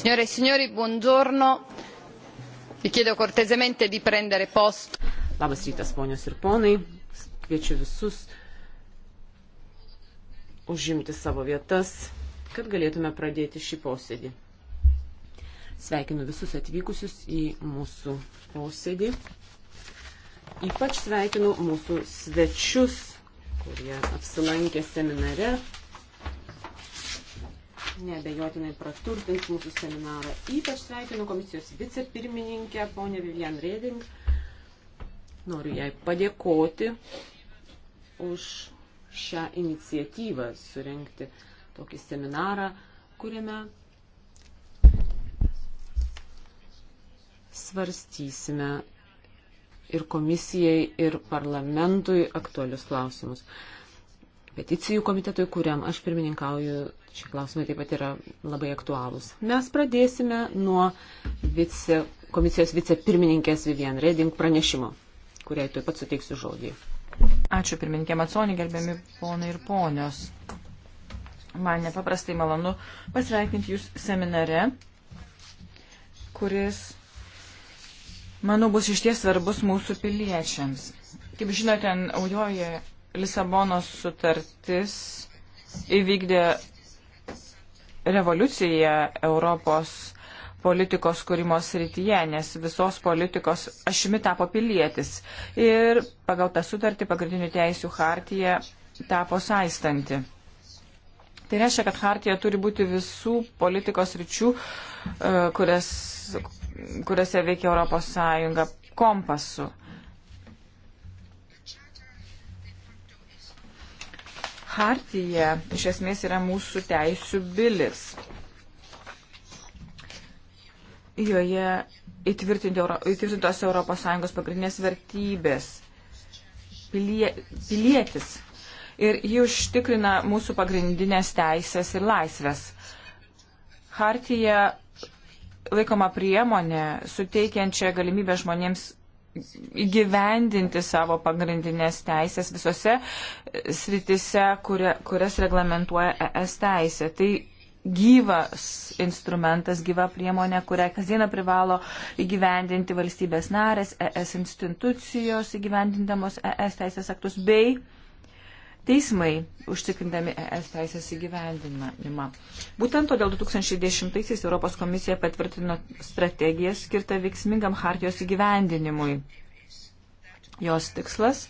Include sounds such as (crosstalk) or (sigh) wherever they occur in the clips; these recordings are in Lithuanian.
Signore e signori, buongiorno. Vi chiedo cortesemente di prendere posto. Labas rytas, ponios ir ponai. Kviečiu visus užimti savo vietas, kad galėtume pradėti šį posėdį. Sveikinu visus atvykusius į mūsų posėdį. Ypač sveikinu mūsų svečius, kurie apsilankė seminare nebejotinai praturtins mūsų seminarą. Ypač sveikinu komisijos vicepirmininkę, ponę Vivian Reding. Noriu jai padėkoti už šią iniciatyvą surenkti tokį seminarą, kuriame svarstysime ir komisijai, ir parlamentui aktualius klausimus. Peticijų komitetui, kuriam aš pirmininkauju, Šie klausimai taip pat yra labai aktualūs. Mes pradėsime nuo vice, komisijos vicepirmininkės Vivian Reding pranešimo, kuriai taip pat suteiksiu žodį. Ačiū pirmininkė Matsonė, gerbiami ponai ir ponios. Man nepaprastai malonu pasveikinti jūs seminare, kuris, manau, bus iš ties svarbus mūsų piliečiams. Kaip žinote, naujoje Lisabonos sutartis įvykdė revoliucija Europos politikos kūrimo srityje, nes visos politikos ašimi tapo pilietis. Ir pagal tą sutartį pagrindinių teisių hartija tapo saistanti. Tai reiškia, kad hartija turi būti visų politikos ryčių, e, kurias, kuriuose veikia Europos Sąjunga kompasu. Hartija iš esmės yra mūsų teisų bilis. Joje įtvirtintos ES pagrindinės vertybės pilie, pilietis. Ir ji užtikrina mūsų pagrindinės teisės ir laisvės. Hartija laikoma priemonė, suteikiančia galimybę žmonėms įgyvendinti savo pagrindinės teisės visose sritise, kuria, kurias reglamentuoja ES teisė. Tai gyvas instrumentas, gyva priemonė, kurią kasdieną privalo įgyvendinti valstybės narės, ES institucijos įgyvendindamos ES teisės aktus bei teismai užtikrindami ES teisės įgyvendinimą. Būtent todėl 2010-aisiais Europos komisija patvirtino strategiją skirtą veiksmingam hartijos įgyvendinimui. Jos tikslas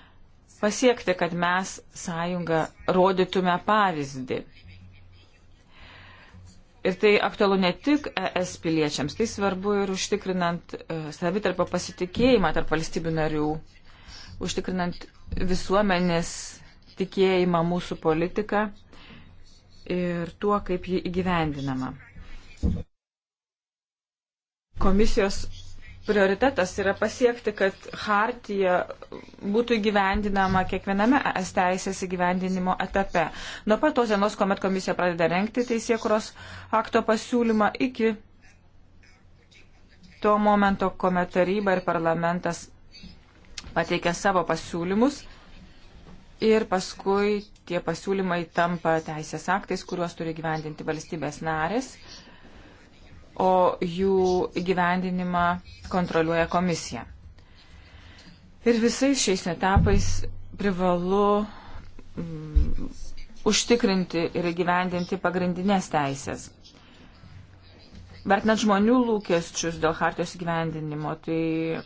- pasiekti, kad mes sąjungą rodytume pavyzdį. Ir tai aktualu ne tik ES piliečiams, tai svarbu ir užtikrinant e, savitarpio pasitikėjimą tarp valstybių narių, užtikrinant visuomenės tikėjimą mūsų politiką ir tuo, kaip ji įgyvendinama. Komisijos prioritetas yra pasiekti, kad hartija būtų įgyvendinama kiekviename es teisės įgyvendinimo etape. Nuo pat tos dienos, kuomet komisija pradeda renkti teisėkuros akto pasiūlymą iki to momento, kuomet taryba ir parlamentas pateikia savo pasiūlymus ir paskui tie pasiūlymai tampa teisės aktais, kuriuos turi gyvendinti valstybės narės, o jų gyvendinimą kontroliuoja komisija. Ir visais šiais etapais privalu mm, užtikrinti ir gyvendinti pagrindinės teisės. Vertinant žmonių lūkesčius dėl hartijos gyvendinimo, tai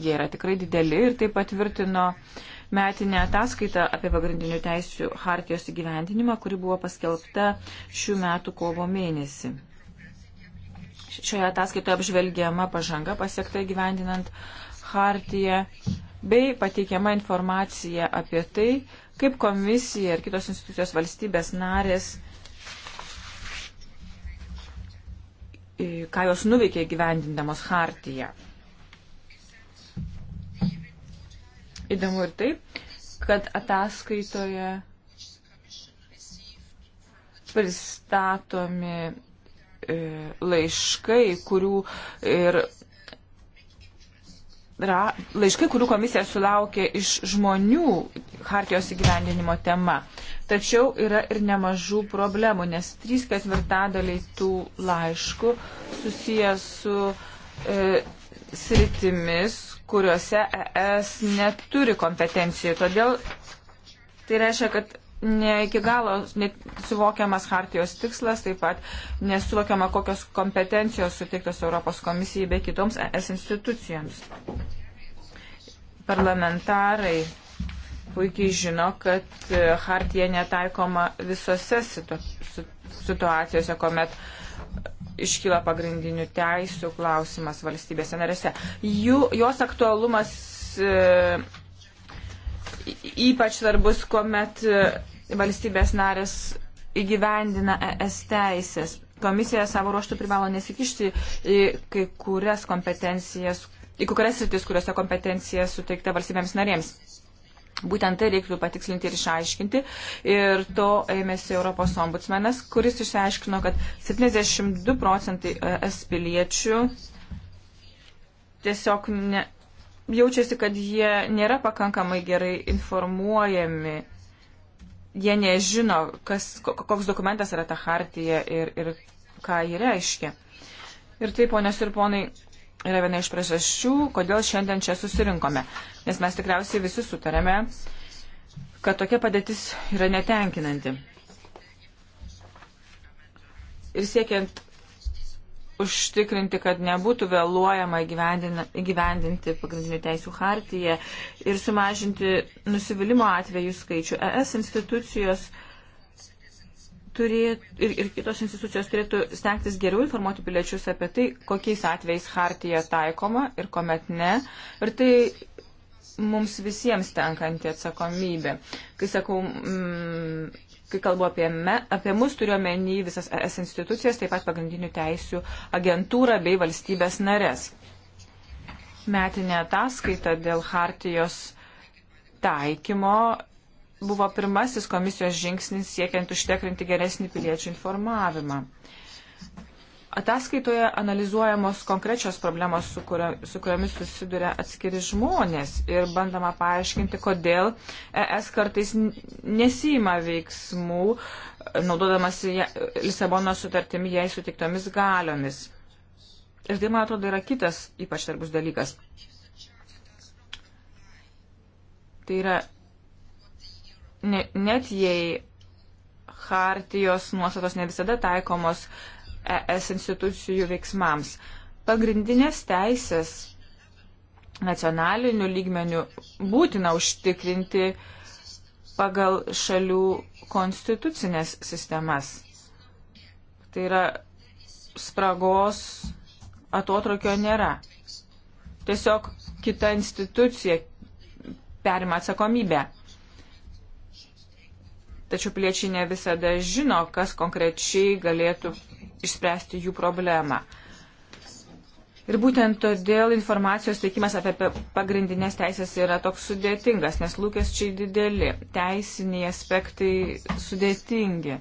jie yra tikrai dideli ir tai patvirtino uh, metinę ataskaitą apie pagrindinių teisų hartijos įgyvendinimą, kuri buvo paskelbta šių metų kovo mėnesį. Šioje ataskaitoje apžvelgiama pažanga pasiekta įgyvendinant hartiją bei pateikiama informacija apie tai, kaip komisija ir kitos institucijos valstybės narės, e, ką jos nuveikė gyvendindamos hartiją. Įdomu ir tai, kad ataskaitoje pristatomi e, laiškai, kurių ir ra, laiškai, kurių komisija sulaukė iš žmonių hartijos įgyvendinimo tema. Tačiau yra ir nemažų problemų, nes trys ketvirtadaliai tų laiškų susijęs su e, sritimis, kuriuose ES neturi kompetencijų. Todėl tai reiškia, kad ne iki galo suvokiamas hartijos tikslas, taip pat nesuvokiama, kokios kompetencijos suteiktos Europos komisijai bei kitoms ES institucijoms. Parlamentarai puikiai žino, kad e, hartija netaikoma visose situ, situacijose, kuomet uh, iškyla pagrindinių teisių klausimas valstybėse narėse. Jų, jos aktualumas e, ypač svarbus, kuomet e, valstybės narės įgyvendina ES teisės. Komisija savo ruoštų privalo nesikišti į kai kurias kompetencijas, į kai kurias sritis, kuriuose kompetencija suteikta valstybėms narėms. Būtent tai reiktų patikslinti ir išaiškinti. Ir to ėmėsi Europos ombudsmenas, kuris išsiaiškino, kad 72 procentai e, es piliečių tiesiog ne, jaučiasi, kad jie nėra pakankamai gerai informuojami. Jie nežino, kas, koks dokumentas yra ta hartija ir, ir ką ji reiškia. Ir taip, ponios ir ponai, yra viena iš priežasčių, kodėl šiandien čia susirinkome. Nes mes tikriausiai visi sutarėme, kad tokia padėtis yra netenkinanti. Ir siekiant užtikrinti, kad nebūtų vėluojama įgyvendinti pagrindinių teisų hartiją ir sumažinti nusivylimų atvejų skaičių. ES institucijos uh, turėtų, ir, ir kitos institucijos turėtų stengtis geriau informuoti piliečius apie tai, kokiais atvejais hartija taikoma ir kuomet ne. Ir tai mums visiems tenkanti atsakomybė. Kai sakau, mm, kai kalbu apie, me, apie mus, turiuomenį visas ES institucijas, taip pat pagrindinių teisių agentūrą bei valstybės narės. Metinė ataskaita dėl hartijos taikymo buvo pirmasis komisijos žingsnis siekiant užtekrinti geresnį piliečių informavimą. Ataskaitoje analizuojamos konkrečios problemos, su, kurio, su kuriomis susiduria atskiri žmonės ir bandama paaiškinti, kodėl ES kartais nesima veiksmų, naudodamas Lisabono sutartimi jai sutiktomis galiomis. Ir tai, man atrodo, yra kitas ypač svarbus dalykas. Tai yra ne, net jei hartijos nuostatos ne visada taikomos ES institucijų veiksmams. Pagrindinės teisės nacionaliniu lygmeniu būtina užtikrinti pagal šalių konstitucinės sistemas. Tai yra spragos atotrukio nėra. Tiesiog kita institucija perima atsakomybę tačiau piliečiai ne visada žino, kas konkrečiai galėtų išspręsti jų problemą. Ir būtent todėl informacijos teikimas apie pagrindinės teisės yra toks sudėtingas, nes lūkesčiai dideli, teisiniai aspektai sudėtingi.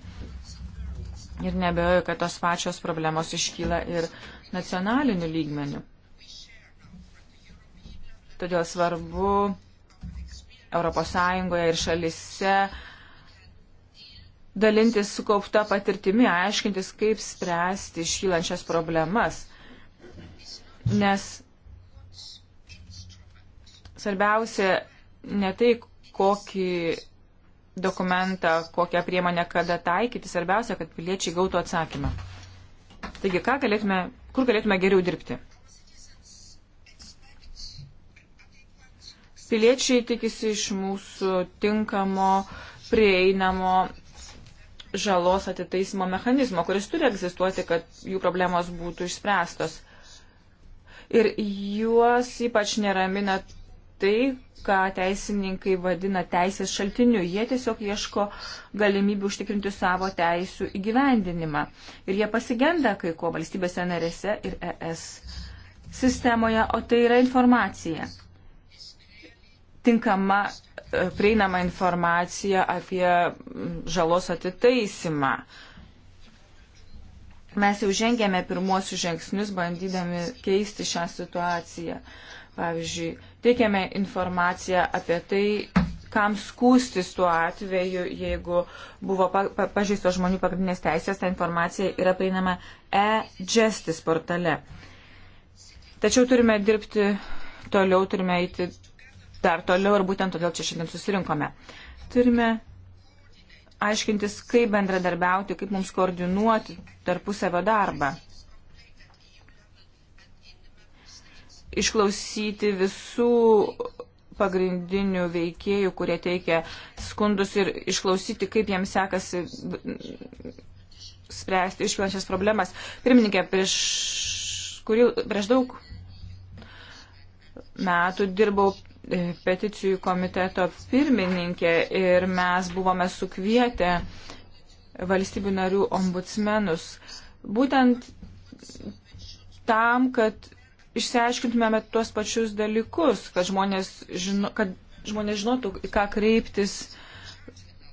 Ir nebejoju, kad tos pačios problemos iškyla ir nacionaliniu lygmeniu. Todėl svarbu ES ir šalise dalintis sukaupta patirtimi, aiškintis, kaip spręsti iškylančias problemas. Nes svarbiausia ne tai, kokį dokumentą, kokią priemonę kada taikyti, svarbiausia, kad piliečiai gautų atsakymą. Taigi, galėtume, kur galėtume geriau dirbti? Piliečiai tikisi iš mūsų tinkamo, prieinamo žalos atitaisimo mechanizmo, kuris turi egzistuoti, kad jų problemos būtų išspręstos. Ir juos ypač neramina tai, ką teisininkai vadina teisės šaltiniu. Jie tiesiog ieško galimybių užtikrinti savo teisų įgyvendinimą. Ir jie pasigenda kai ko valstybėse narėse ir ES sistemoje, o tai yra informacija tinkama e, prieinama informacija apie žalos atitaisimą. Mes jau žengėme pirmuosius žingsnius, bandydami keisti šią situaciją. Pavyzdžiui, teikėme informaciją apie tai, kam skūstis tuo atveju, jeigu buvo pa, pa, pažįsto žmonių pagrindinės teisės, ta informacija yra prieinama e-justice portale. Tačiau turime dirbti toliau, turime eiti dar toliau ir būtent todėl čia šiandien susirinkome. Turime aiškintis, kaip bendradarbiauti, kaip mums koordinuoti tarpusavio darbą. Išklausyti visų pagrindinių veikėjų, kurie teikia skundus ir išklausyti, kaip jiems sekasi spręsti iškilančias problemas. Pirmininkė, prieš, kurį, prieš daug metų dirbau E, peticijų komiteto pirmininkė ir mes buvome sukvietę valstybių narių ombudsmenus būtent tam, kad išsiaiškintumėme tuos pačius dalykus, kad žmonės, žino, kad žmonės žinotų, į ką kreiptis,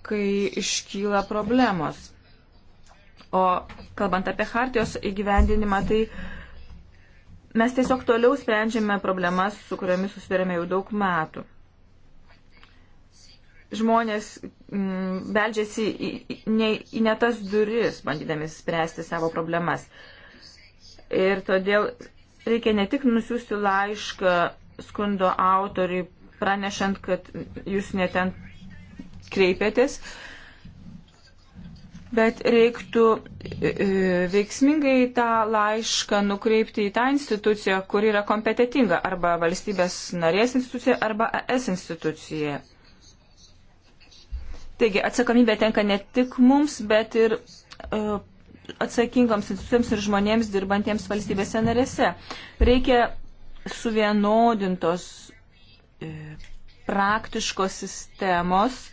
kai iškyla problemos. O kalbant apie hartijos įgyvendinimą, tai Mes tiesiog toliau sprendžiame problemas, su kuriomis susidurėme jau daug metų. Žmonės mm, beldžiasi į, į, į ne tas duris, bandydami spręsti savo problemas. Ir todėl reikia ne tik nusiųsti laišką skundo autoriui, pranešant, kad jūs neten kreipėtės, uh, bet reiktų e, e, veiksmingai tą laišką nukreipti į tą instituciją, kuri yra kompetitinga, arba valstybės narės institucija, arba ES institucija. Taigi atsakomybė tenka ne tik mums, bet ir uh, atsakingoms institucijams ir žmonėms dirbantiems valstybėse narėse. Reikia suvienodintos uh, praktiškos sistemos,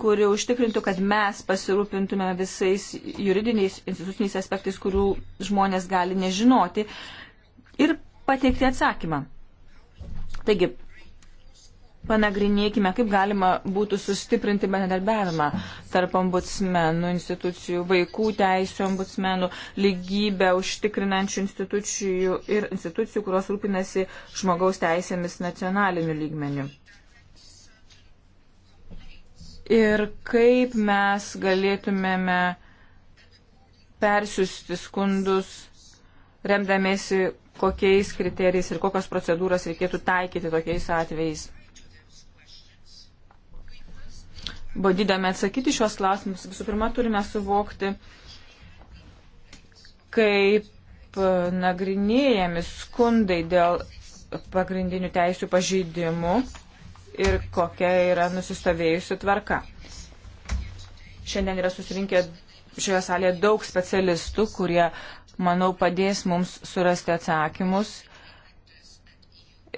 kuri užtikrintų, kad mes pasirūpintume visais juridiniais instituciniais aspektais, kurių žmonės gali nežinoti ir pateikti atsakymą. Taigi, panagrinėkime, kaip galima būtų sustiprinti bendradarbiavimą tarp ombudsmenų institucijų, vaikų teisų ombudsmenų, lygybę užtikrinančių institucijų ir institucijų, kurios rūpinasi žmogaus teisėmis nacionaliniu lygmeniu ir kaip mes galėtumėme persiųsti skundus, remdamėsi kokiais kriterijais ir kokios procedūros reikėtų taikyti tokiais atvejais. Bandydami atsakyti šios klausimus, visų pirma, turime suvokti, kaip nagrinėjami skundai dėl pagrindinių teisų pažeidimų ir kokia yra nusistovėjusi tvarka. Šiandien yra susirinkę šioje salėje daug specialistų, kurie, manau, padės mums surasti atsakymus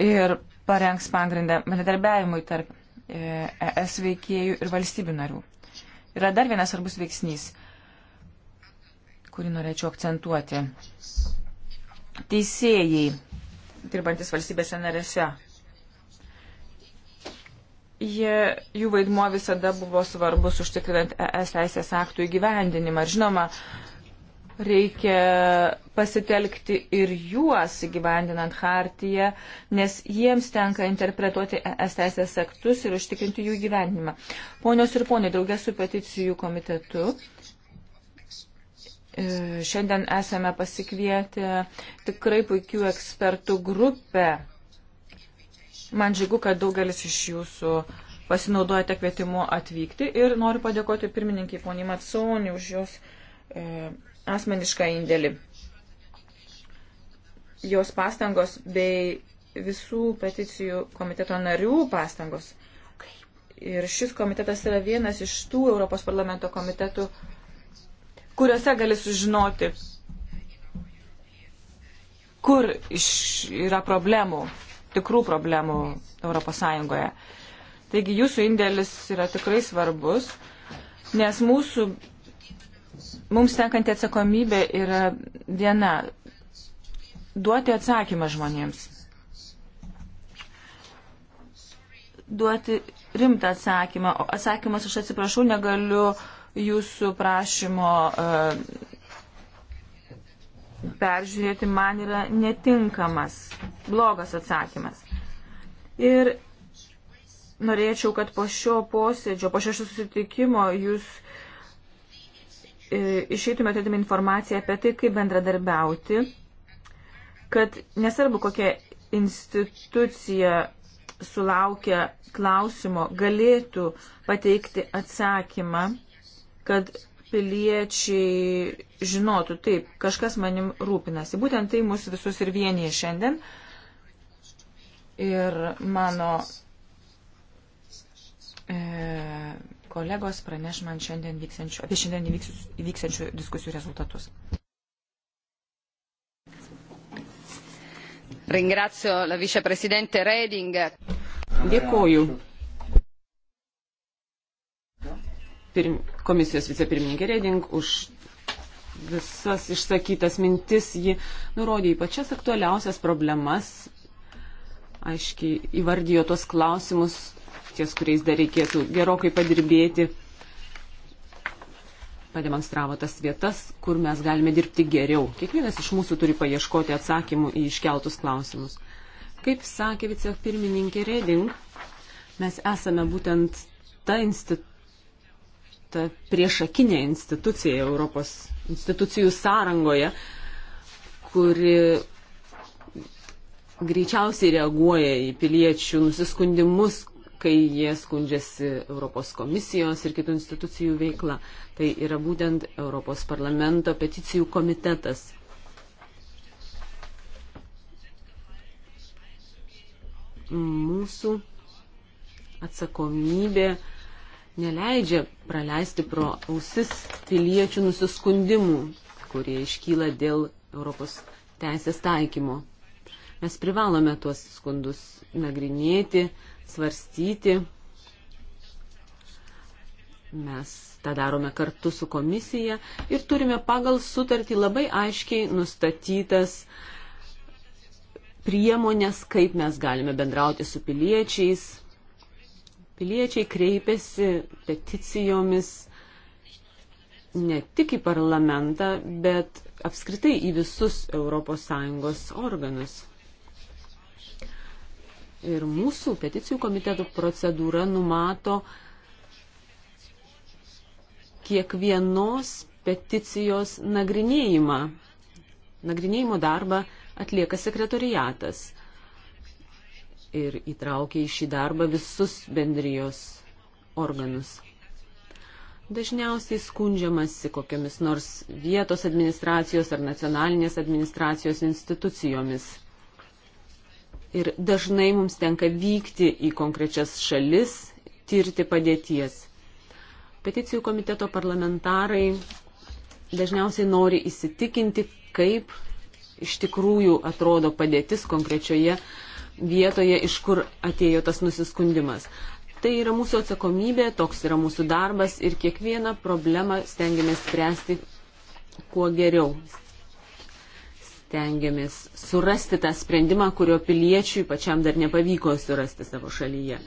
ir parengs pagrindą bendradarbiavimui tarp ES e veikėjų ir valstybių narių. Yra dar vienas svarbus veiksnys, kurį norėčiau akcentuoti. Teisėjai, dirbantis valstybėse narėse, jie, jų vaidmuo visada buvo svarbus užtikrinant ES teisės aktų įgyvendinimą. Ir žinoma, reikia pasitelkti ir juos įgyvendinant hartiją, nes jiems tenka interpretuoti ES teisės aktus ir užtikrinti jų įgyvendinimą. Ponios ir ponai, draugė su peticijų komitetu. E, šiandien esame pasikvietę tikrai puikių ekspertų grupę Man džiugu, kad daugelis iš jūsų pasinaudojate kvietimu atvykti ir noriu padėkoti pirmininkai poniai Matsoni už jos e, asmenišką indėlį. Jos pastangos bei visų peticijų komiteto narių pastangos. Ir šis komitetas yra vienas iš tų Europos parlamento komitetų, kuriuose gali sužinoti, kur yra problemų tikrų problemų ES. Taigi jūsų indėlis yra tikrai svarbus, nes mūsų, mums tenkanti atsakomybė yra viena - duoti atsakymą žmonėms. Duoti rimtą atsakymą, o atsakymas aš atsiprašau, negaliu jūsų prašymo uh, peržiūrėti man yra netinkamas, blogas atsakymas. Ir norėčiau, kad po šio posėdžio, po šio susitikimo jūs e, išeitumėte atimą informaciją apie tai, kaip bendradarbiauti, kad nesvarbu, kokia institucija sulaukia klausimo, galėtų pateikti atsakymą, kad piliečiai žinotų, taip, kažkas manim rūpinasi. Būtent tai mus visus ir vienyje šiandien. Ir mano e, kolegos praneš man šiandien vyksančių, apie šiandien vyksančių diskusijų rezultatus. Ringrazio la viceprezidente Reding. Dėkoju pirm, komisijos vicepirmininkė Reding už visas išsakytas mintis. Ji nurodė į pačias aktualiausias problemas, aiškiai įvardijo tuos klausimus, ties kuriais dar reikėtų gerokai padirbėti. Pademonstravo tas vietas, kur mes galime dirbti geriau. Kiekvienas iš mūsų turi paieškoti atsakymų į iškeltus klausimus. Kaip sakė vicepirmininkė Reding, mes esame būtent ta institucija, ta priešakinė institucija Europos institucijų sąrangoje, kuri greičiausiai reaguoja į piliečių nusiskundimus, kai jie skundžiasi Europos komisijos ir kitų institucijų veikla. Tai yra būtent Europos parlamento peticijų komitetas. Mūsų atsakomybė neleidžia praleisti pro ausis piliečių nusiskundimų, kurie iškyla dėl Europos teisės taikymo. Mes privalome tuos skundus nagrinėti, svarstyti. Mes tą darome kartu su komisija ir turime pagal sutartį labai aiškiai nustatytas priemonės, kaip mes galime bendrauti su piliečiais, Piliečiai kreipiasi peticijomis ne tik į parlamentą, bet apskritai į visus ES organus. Ir mūsų peticijų komiteto procedūra numato kiekvienos peticijos nagrinėjimą. Nagrinėjimo darbą atlieka sekretoriatas ir įtraukia į šį darbą visus bendrijos organus. Dažniausiai skundžiamasi kokiamis nors vietos administracijos ar nacionalinės administracijos institucijomis. Ir dažnai mums tenka vykti į konkrečias šalis, tirti padėties. Peticijų komiteto parlamentarai dažniausiai nori įsitikinti, kaip iš tikrųjų atrodo padėtis konkrečioje šalyje vietoje, iš kur atėjo tas nusiskundimas. Tai yra mūsų atsakomybė, toks yra mūsų darbas ir kiekvieną problemą stengiamės spręsti kuo geriau. Stengiamės surasti tą sprendimą, kurio piliečiui pačiam dar nepavyko surasti savo šalyje.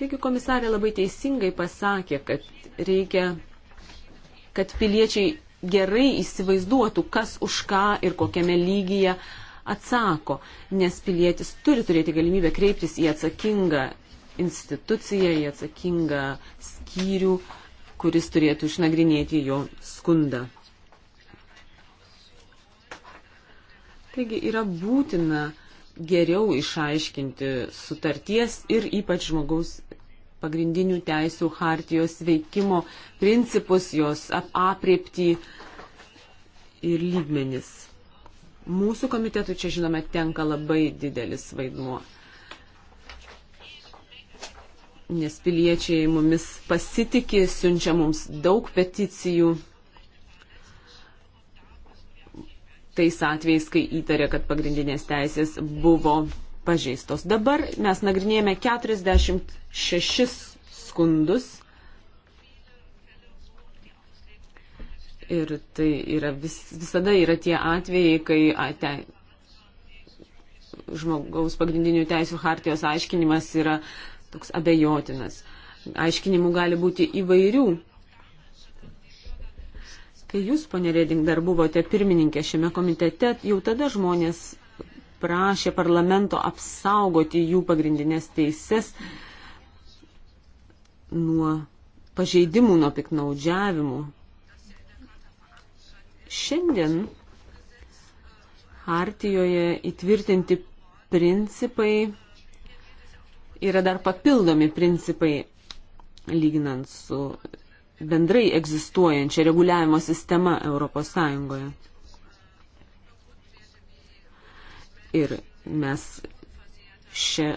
Taigi komisarė labai teisingai pasakė, kad reikia, kad piliečiai gerai įsivaizduotų, kas už ką ir kokiame lygyje atsako, nes pilietis turi turėti galimybę kreiptis į atsakingą instituciją, į atsakingą skyrių, kuris turėtų išnagrinėti jo skundą. Taigi yra būtina geriau išaiškinti sutarties ir ypač žmogaus pagrindinių teisų hartijos veikimo principus, jos apriepti ir lygmenis. Mūsų komitetui čia, žinome, tenka labai didelis vaidmuo, nes piliečiai mumis pasitikė, siunčia mums daug peticijų. Tais atvejais, kai įtarė, kad pagrindinės teisės buvo pažeistos. Dabar mes nagrinėjame 46 skundus Ir tai yra vis, visada yra tie atvejai, kai ate, žmogaus pagrindinių teisų hartijos aiškinimas yra toks abejotinas. Aiškinimų gali būti įvairių. Kai jūs, ponė Reding, dar buvote pirmininkė šiame komitete, jau tada žmonės prašė parlamento apsaugoti jų pagrindinės teises nuo pažeidimų, nuo piknaudžiavimų. Šiandien Hartijoje įtvirtinti principai yra dar papildomi principai, lyginant su bendrai egzistuojančia reguliavimo sistema ES. Ir mes šia,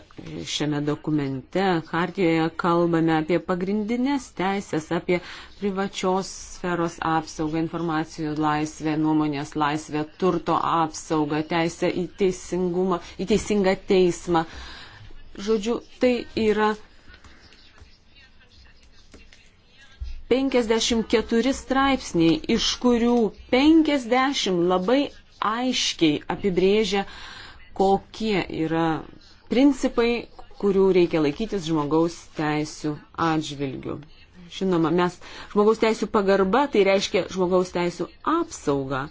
šiame dokumente, hartijoje kalbame apie pagrindinės teisės, apie privačios sferos apsaugą, informacijų laisvę, nuomonės laisvę, turto apsaugą, teisę į, į teisingą teismą. Žodžiu, tai yra 54 straipsniai, iš kurių 50 labai aiškiai apibrėžia, kokie yra principai, kurių reikia laikytis žmogaus teisų atžvilgių. Žinoma, mes žmogaus teisų pagarba, tai reiškia žmogaus teisų apsauga.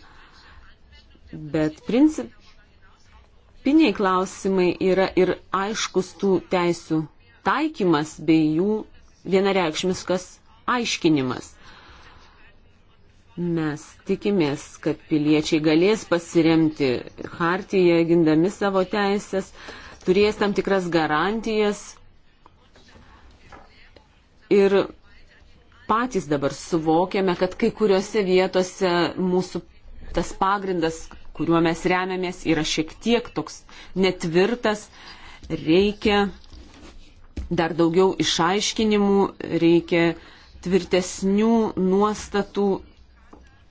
Bet principiniai klausimai yra ir aiškus tų teisų taikymas bei jų vienareikšmiskas aiškinimas. Mes tikimės, kad piliečiai galės pasiremti hartiją, gindami savo teisės, turės tam tikras garantijas ir patys dabar suvokiame, kad kai kuriuose vietose mūsų tas pagrindas, kuriuo mes remiamės, yra šiek tiek toks netvirtas, reikia dar daugiau išaiškinimų, reikia tvirtesnių nuostatų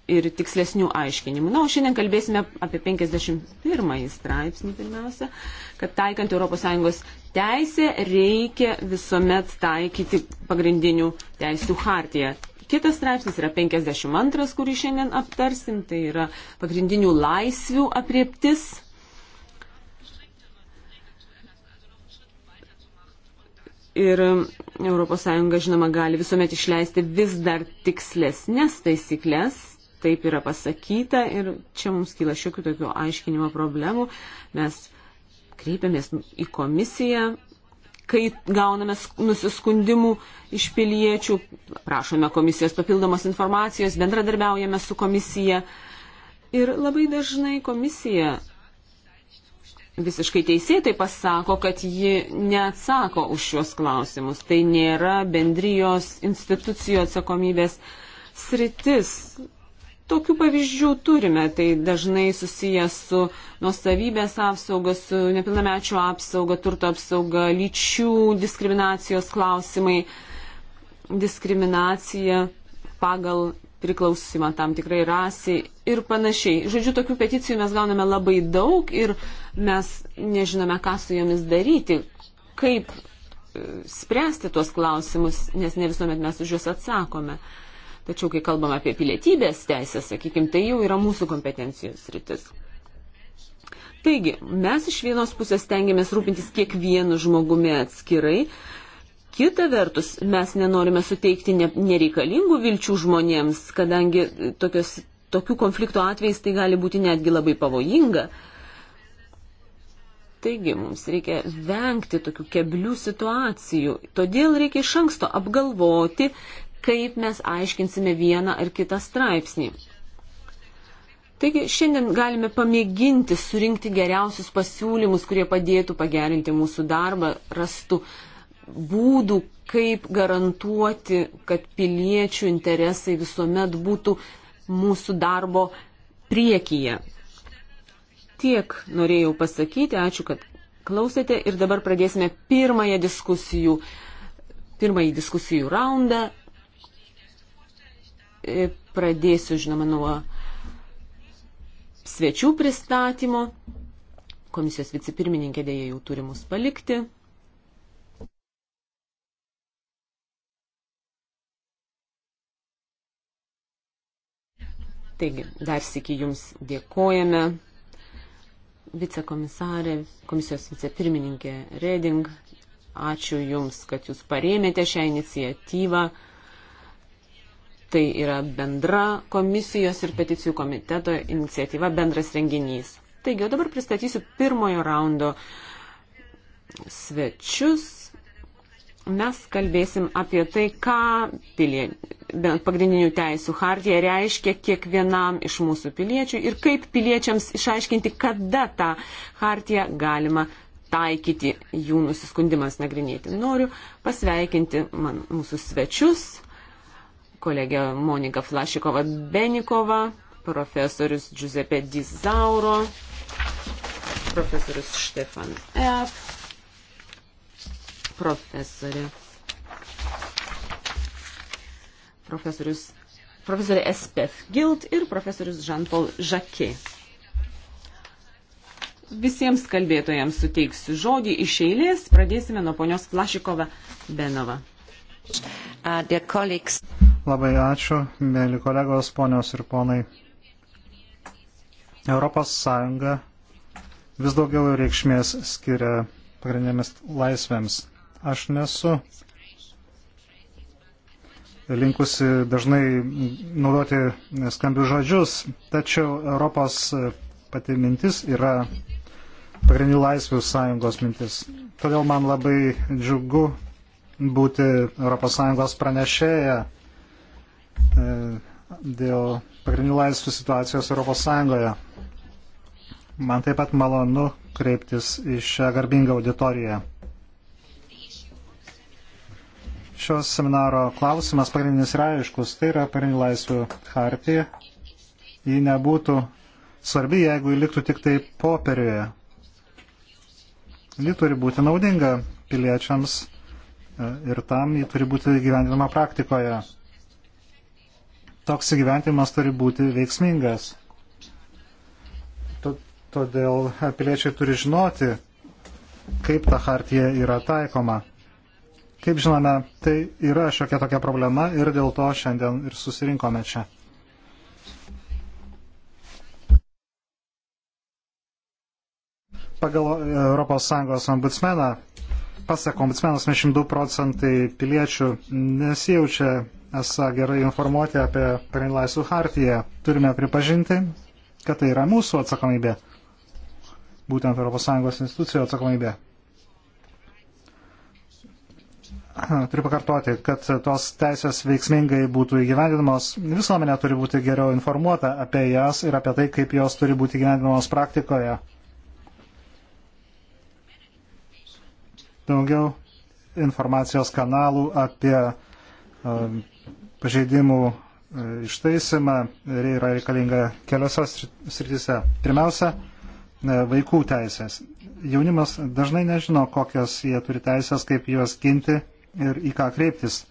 ir tikslesnių aiškinimų. Na, o šiandien kalbėsime apie 51 straipsnį pirmiausia, kad taikant ES teisę reikia visuomet taikyti pagrindinių teisų hartiją. Kitas straipsnis yra 52, kurį šiandien aptarsim, tai yra pagrindinių laisvių aprieptis. Ir ES, žinoma, gali visuomet išleisti vis dar tikslesnės taisyklės taip yra pasakyta ir čia mums kyla šiokių tokių aiškinimo problemų. Mes kreipiamės į komisiją, kai gauname nusiskundimų iš piliečių, prašome komisijos papildomos informacijos, bendradarbiaujame su komisija. Ir labai dažnai komisija visiškai teisėtai pasako, kad ji neatsako už šios klausimus. Tai nėra bendrijos institucijų atsakomybės sritis. Tokių pavyzdžių turime, tai dažnai susijęs su nuosavybės apsauga, su nepilnamečio apsauga, turto apsauga, lyčių diskriminacijos klausimai, diskriminacija pagal priklausimą tam tikrai rasiai ir panašiai. Žodžiu, tokių peticijų mes gauname labai daug ir mes nežinome, ką su jomis daryti, kaip e, spręsti tuos klausimus, nes ne visuomet mes už juos atsakome. Uh, Tačiau, kai kalbam apie pilietybės teisę, sakykime, tai jau yra mūsų kompetencijos rytis. Taigi, mes iš vienos pusės tengiamės rūpintis kiekvienu žmogumi atskirai, Kita vertus, mes nenorime suteikti nereikalingų vilčių žmonėms, kadangi tokios, tokių konfliktų atvejais tai gali būti netgi labai pavojinga. Taigi mums reikia vengti tokių keblių situacijų. Todėl reikia iš anksto apgalvoti, kaip mes aiškinsime vieną ar kitą straipsnį. Taigi šiandien galime pamėginti surinkti geriausius pasiūlymus, kurie padėtų pagerinti mūsų darbą, rastų būdų, kaip garantuoti, kad piliečių interesai visuomet būtų mūsų darbo priekyje. Tiek norėjau pasakyti, ačiū, kad klausėte ir dabar pradėsime pirmąją diskusijų, pirmąjį diskusijų raundą. E, pradėsiu, žinoma, nuo svečių pristatymo. Komisijos vicepirmininkė dėja jau turi mus palikti. Taigi, dar sėki Jums dėkojame. Vicekomisarė, komisijos vicepirmininkė Reding, ačiū Jums, kad Jūs parėmėte šią iniciatyvą. Tai yra bendra komisijos ir peticijų komiteto iniciatyva, bendras renginys. Taigi, o dabar pristatysiu pirmojo raundo svečius. Mes kalbėsim apie tai, ką pilie, pagrindinių teisų hartija reiškia kiekvienam iš mūsų piliečių ir kaip piliečiams išaiškinti, kada tą hartiją galima taikyti jų nusiskundimams nagrinėti. Noriu pasveikinti man, mūsų svečius kolegė Monika Flašikova Benikova, profesorius Giuseppe Di Zauro, profesorius Štefan F., profesorė. Profesorius, profesorė SPF Gild ir profesorius Jean-Paul Jacquet. Visiems kalbėtojams suteiksiu žodį iš eilės. Pradėsime nuo ponios Flašikova Benova. Uh, Labai ačiū, mėly kolegos, ponios ir ponai. Europos Sąjunga vis daugiau reikšmės skiria pagrindinėmis laisvėms. Aš nesu linkusi dažnai naudoti skambių žodžius, tačiau Europos pati mintis yra pagrindinių laisvių sąjungos mintis. Todėl man labai džiugu būti Europos sąjungos pranešėja E, dėl pagrindinių laisvių situacijos Europos Sąjungoje. Man taip pat malonu kreiptis į šią garbingą auditoriją. Šios seminaro klausimas pagrindinis yra aiškus, tai yra pagrindinių laisvių hartija. Ji nebūtų svarbi, jeigu ji liktų tik tai popieriuje. Ji turi būti naudinga piliečiams e, ir tam ji turi būti gyvendinama praktikoje toks įgyventimas turi būti veiksmingas. Todėl piliečiai turi žinoti, kaip ta hartija yra taikoma. Kaip žinome, tai yra šiokia tokia problema ir dėl to šiandien ir susirinkome čia. Pagal ES ombudsmeną, pasak ombudsmenas, 22 procentai piliečių nesijaučia esą gerai informuoti apie Pagrindų hartiją. Turime pripažinti, kad tai yra mūsų atsakomybė, būtent ES institucijų atsakomybė. Turiu pakartoti, kad tos teisės veiksmingai būtų įgyvendinamos, visuomenė turi būti geriau informuota apie jas ir apie tai, kaip jos turi būti įgyvendinamos praktikoje. Daugiau informacijos kanalų apie pažeidimų e, ištaisimą yra reikalinga keliose srityse. Pirmiausia, e, vaikų teisės. Jaunimas dažnai nežino, kokios jie turi teisės, kaip juos ginti ir į ką kreiptis.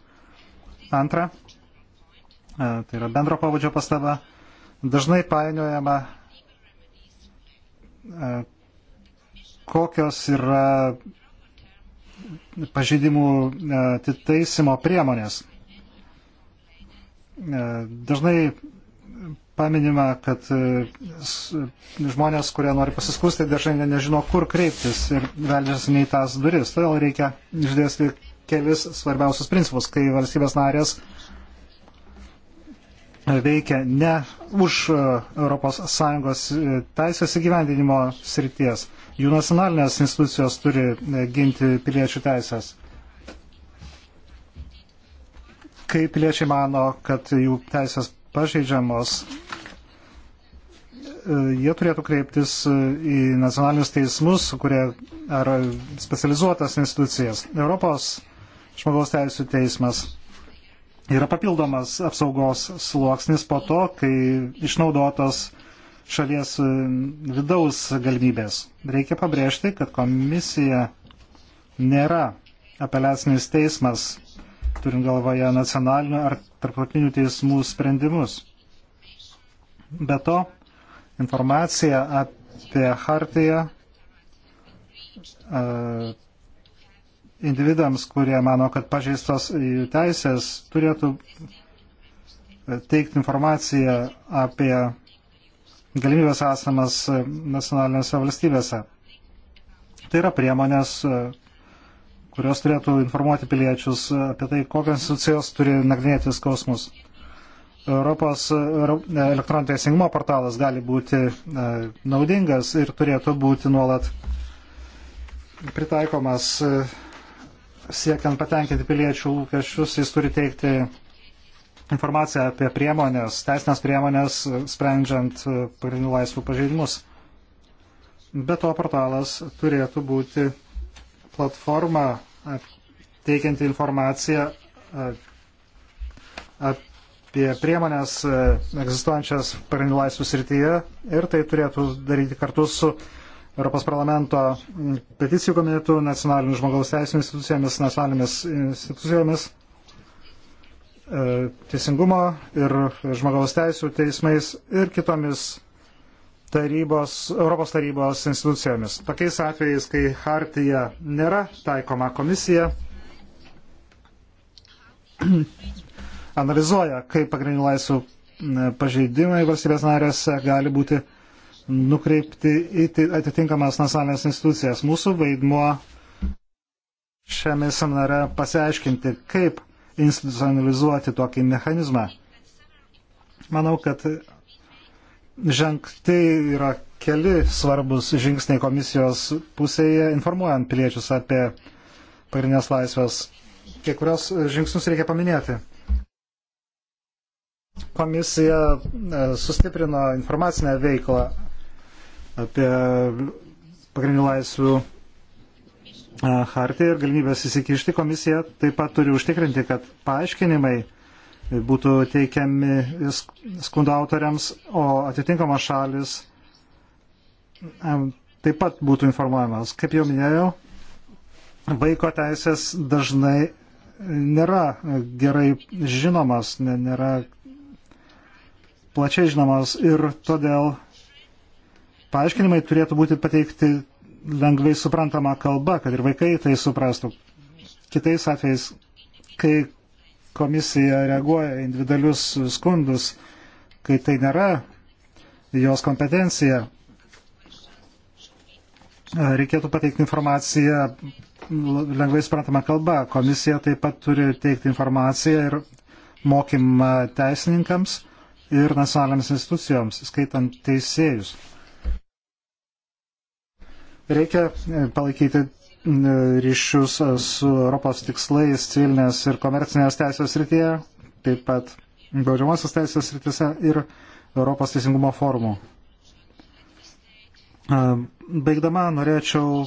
Antra, e, tai yra bendro pavadžio pastaba, dažnai painiojama, kokios yra pažydimų atitaisimo priemonės. E, dažnai paminima, kad e, žmonės, kurie nori pasiskusti, dažnai nežino, kur kreiptis ir veldžiasi nei tas duris. Todėl reikia išdėsti kelis svarbiausius principus, kai valstybės narės veikia ne už ES e, teisės įgyvendinimo srities. Jų nacionalinės institucijos turi ginti piliečių teisės. kai piliečiai mano, kad jų teisės pažeidžiamos, e, jie turėtų kreiptis e, į nacionalinius teismus, kurie ar specializuotas institucijas. Europos žmogaus teisų teismas yra papildomas apsaugos sluoksnis po to, kai išnaudotos šalies e, vidaus galimybės. Reikia pabrėžti, kad komisija nėra apeliacinis teismas turint galvoje nacionalinių ar tarptautinių teismų sprendimus. Be to, informacija apie hartiją e, individams, kurie mano, kad pažeistos jų teisės, turėtų e, teikti informaciją apie galimybės esamas nacionalinėse valstybėse. Tai yra priemonės, e, kurios turėtų informuoti piliečius apie tai, kokios institucijos turi nagrinėti skausmus. Europos elektroninio teisingumo portalas gali būti e, naudingas ir turėtų būti nuolat pritaikomas e, siekiant patenkinti piliečių lūkesčius, jis turi teikti informaciją apie priemonės, teisinės priemonės, e, sprendžiant pagrindinių laisvų pažeidimus. Be to portalas turėtų būti platforma, teikianti informaciją apie priemonės egzistuojančias pagrindų laisvų srityje ir tai turėtų daryti kartu su Europos parlamento peticijų komitetu, nacionalinių žmogaus teisų institucijomis, nacionalinėmis institucijomis, teisingumo ir žmogaus teisų teismais ir kitomis tarybos, Europos tarybos institucijomis. Tokiais atvejais, kai hartija nėra taikoma komisija, (clears throat) analizuoja, kaip pagrindinių laisvų pažeidimai valstybės narėse gali būti nukreipti į atitinkamas nacionalinės institucijas. Mūsų vaidmuo šiame seminare pasiaiškinti, kaip institucionalizuoti tokį mechanizmą. Manau, kad žengti yra keli svarbus žingsniai komisijos pusėje, informuojant piliečius apie pagrindinės laisvės. Kai kurios žingsnius reikia paminėti. Komisija e, sustiprino informacinę veiklą apie pagrindinių laisvių e, hartį ir galimybės įsikišti. Komisija taip pat turi užtikrinti, kad paaiškinimai būtų teikiami skundo autoriams, o atitinkamos šalis taip pat būtų informuojamas. Kaip jau minėjau, vaiko teisės dažnai nėra gerai žinomas, nėra plačiai žinomas ir todėl paaiškinimai turėtų būti pateikti lengvai suprantama kalba, kad ir vaikai tai suprastų. Kitais atvejais, kai komisija reaguoja individualius skundus, kai tai nėra jos kompetencija. Reikėtų pateikti informaciją lengvai suprantama kalba. Komisija taip pat turi teikti informaciją ir mokymą teisininkams ir nacionaliniams institucijoms, skaitant teisėjus. Reikia palaikyti ryšius su Europos tikslais civilinės ir komercinės teisės rytyje, taip pat baudžiamosios teisės rytise ir Europos teisingumo formų. Baigdama norėčiau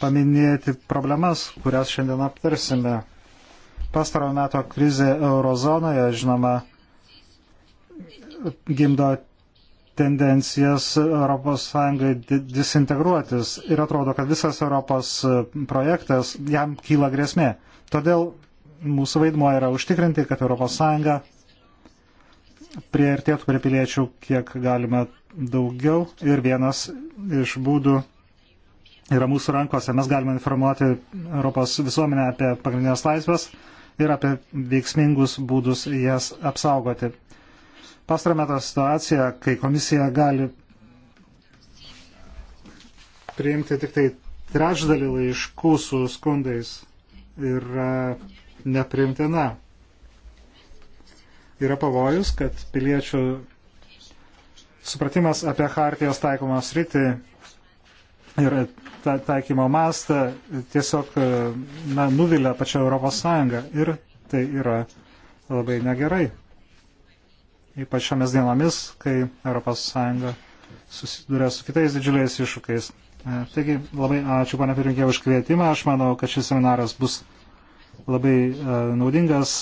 paminėti problemas, kurias šiandien aptarsime. Pastarojo meto krizė eurozonoje, žinoma, gimdo tendencijas ES disintegruotis ir atrodo, kad visas Europos e, projektas jam kyla grėsmė. Todėl mūsų vaidmuo yra užtikrinti, kad ES prieartėtų prie piliečių kiek galima daugiau ir vienas iš būdų yra mūsų rankose. Mes galime informuoti Europos visuomenę apie pagrindinės laisvės ir apie veiksmingus būdus jas apsaugoti pastarame tą situaciją, kai komisija gali priimti tik tai trečdalį laiškų su skundais yra nepriimtina. Yra pavojus, kad piliečių supratimas apie hartijos taikomą sritį ir ta, taikymo mastą tiesiog na, nuvilia pačią Europos Sąjungą ir tai yra labai negerai ypač šiomis dienomis, kai ES susiduria su kitais didžiuliais iššūkiais. E, taigi labai ačiū, pane pirmininkė, už kvietimą. Aš manau, kad šis seminaras bus labai e, naudingas,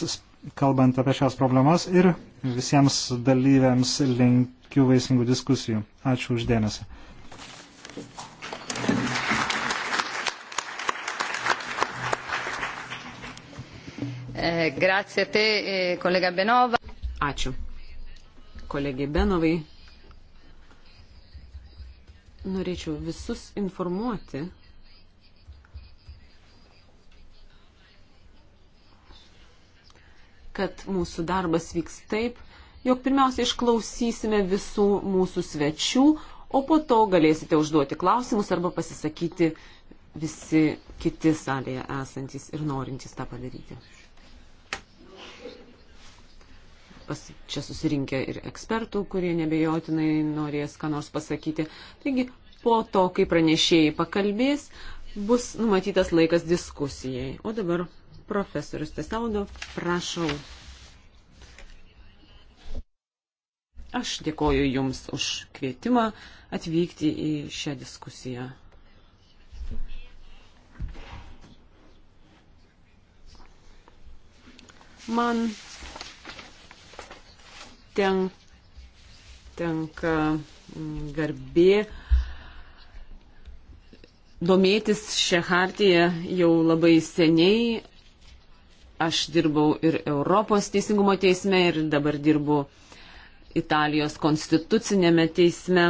kalbant apie šias problemas ir visiems dalyviams linkiu vaisingų diskusijų. Ačiū uždėmesi. E, grazie a te, collega Benova. Ačiū kolegiai Benovai. Norėčiau visus informuoti, kad mūsų darbas vyks taip, jog pirmiausia išklausysime visų mūsų svečių, o po to galėsite užduoti klausimus arba pasisakyti visi kiti salėje esantys ir norintys tą padaryti. pas, čia susirinkę ir ekspertų, kurie nebejotinai norės ką nors pasakyti. Taigi, po to, kai pranešėjai pakalbės, bus numatytas laikas diskusijai. O dabar profesorius Tesaudo, prašau. Aš dėkoju Jums už kvietimą atvykti į šią diskusiją. Man ten, tenka mm, garbė domėtis šią hartiją jau labai seniai. Aš dirbau ir Europos teisingumo teisme ir dabar dirbu Italijos konstitucinėme teisme.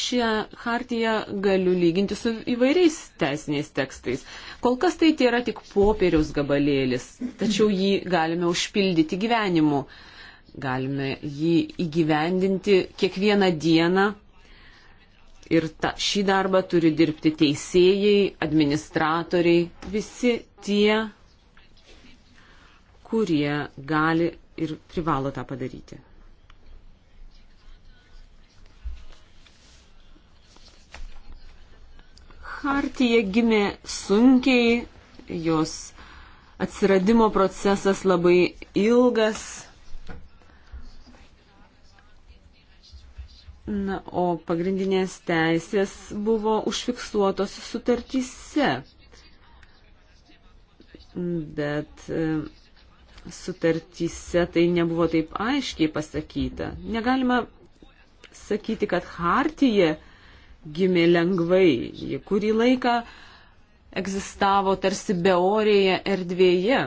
Šią hartiją galiu lyginti su įvairiais teisiniais tekstais. Kol kas tai yra tik popieriaus gabalėlis, tačiau jį galime užpildyti gyvenimu. Uh, Galime jį įgyvendinti kiekvieną dieną ir ta, šį darbą turi dirbti teisėjai, administratoriai, visi tie, kurie gali ir privalo tą padaryti. Hartija gimė sunkiai, jos atsiradimo procesas labai ilgas Na, o pagrindinės teisės buvo užfiksuotos sutartyse. Bet e, sutartyse tai nebuvo taip aiškiai pasakyta. Negalima sakyti, kad Hartija gimė lengvai. Ji kurį laiką egzistavo tarsi beorėje erdvėje.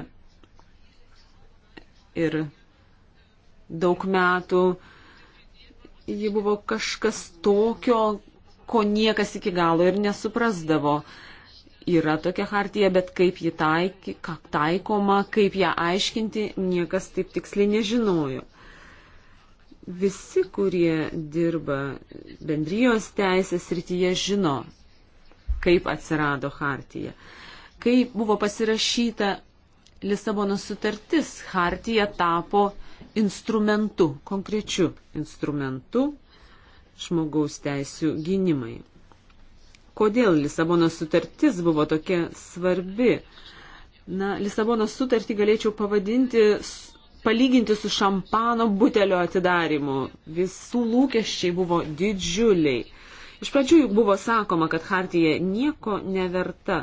Ir daug metų uh, ji buvo kažkas tokio, ko niekas iki galo ir nesuprasdavo. Yra tokia hartija, bet kaip ji taiki, taikoma, kaip ją aiškinti, niekas taip tiksliai nežinojo. Visi, kurie dirba bendrijos teisės rytyje, žino, kaip atsirado hartija. Kai buvo pasirašyta Lisabono sutartis, hartija tapo instrumentu, konkrečiu instrumentu žmogaus teisų gynimai. Kodėl Lisabonos sutartis buvo tokia svarbi? Na, Lisabonos sutartį galėčiau pavadinti, palyginti su šampano butelio atidarimu. Visų lūkesčiai buvo didžiuliai. Iš pradžių juk buvo sakoma, kad Hartija nieko neverta,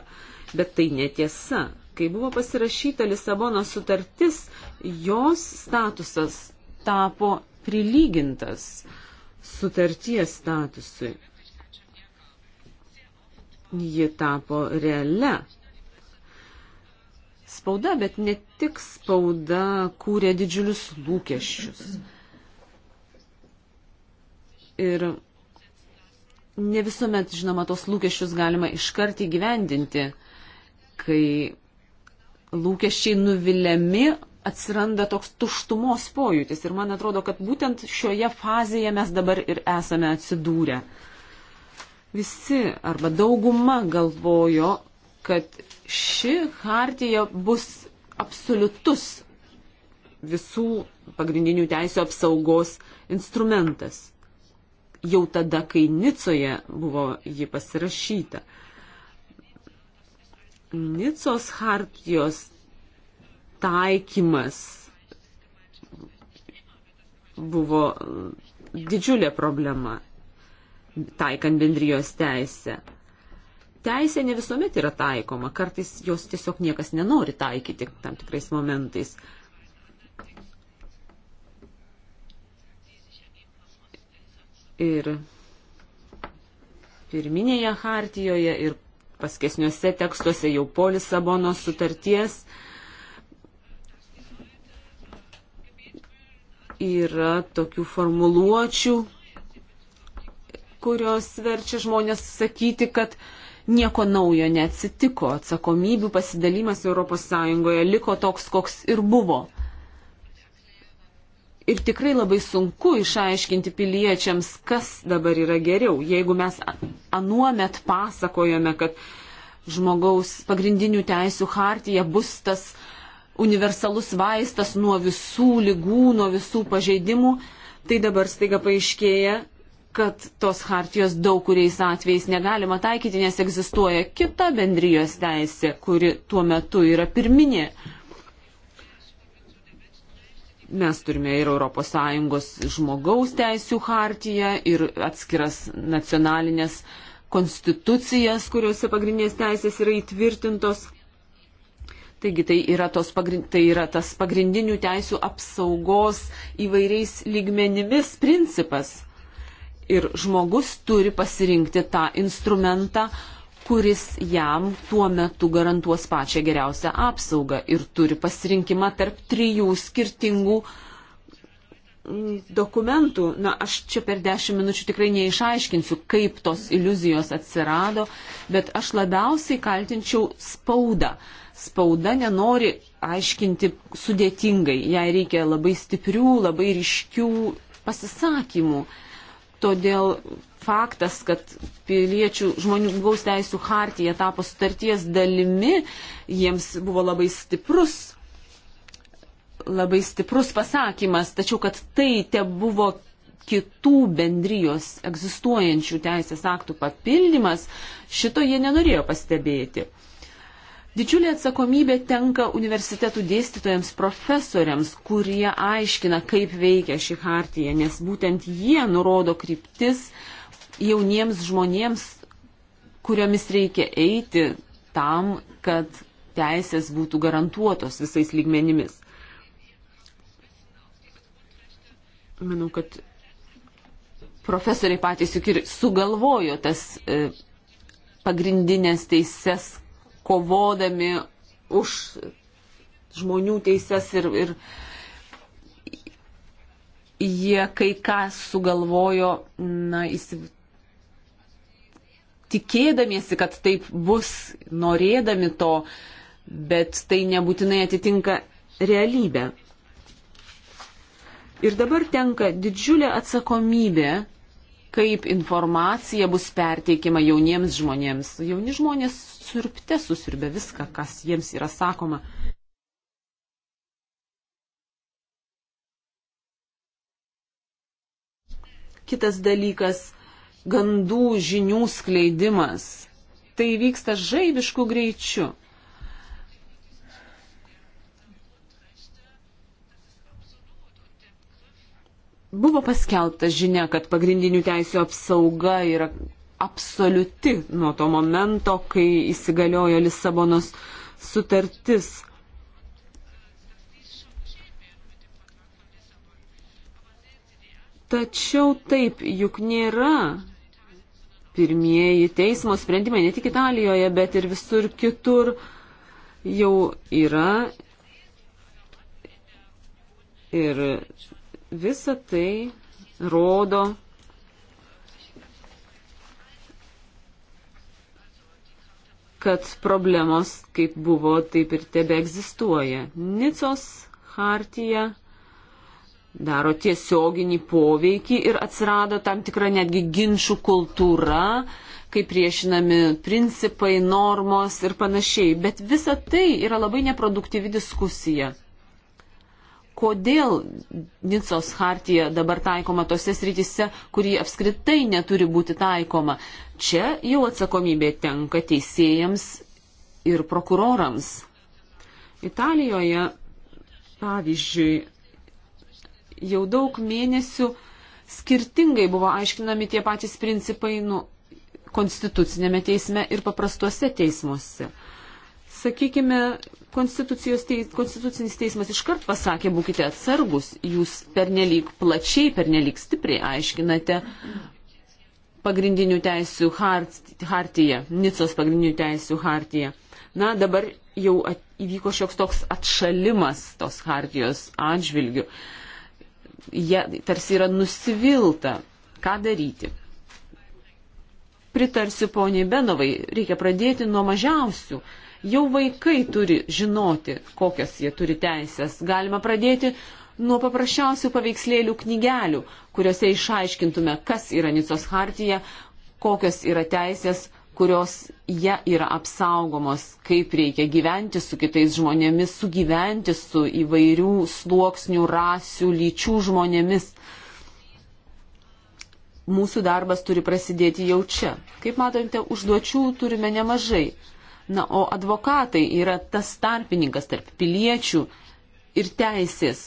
bet tai netiesa kai buvo pasirašyta Lisabono sutartis, jos statusas tapo prilygintas sutarties statusui. Ji tapo realia. Spauda, bet ne tik spauda, kūrė didžiulius lūkesčius. Ir ne visuomet, žinoma, tos lūkesčius galima iškart įgyvendinti, kai lūkesčiai nuviliami, atsiranda toks tuštumos pojūtis. Ir man atrodo, kad būtent šioje fazėje mes dabar ir esame atsidūrę. Visi arba dauguma galvojo, kad ši hartija bus absoliutus visų pagrindinių teisų apsaugos instrumentas. Jau tada, kai Nicoje buvo ji pasirašyta. Nicos hartijos taikymas buvo didžiulė problema taikant bendrijos teisę. Teisė ne visuomet yra taikoma, kartais jos tiesiog niekas nenori taikyti tam tikrais momentais. Ir pirminėje hartijoje, ir paskesniuose tekstuose jau po Lisabono sutarties yra tokių formuluočių, kurios verčia žmonės sakyti, kad nieko naujo neatsitiko, atsakomybių pasidalimas ES liko toks, koks ir buvo ir tikrai labai sunku išaiškinti piliečiams, kas dabar yra geriau, jeigu mes anuomet pasakojame, kad žmogaus pagrindinių teisų hartija bus tas universalus vaistas nuo visų lygų, nuo visų pažeidimų, tai dabar staiga paaiškėja, kad tos hartijos daug kuriais atvejais negalima taikyti, nes egzistuoja kita bendrijos teisė, kuri tuo metu yra pirminė Mes turime ir ES žmogaus teisų hartiją, ir atskiras nacionalinės konstitucijas, kuriuose pagrindinės teisės yra įtvirtintos. Taigi tai yra, tos, tai yra tas pagrindinių teisų apsaugos įvairiais lygmenimis principas. Ir žmogus turi pasirinkti tą instrumentą, uh, kuris jam tuo metu garantuos pačią geriausią apsaugą ir turi pasirinkimą tarp trijų skirtingų mm, dokumentų. Na, aš čia per dešimt minučių tikrai neišaiškinsiu, kaip tos iliuzijos atsirado, bet aš labiausiai kaltinčiau spaudą. Spauda nenori aiškinti sudėtingai, jai reikia labai stiprių, labai ryškių pasisakymų. Todėl faktas, kad piliečių žmonių gaus teisų hartija tapo sutarties dalimi, jiems buvo labai stiprus, labai stiprus pasakymas, tačiau kad tai te buvo kitų bendrijos egzistuojančių teisės aktų papildymas, šito jie nenorėjo pastebėti. Didžiulė atsakomybė tenka universitetų dėstytojams, profesoriams, kurie aiškina, kaip veikia ši hartija, nes būtent jie nurodo kryptis, uh, jauniems žmonėms, kuriomis reikia eiti tam, kad teisės būtų garantuotos visais lygmenimis. Manau, kad profesoriai patys juk ir sugalvojo tas e, pagrindinės teises, kovodami už žmonių teises ir, ir jie kai ką sugalvojo, na, įsivaizduoti tikėdamiesi, kad taip bus, norėdami to, bet tai nebūtinai atitinka realybę. Ir dabar tenka didžiulė atsakomybė, kaip informacija bus perteikiama jauniems žmonėms. Jauni žmonės surpte susirbė viską, kas jiems yra sakoma. Kitas dalykas gandų žinių skleidimas. Tai vyksta žaibiškų greičių. Buvo paskelbta žinia, kad pagrindinių teisų apsauga yra absoliuti nuo to momento, kai įsigaliojo Lisabonos sutartis. Tačiau taip, juk nėra pirmieji teismo sprendimai ne tik Italijoje, bet ir visur kitur jau yra. Ir visa tai rodo, kad problemos, kaip buvo, taip ir tebe egzistuoja. Nicos hartija daro tiesioginį poveikį ir atsirado tam tikra netgi ginčių kultūra, kaip priešinami principai, normos ir panašiai. Bet visa tai yra labai neproduktyvi diskusija. Kodėl Nicos hartija dabar taikoma tose srityse, kuri apskritai neturi būti taikoma? Čia jau atsakomybė tenka teisėjams ir prokurorams. Italijoje, pavyzdžiui, jau daug mėnesių skirtingai buvo aiškinami tie patys principai nu, konstitucinėme teisme ir paprastuose teismuose. Sakykime, teis, konstitucinis teismas iškart pasakė, būkite atsargus, jūs pernelyg plačiai, pernelyg stipriai aiškinate pagrindinių teisų hart, hartiją, Nicos pagrindinių teisų hartiją. Na, dabar jau at, įvyko šioks toks atšalimas tos hartijos atžvilgių. At jie tarsi yra nusivilta. Ką daryti? Pritarsiu poniai Benovai, reikia pradėti nuo mažiausių. Jau vaikai turi žinoti, kokias jie turi teisės. Galima pradėti nuo paprasčiausių paveikslėlių knygelių, kuriuose išaiškintume, kas yra Nicos hartija, kokios yra teisės, kurios ja yra apsaugomos, kaip reikia gyventi su kitais žmonėmis, sugyventi su įvairių sluoksnių, rasių, lyčių žmonėmis. Mūsų darbas turi prasidėti jau čia. Kaip matote, užduočių turime nemažai. Na, o advokatai yra tas tarpininkas tarp piliečių ir teisės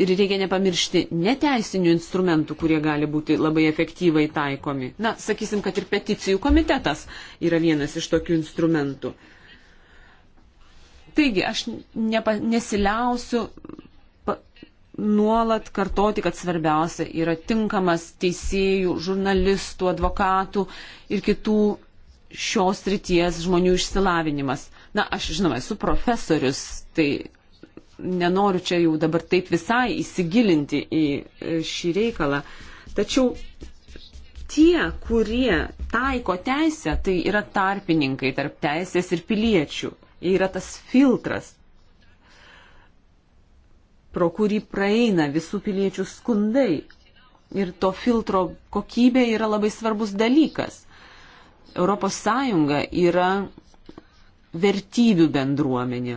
ir reikia nepamiršti neteisinių instrumentų, kurie gali būti labai efektyvai taikomi. Na, sakysim, kad ir peticijų komitetas yra vienas iš tokių instrumentų. Taigi, aš nepa, nesiliausiu pa, nuolat kartoti, kad svarbiausia yra tinkamas teisėjų, žurnalistų, advokatų ir kitų šios ryties žmonių išsilavinimas. Na, aš žinoma, esu profesorius, tai nenoriu čia jau dabar taip visai įsigilinti į šį reikalą. Tačiau tie, kurie taiko teisę, tai yra tarpininkai tarp teisės ir piliečių. Jie yra tas filtras, pro kurį praeina visų piliečių skundai. Ir to filtro kokybė yra labai svarbus dalykas. ES yra vertybių bendruomenė.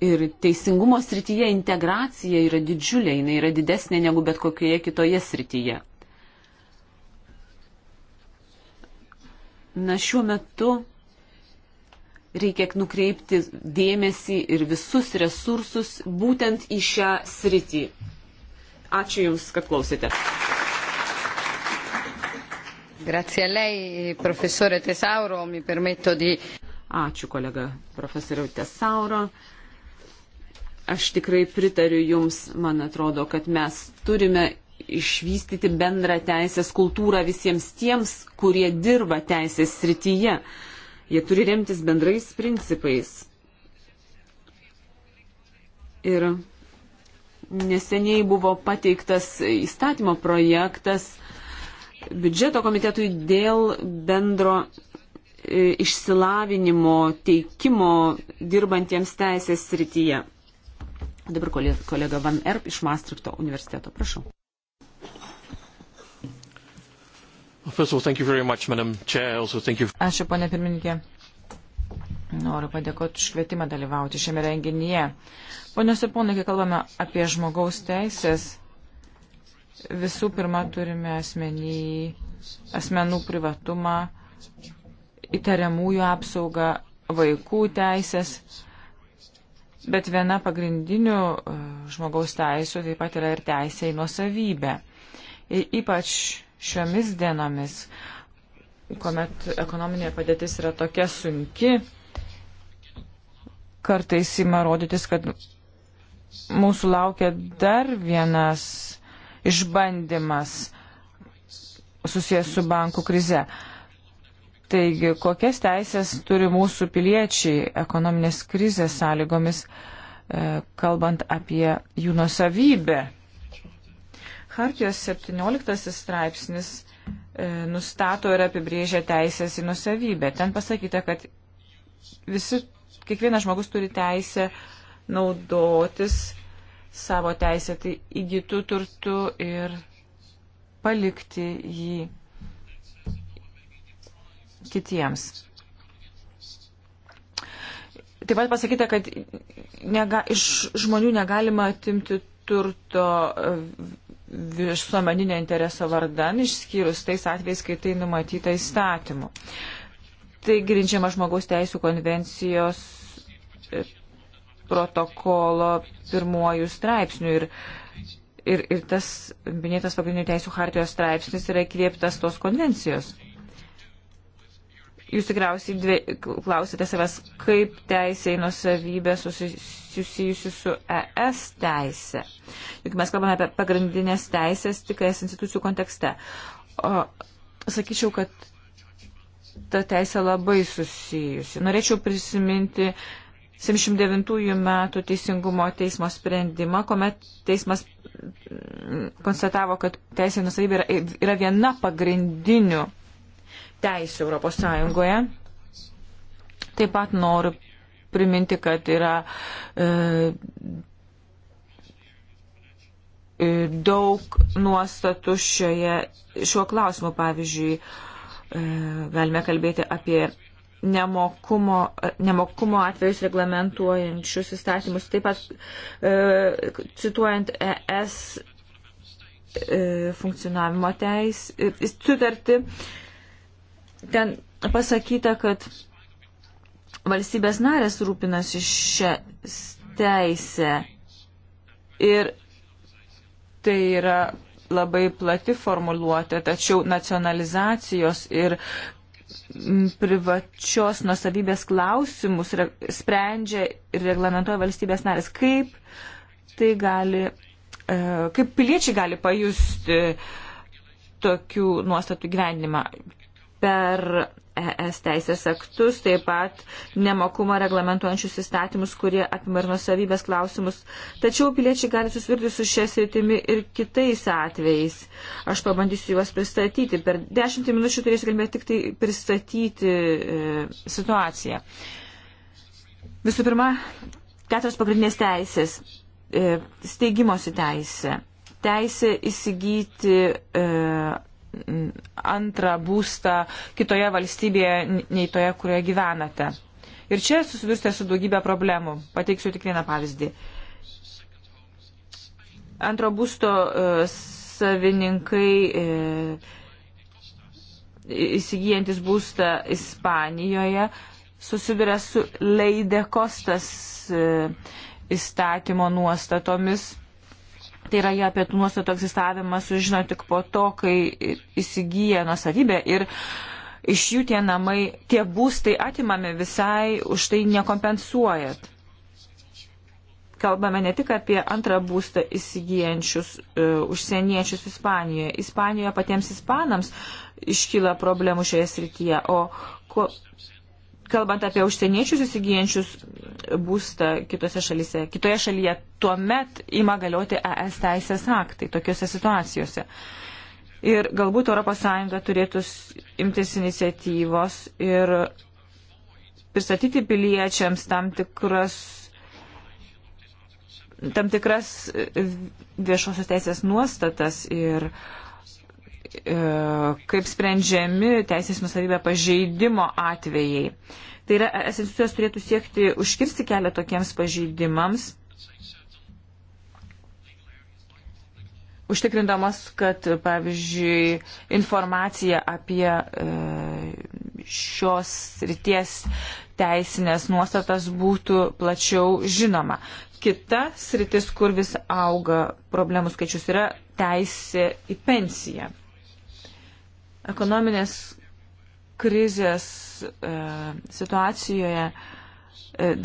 ir teisingumo srityje integracija yra didžiulė, jinai yra didesnė negu bet kokioje kitoje srityje. Na šiuo metu reikia nukreipti dėmesį ir visus resursus būtent į šią sritį. Ačiū Jums, kad klausėte. Grazie a lei, professore Tesauro, mi permetto di. Ačiū kolega profesoriau Tesauro. Aš tikrai pritariu Jums, man atrodo, kad mes turime išvystyti bendrą teisės kultūrą visiems tiems, kurie dirba teisės srityje. Jie turi remtis bendrais principais. Ir neseniai buvo pateiktas įstatymo projektas biudžeto komitetui dėl bendro e, išsilavinimo teikimo dirbantiems teisės srityje. Dabar kolega Van Erp iš Maastrichto universiteto. Prašau. Ačiū, ponė pirmininkė. Noriu padėkoti už kvietimą dalyvauti šiame renginyje. Ponios ir ponai, kai kalbame apie žmogaus teisės, visų pirma turime asmenį, asmenų privatumą, įtariamųjų apsaugą, vaikų teisės Bet viena pagrindinių e, žmogaus teisų taip pat yra ir teisė į nuosavybę. Ir ypač šiomis dienomis, kuomet ekonominė padėtis yra tokia sunki, kartais ima rodytis, kad mūsų laukia dar vienas išbandymas susijęs su bankų krize. Uh, Taigi, kokias teisės turi mūsų piliečiai ekonominės krizės sąlygomis, e, kalbant apie jų nusavybę? Hartijos 17 straipsnis e, nustato ir apibrėžia teisės į nusavybę. Ten pasakyta, kad visi, kiekvienas žmogus turi teisę naudotis savo teisę tai įgytų turtų ir palikti jį kitiems. Taip pat pasakyta, kad nega, iš žmonių negalima atimti turto visuomeninio intereso vardan, išskyrus tais atvejais, kai tai numatyta įstatymu. Tai grindžiama žmogaus teisų konvencijos e, protokolo pirmojų straipsnių ir, ir, ir tas minėtas pagrindinių teisų hartijos straipsnis yra įkvėptas tos konvencijos. Jūs tikriausiai dvie, klausite savęs, kaip teisė į nusavybę susijusi su ES teisė. Juk mes kalbame apie pagrindinės teisės tik ES institucijų kontekste. O, sakyčiau, kad ta teisė labai susijusi. Norėčiau prisiminti 79 metų teisingumo teismo sprendimą, kuomet teismas konstatavo, kad teisė nusavybė yra, yra viena pagrindinių teisų Europos Sąjungoje. Taip pat noriu priminti, kad yra e, e, daug nuostatų šioje, šiuo klausimu. Pavyzdžiui, e, galime kalbėti apie nemokumo, e, nemokumo atvejus reglamentuojančius įstatymus. Taip pat e, cituojant ES e, funkcionavimo teis, sutartį Ten pasakyta, kad valstybės narės rūpinasi šią teisę ir tai yra labai plati formuluotė, tačiau nacionalizacijos ir privačios nusavybės klausimus sprendžia ir reglamentoja valstybės narės. Kaip tai gali, e, kaip piliečiai gali pajusti tokių nuostatų gyvenimą per ES teisės aktus, taip pat nemokumą reglamentuojančius įstatymus, kurie apima ir nusavybės klausimus. Tačiau piliečiai gali susvirti su šia sritimi ir kitais atvejais. Aš pabandysiu juos pristatyti. Per dešimtį minučių turėsiu kalbėti tik tai pristatyti e, situaciją. Visų pirma, keturios pagrindinės teisės. E, steigimosi teisė. Teisė įsigyti. E, antrą būstą kitoje valstybėje nei toje, kurioje gyvenate. Ir čia susidursite su daugybė problemų. Pateiksiu tik vieną pavyzdį. Antro būsto e, savininkai e, įsigyjantis būstą Ispanijoje susiduria su leidekostas e, įstatymo nuostatomis Tai yra, jie apie tų nuostatų egzistavimą sužino tik po to, kai įsigyja nusavybę ir iš jų tie namai, tie būstai atimami visai, už tai nekompensuojat. Kalbame ne tik apie antrą būstą įsigijančius uh, užsieniečius Ispanijoje. Ispanijoje patiems ispanams iškyla problemų šioje srityje, o ko, kalbant apie užsieniečius įsigijančius būstą kitose šalyse, kitoje šalyje, tuomet ima galioti ES teisės aktai tokiuose situacijose. Ir galbūt ES turėtų imtis iniciatyvos ir pristatyti piliečiams tam tikras tam tikras e, viešosios teisės nuostatas ir uh, E, kaip sprendžiami teisės nusavybę pažeidimo atvejai. Tai yra, e, es institucijos turėtų siekti užkirsti kelią tokiems pažeidimams, užtikrindamas, kad, pavyzdžiui, informacija apie e, šios ryties teisinės nuostatas būtų plačiau žinoma. Kita sritis, kur vis auga problemų skaičius, yra teisė į pensiją. Ekonominės krizės e, situacijoje e,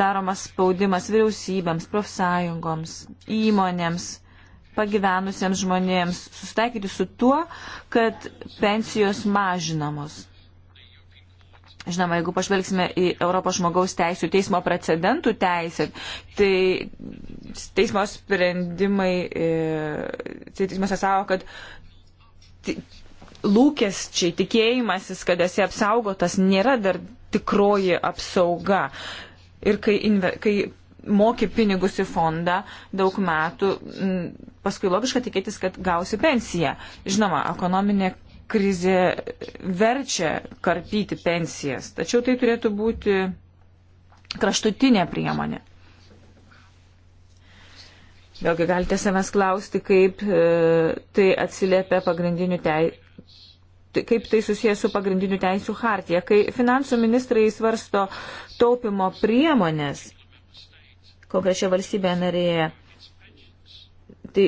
daromas spaudimas vyriausybėms, profsąjungoms, įmonėms, pagyvenusiems žmonėms, susitaikyti su tuo, kad pensijos mažinamos. Žinoma, jeigu pažvelgsime į Europos žmogaus teisų teismo precedentų teisę, tai teismo sprendimai, e, tai teismas savo, kad lūkesčiai, tikėjimasis, kad esi apsaugotas, nėra dar tikroji apsauga. Ir kai, inve, kai moki pinigus į fondą daug metų, m, paskui logiška tikėtis, kad gausi pensiją. Žinoma, ekonominė krizė verčia karpyti pensijas, tačiau tai turėtų būti kraštutinė priemonė. Vėlgi galite savęs klausti, kaip e, tai atsiliepia pagrindinių teisų Tai kaip tai susijęs su pagrindiniu teisų hartija. Kai finansų ministrai svarsto taupimo priemonės konkrečioje valstybėje narėje, tai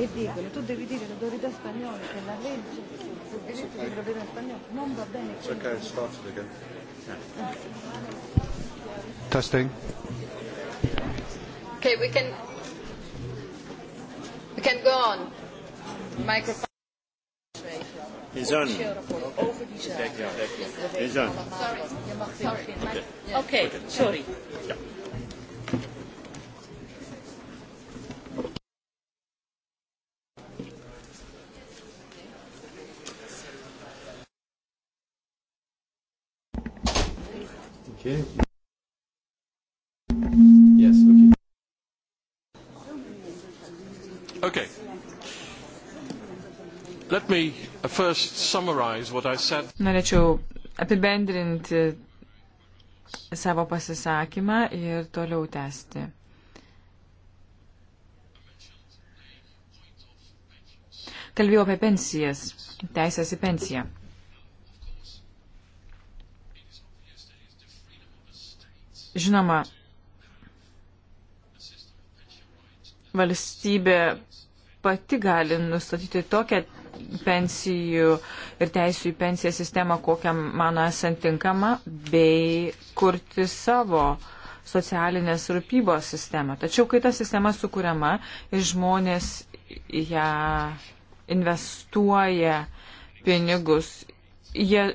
e dicono tu devi dire all'autorità spagnola che la legge sul diritto okay. di proprietà spagnola non va bene. It's okay, it started again. Testing. Okay, we can we can go on. Microphone. Is on. Over die zaak. Is on. Sorry. Sorry. Okay. okay. Sorry. Yeah. Norėčiau apibendrinti savo pasisakymą ir toliau tęsti. Kalbėjau apie pensijas, teisęs į pensiją. Žinoma, valstybė pati gali nustatyti tokią pensijų ir teisų į pensiją sistemą, kokią mano esant tinkama, bei kurti savo socialinės rūpybos sistemą. Tačiau, kai ta sistema sukūriama ir žmonės ją investuoja pinigus jie,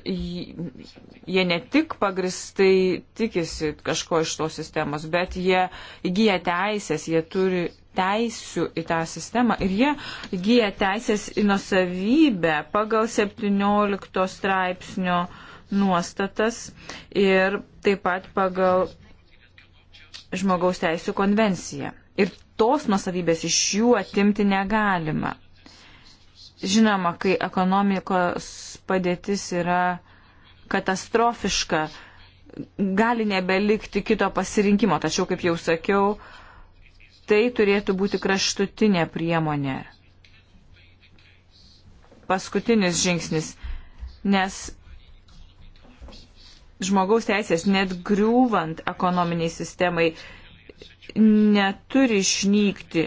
jie ne tik pagristai tikisi kažko iš tos sistemos, bet jie įgyja teisės, jie turi teisių į tą sistemą ir jie įgyja teisės į nusavybę pagal 17 straipsnio nuostatas ir taip pat pagal žmogaus teisų konvenciją. Ir tos nusavybės iš jų atimti negalima. Žinoma, kai ekonomikos padėtis yra katastrofiška, gali nebelikti kito pasirinkimo. Tačiau, kaip jau sakiau, tai turėtų būti kraštutinė priemonė. Paskutinis žingsnis, nes žmogaus teisės, net griūvant ekonominiai sistemai, neturi išnykti.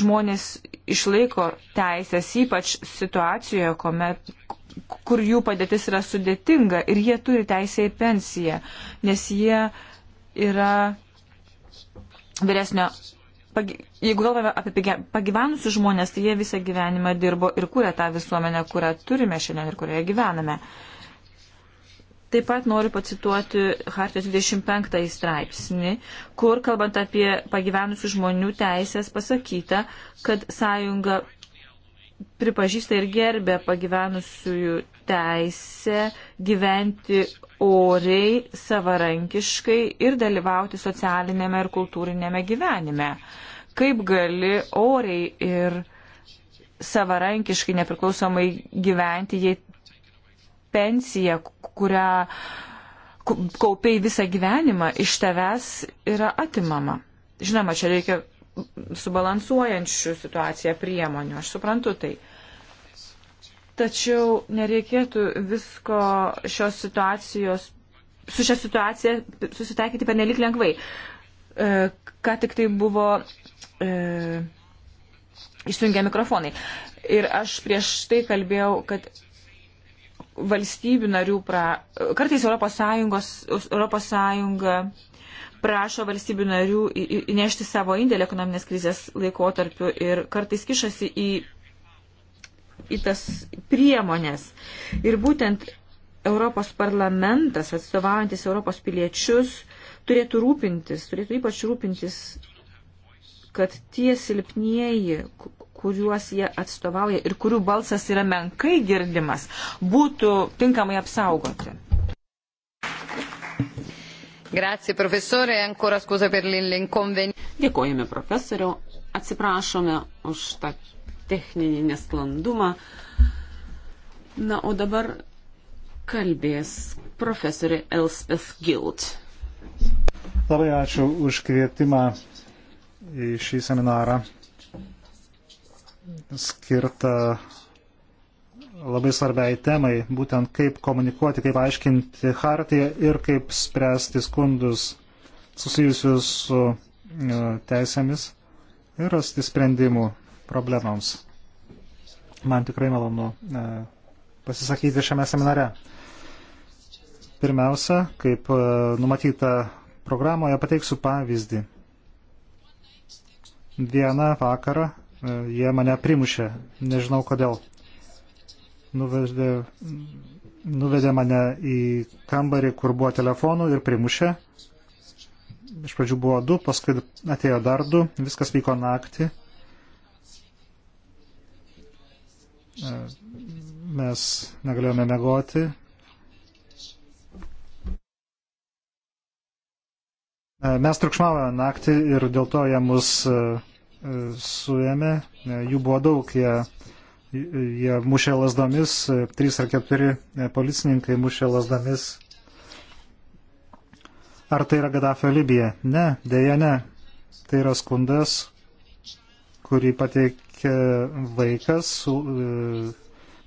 Žmonės išlaiko teisės, ypač situacijoje, kuomet kur jų padėtis yra sudėtinga ir jie turi teisę į pensiją, nes jie yra vyresnio. Jeigu galvame apie pagyvenusius žmonės, tai jie visą gyvenimą dirbo ir kūrė tą visuomenę, kurią turime šiandien ir kurioje gyvename. Taip pat noriu pacituoti Hartijos 25 straipsnį, kur, kalbant apie pagyvenusių žmonių teisės, pasakyta, kad sąjunga pripažįsta ir gerbė pagyvenusiųjų teisę gyventi oriai, savarankiškai ir dalyvauti socialinėme ir kultūrinėme gyvenime. Kaip gali oriai ir savarankiškai nepriklausomai gyventi, jei pensija, kurią kaupiai visą gyvenimą, iš tavęs yra atimama. Žinoma, čia reikia subalansuojančių situaciją priemonių. Aš suprantu tai. Tačiau nereikėtų visko šios situacijos, su šią situaciją susitaikyti per nelik lengvai. E, ką tik tai buvo e, išsijungę mikrofonai. Ir aš prieš tai kalbėjau, kad valstybių narių, pra, kartais Europos, Sąjungos, Europos Sąjunga prašo valstybių narių įnešti savo indėlį ekonominės krizės laikotarpiu ir kartais kišasi į, į tas priemonės. Ir būtent Europos parlamentas, atstovaujantis Europos piliečius, turėtų rūpintis, turėtų ypač rūpintis, kad tie silpnieji, kuriuos jie atstovauja ir kurių balsas yra menkai girdimas, būtų tinkamai apsaugoti. Grazie, profesore, e ancora scusa per l'inconvenienza. Dėkojame profesoriau, atsiprašome už tą techninį nesklandumą. Na, o dabar kalbės profesorė Elspeth Gilt. Labai ačiū už kvietimą į šį seminarą skirtą labai svarbiai temai, būtent kaip komunikuoti, kaip aiškinti hartiją ir kaip spręsti skundus susijusius su e, teisėmis ir rasti sprendimų problemams. Man tikrai malonu e, pasisakyti šiame seminare. Pirmiausia, kaip e, numatyta programoje, pateiksiu pavyzdį. Vieną vakarą jie mane primušė, nežinau kodėl nuvedė, nuvedė mane į kambarį, kur buvo telefonų ir primušė. Iš pradžių buvo du, paskui atėjo dar du, viskas vyko naktį. E, mes negalėjome mėgoti. E, mes triukšmavome naktį ir dėl to jie mus e, suėmė. Jų buvo daug, jie jie mušė lasdomis, trys ar keturi policininkai mušė lasdomis. Ar tai yra Gaddafio Libija? Ne, dėja ne. Tai yra skundas, kurį pateikė vaikas su, e,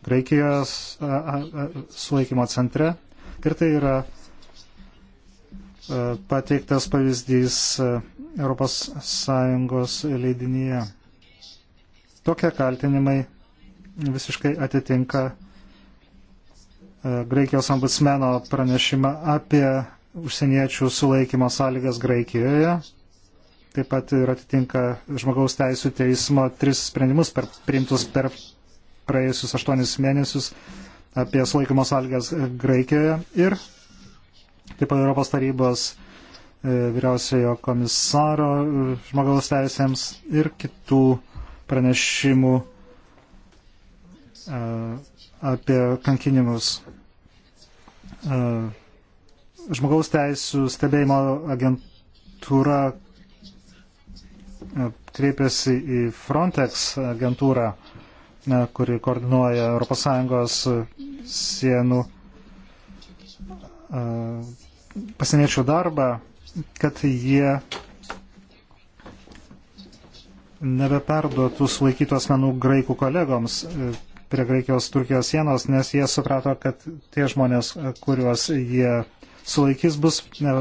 Graikijos sulaikymo centre. Ir tai yra e, pateiktas pavyzdys ES leidinyje. Tokie kaltinimai visiškai atitinka e, Graikijos ombudsmeno pranešimą apie užsieniečių sulaikymo sąlygas Graikijoje. Taip pat ir atitinka žmogaus teisų teismo tris sprendimus per, priimtus per praėjusius aštuonis mėnesius apie sulaikymo sąlygas Graikijoje. Ir taip pat Europos tarybos e, vyriausiojo komisaro e, žmogaus teisėms ir kitų pranešimų apie kankinimus. Žmogaus teisų stebėjimo agentūra kreipėsi į Frontex agentūrą, kuri koordinuoja ES sienų pasieniečių darbą, kad jie nebeperduotų sulaikytų asmenų graikų kolegoms prie Graikijos Turkijos sienos, nes jie suprato, kad tie žmonės, kuriuos jie sulaikys, bus e,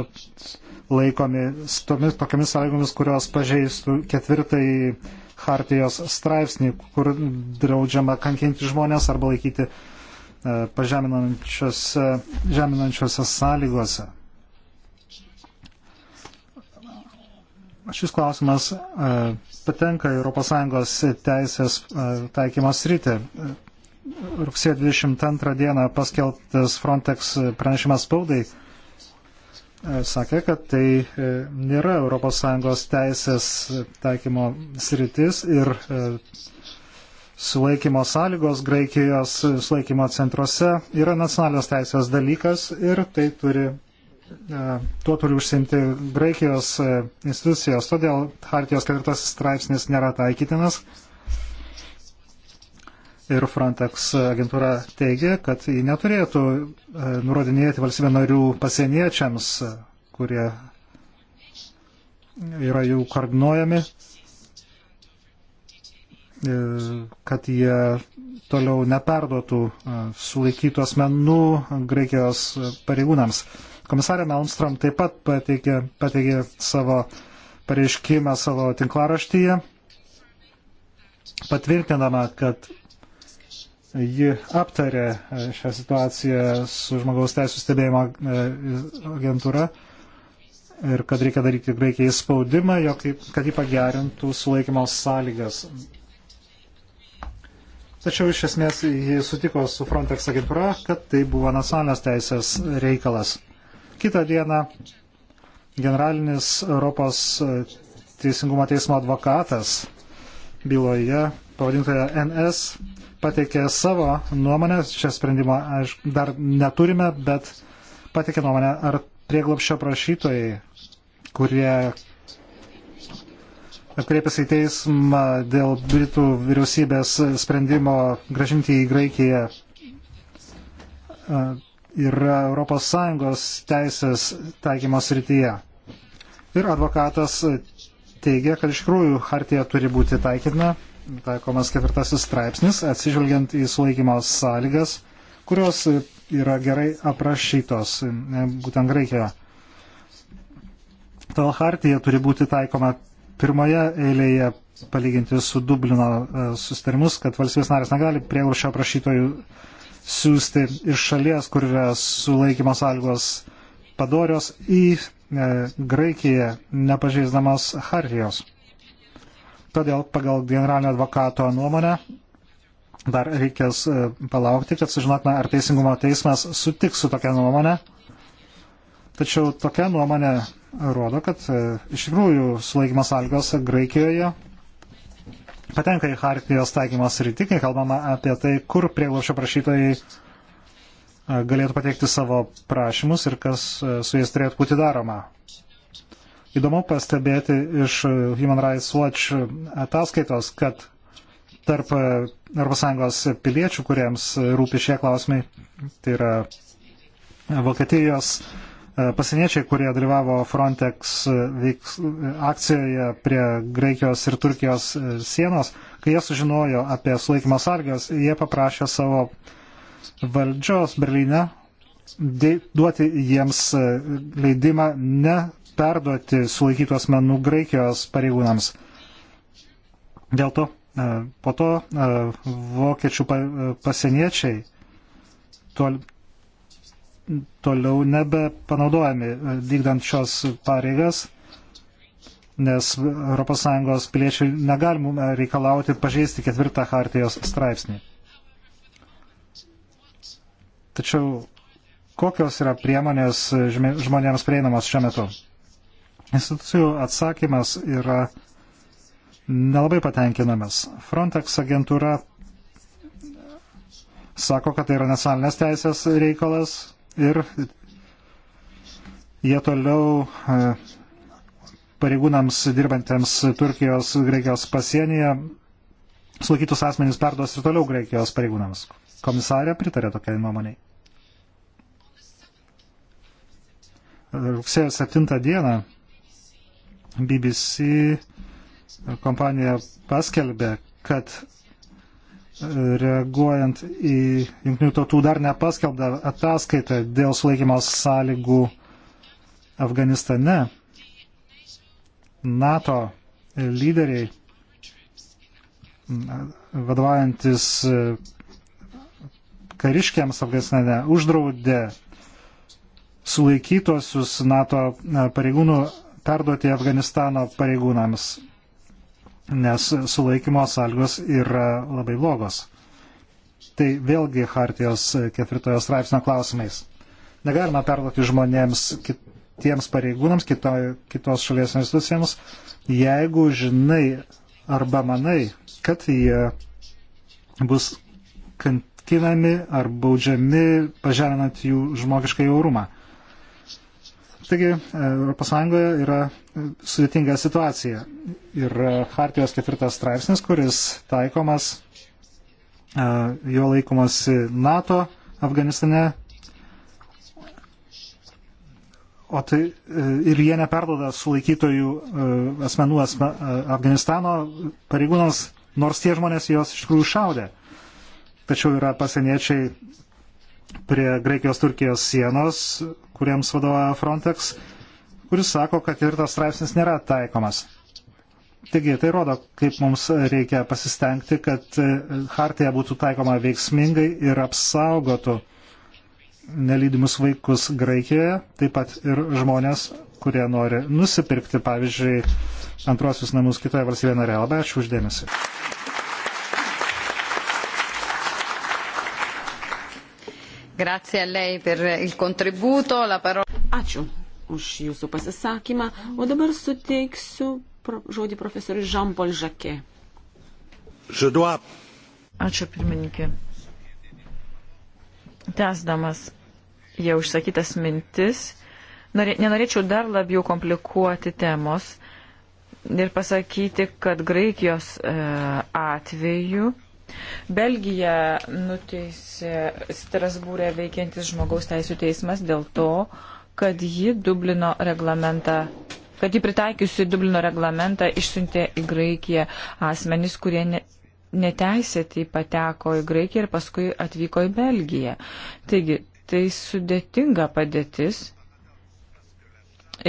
laikomi tomis, tokiamis sąlygomis, kurios pažeistų ketvirtąjį Hartijos straipsnį, kur draudžiama kankinti žmonės arba laikyti e, pažeminančiose sąlygose. šis klausimas e, patenka ES teisės e, taikymos rytį. Rugsėjo 22 dieną paskelbtas Frontex pranešimas spaudai e, sakė, kad tai nėra ES teisės taikymo sritis ir sulaikymo sąlygos Graikijos sulaikymo centruose yra nacionalinės teisės dalykas ir tai turi E, tuo turi užsimti Graikijos e, institucijos, todėl Hartijos ketvirtasis straipsnis nėra taikytinas. Ir Frontex agentūra teigia, kad ji neturėtų e, nurodinėti valstybė narių pasieniečiams, kurie yra jų koordinuojami, kad jie toliau neperduotų sulaikytų asmenų Graikijos pareigūnams. Komisarė Melmstrom taip pat pateikė, pateikė savo pareiškimą savo tinklaraštyje, patvirtindama, kad ji aptarė e, šią situaciją su žmogaus teisų stebėjimo e, agentūra ir kad reikia daryti greikiai spaudimą, jog, kad jį pagerintų sulaikymo sąlygas. Tačiau iš esmės jį sutiko su Frontex agentūra, kad tai buvo nacionalinės teisės reikalas. Kita diena generalinis Europos teisingumo teismo advokatas byloje pavadintoje NS pateikė savo nuomonę, šią sprendimą aš dar neturime, bet pateikė nuomonę, ar prieglopščio prašytojai, kurie kreipėsi į teismą dėl Britų vyriausybės sprendimo gražinti į Graikiją yra ES teisės taikymos rytyje. Ir advokatas teigia, kad iš tikrųjų hartija turi būti taikytina, taikomas ketvirtasis straipsnis, atsižvelgiant į sulaikymo sąlygas, kurios yra gerai aprašytos, e, būtent Graikijoje. Todėl hartija turi būti taikoma pirmoje eilėje palyginti su Dublino e, sustarimus, kad valstybės narės negali prieglušio prašytojų siūsti iš šalies, kur yra sulaikymo sąlygos padorios, į e, Graikiją, nepažeisdamas Hartijos. Todėl pagal generalinio advokato nuomonę dar reikės e, palaukti, kad sužinotume, ar Teisingumo teismas sutiks su tokia nuomonė. Tačiau tokia nuomonė rodo, kad e, iš tikrųjų sulaikymo sąlygos Graikijoje patenka į Hartijos taikymos rytį, kai kalbama apie tai, kur prieglobšio prašytojai e, galėtų pateikti savo prašymus ir kas e, su jais turėtų būti daroma. Įdomu pastebėti iš Human Rights Watch ataskaitos, kad tarp ES piliečių, kuriems rūpi šie klausimai, tai yra Vokietijos uh, E, pasieniečiai, kurie dalyvavo Frontex veiks, akcijoje prie Graikijos ir Turkijos e, sienos, kai jie sužinojo apie sulaikymo sargas, jie paprašė savo valdžios Berlyne duoti jiems e, leidimą neperduoti sulaikytų asmenų Graikijos pareigūnams. Dėl to po to vokiečių pasieniečiai toliau nebepanaudojami e, vykdant šios pareigas, nes ES piliečių negalima reikalauti pažeisti ketvirtą hartijos straipsnį. Tačiau kokios yra priemonės žmonėms prieinamos šiuo metu? Institucijų atsakymas yra nelabai patenkinamas. Frontex agentūra sako, kad tai yra nacionalinės teisės reikalas, ir jie toliau e, pareigūnams dirbantiems Turkijos Graikijos pasienyje sulaikytus asmenys perduos ir toliau Graikijos pareigūnams. Komisarė pritarė tokiai nuomoniai. Rugsėjo 7 dieną BBC kompanija paskelbė, kad reaguojant į Junktinių tautų dar nepaskelbtą ataskaitą dėl sulaikymo sąlygų Afganistane, NATO lyderiai, vadovaujantis e, kariškiams Afganistane, uždraudė sulaikytosius NATO e, pareigūnų perduoti Afganistano pareigūnams nes sulaikymo sąlygos yra labai blogos. Tai vėlgi Hartijos ketvirtojo straipsnio klausimais. Negalima perduoti žmonėms kitiems pareigūnams, kito, kitos šalies institucijams, jeigu žinai arba manai, kad jie bus kankinami ar baudžiami, pažeminant jų žmogišką jaurumą. Taigi, ES yra e, sudėtinga situacija. Ir e, Hartijos ketvirtas straipsnis, kuris taikomas, e, jo laikomasi NATO Afganistane. O tai ir jie neperdoda sulaikytojų asmenų asme, Afganistano pareigūnams, nors tie žmonės juos iš tikrųjų šaudė. Tačiau yra pasieniečiai prie Graikijos-Turkijos sienos, kuriems vadovauja Frontex, kuris sako, kad ketvirtas straipsnis nėra taikomas. Taigi tai rodo, kaip mums reikia pasistengti, kad e, hartija būtų taikoma veiksmingai ir apsaugotų nelydimus vaikus Graikijoje, taip pat ir žmonės, kurie nori nusipirkti, pavyzdžiui, antrosius namus kitoje valstybėje narėje. Labai ačiū uždėmesi. Grazie a lei per il contributo. La parola. Ačiū už jūsų pasisakymą. O dabar suteiksiu pro, žodį profesoriui Žampol Žakė. Žuduo. Ačiū pirmininkė. Tęsdamas jau užsakytas mintis, norė, nenorėčiau dar labiau komplikuoti temos ir pasakyti, kad Graikijos e, atveju Belgija nuteisė Strasbūrė veikiantis žmogaus teisų teismas dėl to, kad ji Dublino reglamentą kad jį pritaikiusi Dublino reglamentą išsiuntė į Graikiją asmenys, kurie ne, neteisėtai pateko į Graikiją ir paskui atvyko į Belgiją. Taigi, tai sudėtinga padėtis.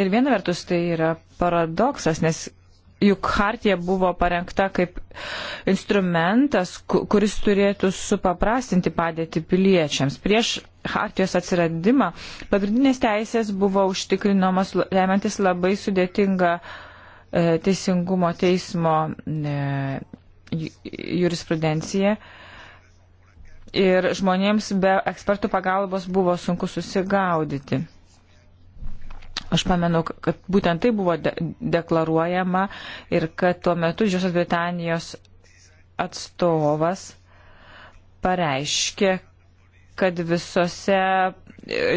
Ir viena vertus tai yra paradoksas, nes juk Hartija buvo parengta kaip instrumentas, kuris turėtų supaprastinti padėti piliečiams. Prieš Hartijos atsiradimą pagrindinės teisės buvo užtikrinamos remiantis labai sudėtinga e, teisingumo teismo e, jurisprudencija. Ir žmonėms be ekspertų pagalbos buvo sunku susigaudyti. Aš pamenu, kad būtent tai buvo de deklaruojama ir kad tuo metu Žiosios Britanijos atstovas pareiškė, kad visose e,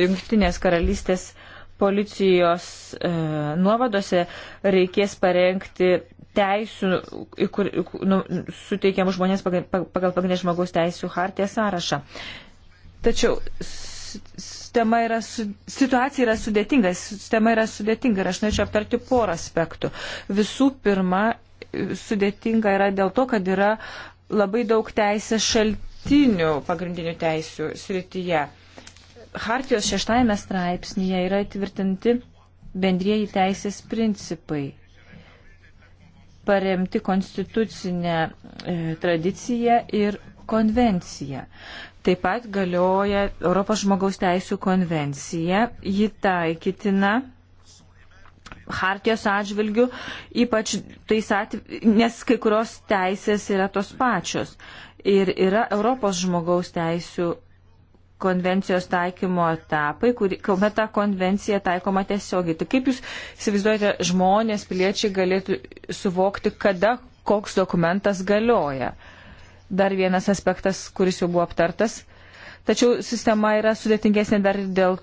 Junktinės karalystės policijos e, nuovadose reikės parengti teisų, kur, nu, suteikiamų žmonės pagal, pagal pagrindinę žmogaus teisų hartiją sąrašą. Tačiau s, s, sistema yra, situacija yra sudėtinga, sistema yra sudėtinga ir aš norėčiau aptarti porą aspektų. Visų pirma, sudėtinga yra dėl to, kad yra labai daug teisės šaltinių pagrindinių teisių srityje. Hartijos šeštajame straipsnėje yra įtvirtinti bendrieji teisės principai paremti konstitucinę e, tradiciją ir konvenciją. Taip pat galioja Europos žmogaus teisų konvencija. Ji taikytina hartijos atžvilgių, ypač tais atvejais, nes kai kurios teisės yra tos pačios. Ir yra Europos žmogaus teisų konvencijos taikymo etapai, kuri, kuomet ta konvencija taikoma tiesiogiai. Tai kaip jūs įsivaizduojate, žmonės, piliečiai galėtų suvokti, kada koks dokumentas galioja? Uh, dar vienas aspektas, kuris jau buvo aptartas. Tačiau sistema yra sudėtingesnė dar dėl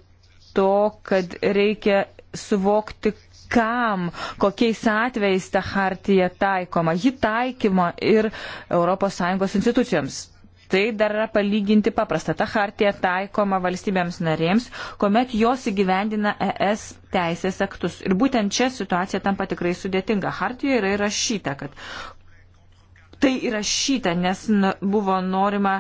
to, kad reikia suvokti, kam, kokiais atvejais ta hartija taikoma. Ji taikoma ir ES institucijoms. Tai dar yra palyginti paprasta. Ta hartija taikoma valstybėms narėms, kuomet jos įgyvendina ES teisės aktus. Ir būtent čia situacija tampa tikrai sudėtinga. Hartijoje yra įrašyta, kad tai įrašyta, nes buvo norima,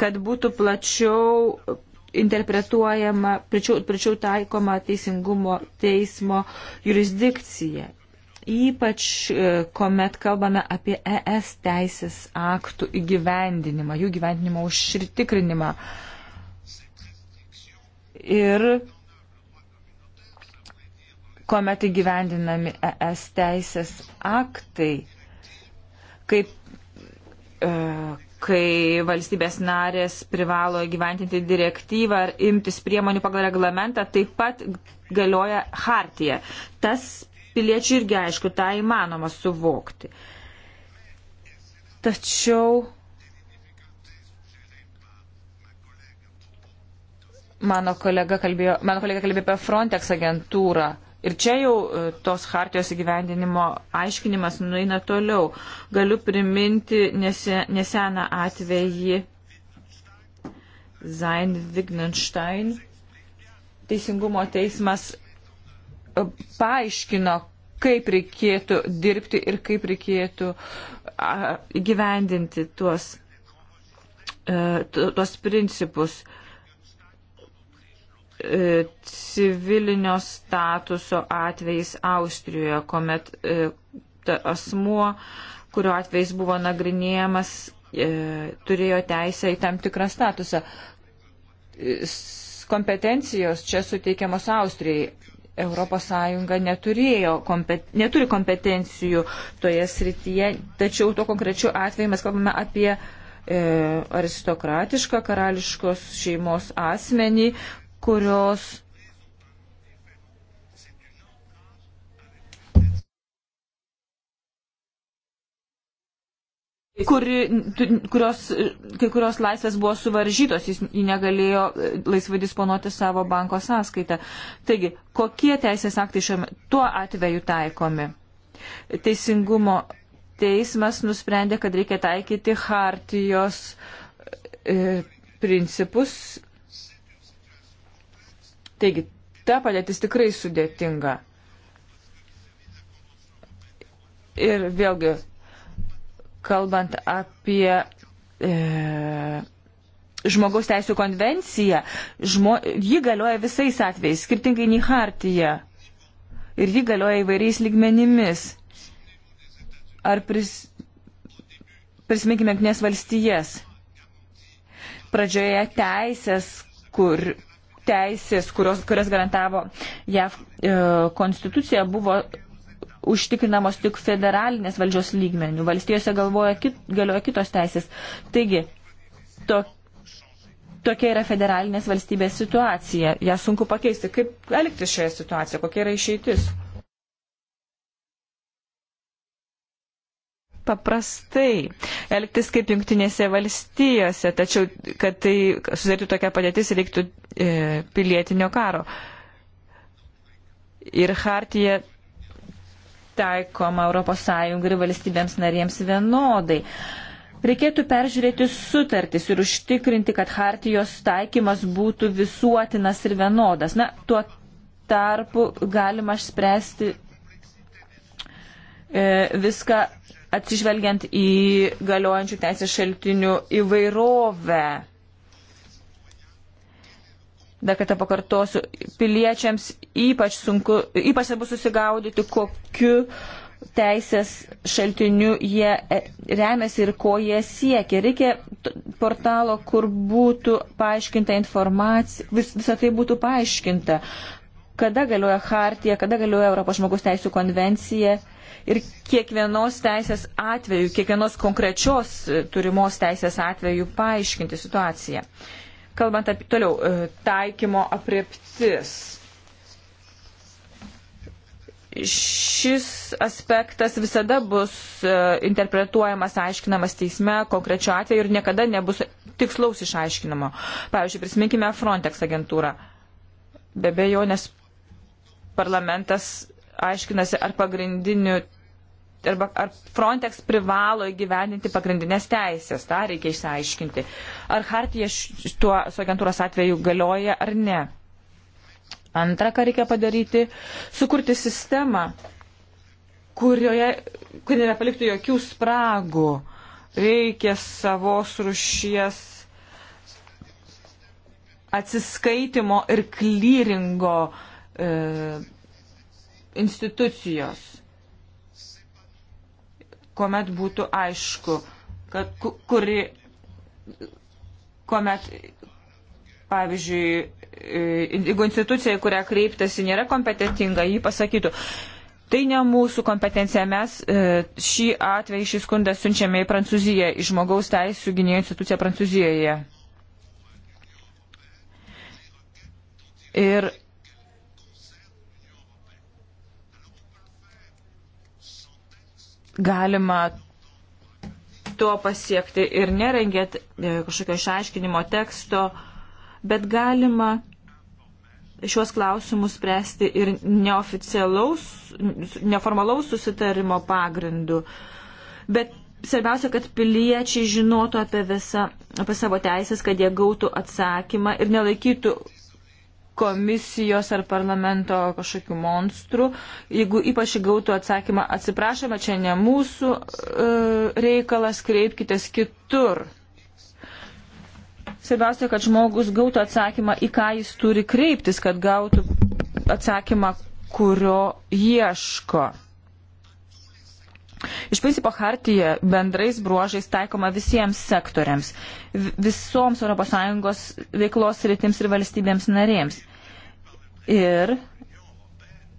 kad būtų plačiau interpretuojama, plačiau, plačiau taikoma teisingumo teismo jurisdikcija. Ypač, e, kuomet kalbame apie ES teisės aktų įgyvendinimą, jų gyvendinimo užtikrinimą. Ir kuomet įgyvendinami ES teisės aktai, kaip, e, kai valstybės narės privalo gyventinti direktyvą ar imtis priemonių pagal reglamentą, taip pat galioja hartija. Tas piliečių irgi aišku, tą įmanoma suvokti. Tačiau mano kolega kalbėjo, mano kolega kalbėjo apie Frontex agentūrą. Ir čia jau e, tos hartijos įgyvendinimo aiškinimas nueina toliau. Galiu priminti neseną atvejį Zain Wignenstein. Teisingumo teismas e, paaiškino, kaip reikėtų dirbti ir kaip reikėtų įgyvendinti tuos, e, tuos principus. E, civilinio statuso atvejais Austrijoje, kuomet e, asmuo, kurio atvejais buvo nagrinėjamas, e, turėjo teisę į tam tikrą statusą. Kompetencijos čia suteikiamos Austrijai. Europos Sąjunga kompet, neturi kompetencijų toje srityje, tačiau tuo konkrečiu atveju mes kalbame apie e, aristokratišką karališkos šeimos asmenį, kurios kuri, kurios, kai kurios laisvės buvo suvaržytos, jis negalėjo e, laisvai disponuoti savo banko sąskaitą. Taigi, kokie teisės aktai šiuo tuo atveju taikomi? Teisingumo teismas nusprendė, kad reikia taikyti hartijos e, principus Taigi, ta padėtis tikrai sudėtinga. Ir vėlgi, kalbant apie e, žmogaus teisų konvenciją, žmo, ji galioja visais atvejais, skirtingai nei hartija. Ir ji galioja įvairiais lygmenimis. Ar pris, prisiminkime Gnes valstijas. Pradžioje teisės, kur teisės, kurios, kurias garantavo JAV e, konstitucija, buvo užtikrinamos tik federalinės valdžios lygmenių. Valstijose galvoja, kit, galioja kitos teisės. Taigi, to, tokia yra federalinės valstybės situacija. Ja sunku pakeisti. Kaip elgtis šioje situacijoje? Kokia yra išeitis? paprastai, elgtis kaip jungtinėse valstijose, tačiau, kad tai susidarytų tokia padėtis, tai reiktų e, pilietinio karo. Ir hartija taikoma ES ir valstybėms narėms vienodai. Reikėtų peržiūrėti sutartis ir užtikrinti, kad hartijos taikymas būtų visuotinas ir vienodas. Na, tuo tarpu galima spręsti e, viską atsižvelgiant į galiojančių teisės šaltinių įvairovę. Dar kartą pakartosiu, piliečiams ypač sunku, ypač svarbu susigaudyti, kokiu teisės šaltiniu jie e, remiasi ir ko jie siekia. Reikia portalo, kur būtų paaiškinta informacija, vis, visą tai būtų paaiškinta kada galioja hartija, kada galioja Europos žmogus teisų konvencija ir kiekvienos teisės atveju, kiekvienos konkrečios e, turimos teisės atveju paaiškinti situaciją. Kalbant apie toliau, e, taikymo apreptis šis aspektas visada bus e, interpretuojamas, aiškinamas teisme konkrečiu atveju ir niekada nebus tikslaus išaiškinamo. Pavyzdžiui, prisiminkime Frontex agentūrą. Be bejonės parlamentas aiškinasi, ar pagrindinių. Arba ar Frontex privalo įgyvendinti pagrindinės teisės, tą reikia išsiaiškinti. Ar Hartija tuo su agentūros atveju galioja ar ne. Antra, ką reikia padaryti, sukurti sistemą, kurioje, kuri nepaliktų jokių spragų. Reikia savos rušies atsiskaitimo ir klyringo uh, e, institucijos, kuomet būtų aišku, kad kuri, kuomet, pavyzdžiui, e, jeigu institucija, kurią kreiptasi, nėra kompetitinga, jį pasakytų, tai ne mūsų kompetencija, mes e, šį atvejį, šį skundą siunčiame į Prancūziją, į žmogaus teisų gynėjo instituciją Prancūzijoje. Ir galima to pasiekti ir nerengėt e, kažkokio išaiškinimo teksto, bet galima šiuos klausimus spręsti ir neoficialaus, neformalaus susitarimo pagrindu. Bet svarbiausia, kad piliečiai žinotų apie visą, apie savo teisės, kad jie gautų atsakymą ir nelaikytų komisijos ar parlamento kažkokių monstrų, jeigu ypač gautų atsakymą, atsiprašome, čia ne mūsų e, reikalas, kreipkitės kitur. Svarbiausia, kad žmogus gautų atsakymą, į ką jis turi kreiptis, kad gautų atsakymą, kurio ieško. Iš principo, hartija bendrais bruožais taikoma visiems sektoriams, visoms ES veiklos rytims ir valstybėms narėms ir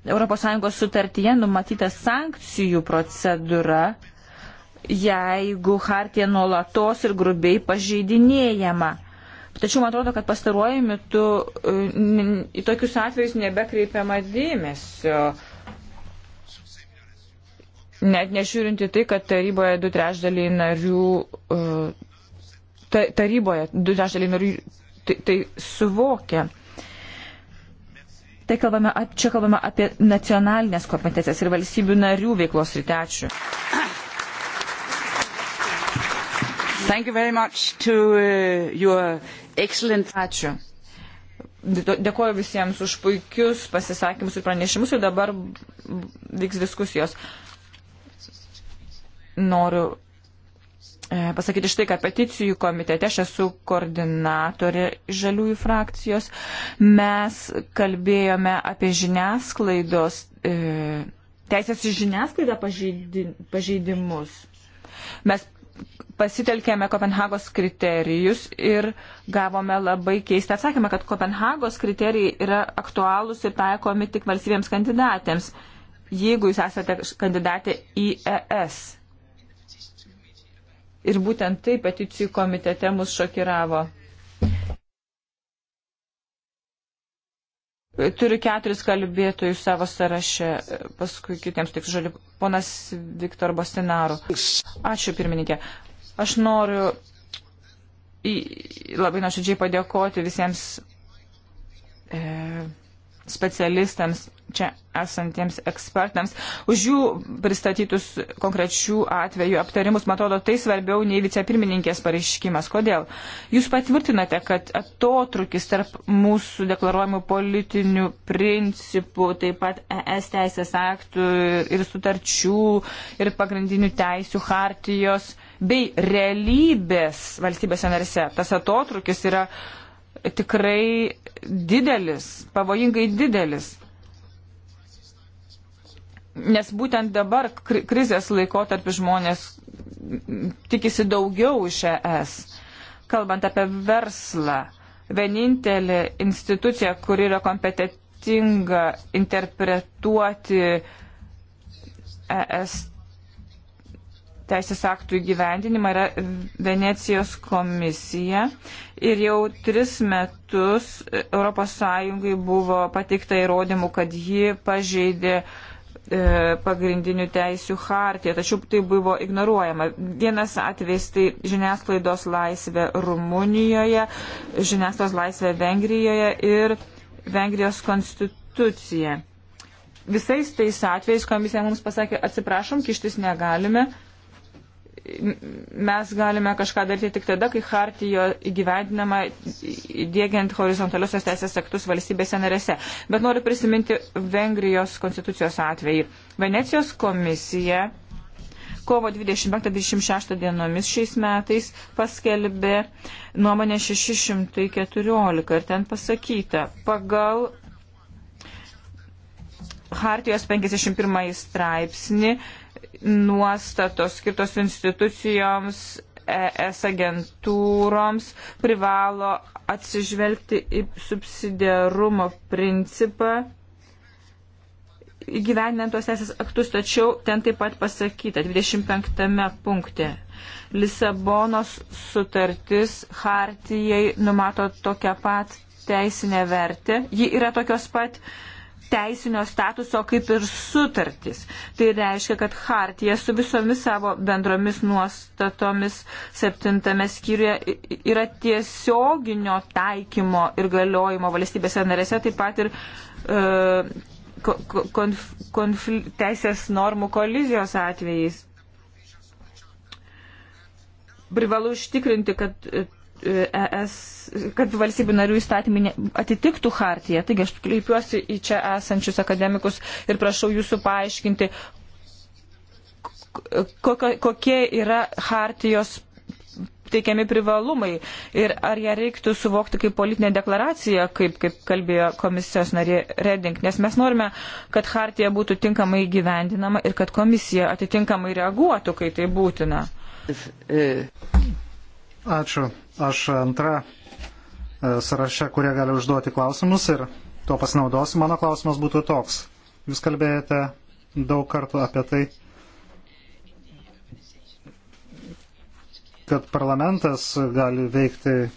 ES sutartyje numatyta sankcijų procedūra, jeigu hartija nuolatos ir grubiai pažeidinėjama. Tačiau man atrodo, kad pastaruoju metu e, į tokius atvejus nebekreipiama dėmesio. Net nežiūrinti tai, kad taryboje du trešdaliai narių, e, taryboje du trešdaliai narių tai, tai suvokia. Tai kalbame, čia kalbame apie nacionalinės kompetencijas ir valstybių narių veiklos rytę. Ačiū. To, uh, Ačiū. Dėkuoju visiems už puikius pasisakymus ir pranešimus ir dabar vyks diskusijos. Noriu E, pasakyti štai, kad peticijų komitete aš esu koordinatorė žaliųjų frakcijos. Mes kalbėjome apie žiniasklaidos, e, teisės į žiniasklaidą pažeidi, pažeidimus. Mes pasitelkėme Kopenhagos kriterijus ir gavome labai keistą atsakymą, kad Kopenhagos kriterijai yra aktualūs ir taikomi tik valstybėms kandidatėms, jeigu jūs esate kandidatė į ES Ir būtent tai peticijų komitete mus šokiravo. Turiu keturis kalbėtojus savo sąraše, paskui kitiems tik žodžiu, ponas Viktor Bostinaru. Ačiū pirmininkė. Aš noriu į, labai nuoširdžiai padėkoti visiems e, specialistams čia esantiems ekspertams už jų pristatytus konkrečių atvejų aptarimus. Man atrodo, tai svarbiau nei vicepirmininkės pareiškimas. Kodėl? Jūs patvirtinate, kad atotrukis tarp mūsų deklaruojamų politinių principų, taip pat ES teisės aktų ir sutarčių ir pagrindinių teisių hartijos bei realybės valstybėse narse. Tas atotrukis yra tikrai didelis, pavojingai didelis. Nes būtent dabar krizės laikotarpį žmonės tikisi daugiau iš ES. Kalbant apie verslą, vienintelė institucija, kuri yra kompetitinga interpretuoti ES teisės aktų įgyvendinimą, yra Venecijos komisija. Ir jau tris metus ES buvo pateikta įrodymų, kad ji pažeidė uh, E, pagrindinių teisių hartiją, tačiau tai buvo ignoruojama. Vienas atvejs tai žiniasklaidos laisvė Rumunijoje, žiniasklaidos laisvė Vengrijoje ir Vengrijos konstitucija. Visais tais atvejais komisija mums pasakė, atsiprašom, kištis negalime, mes galime kažką daryti tik tada, kai hartijo įgyvendinama dėgiant horizontaliosios teisės aktus valstybėse narėse. Bet noriu prisiminti Vengrijos konstitucijos atvejį. Venecijos komisija kovo 25-26 dienomis šiais metais paskelbė nuomonę 614 ir ten pasakyta, pagal Hartijos 51 straipsnį nuostatos skirtos institucijoms, ES agentūroms privalo atsižvelgti į subsidiarumo principą įgyvendinant tuos teisės aktus, tačiau ten taip pat pasakyta 25 punkte. Lisabonos sutartis hartijai numato tokią pat teisinę vertę. Ji yra tokios pat uh, teisinio statuso kaip ir sutartis. Tai reiškia, kad Hartija su visomis savo bendromis nuostatomis septintame skyriuje yra tiesioginio taikymo ir galiojimo valstybėse narėse, taip pat ir e, konf, konfl, teisės normų kolizijos atvejais. Privalu užtikrinti, kad e, ES, kad valstybių narių įstatymai atitiktų hartiją. Taigi aš kreipiuosi į čia esančius akademikus ir prašau jūsų paaiškinti, kokie yra hartijos teikiami privalumai ir ar ją reiktų suvokti kaip politinę deklaraciją, kaip, kaip kalbėjo komisijos narė Reding, nes mes norime, kad hartija būtų tinkamai gyvendinama ir kad komisija atitinkamai reaguotų, kai tai būtina. Uh. Ačiū. Aš antra e, sąraše, kurie gali užduoti klausimus ir tuo pasinaudosiu. Mano klausimas būtų toks. Jūs kalbėjote daug kartų apie tai, kad parlamentas gali veikti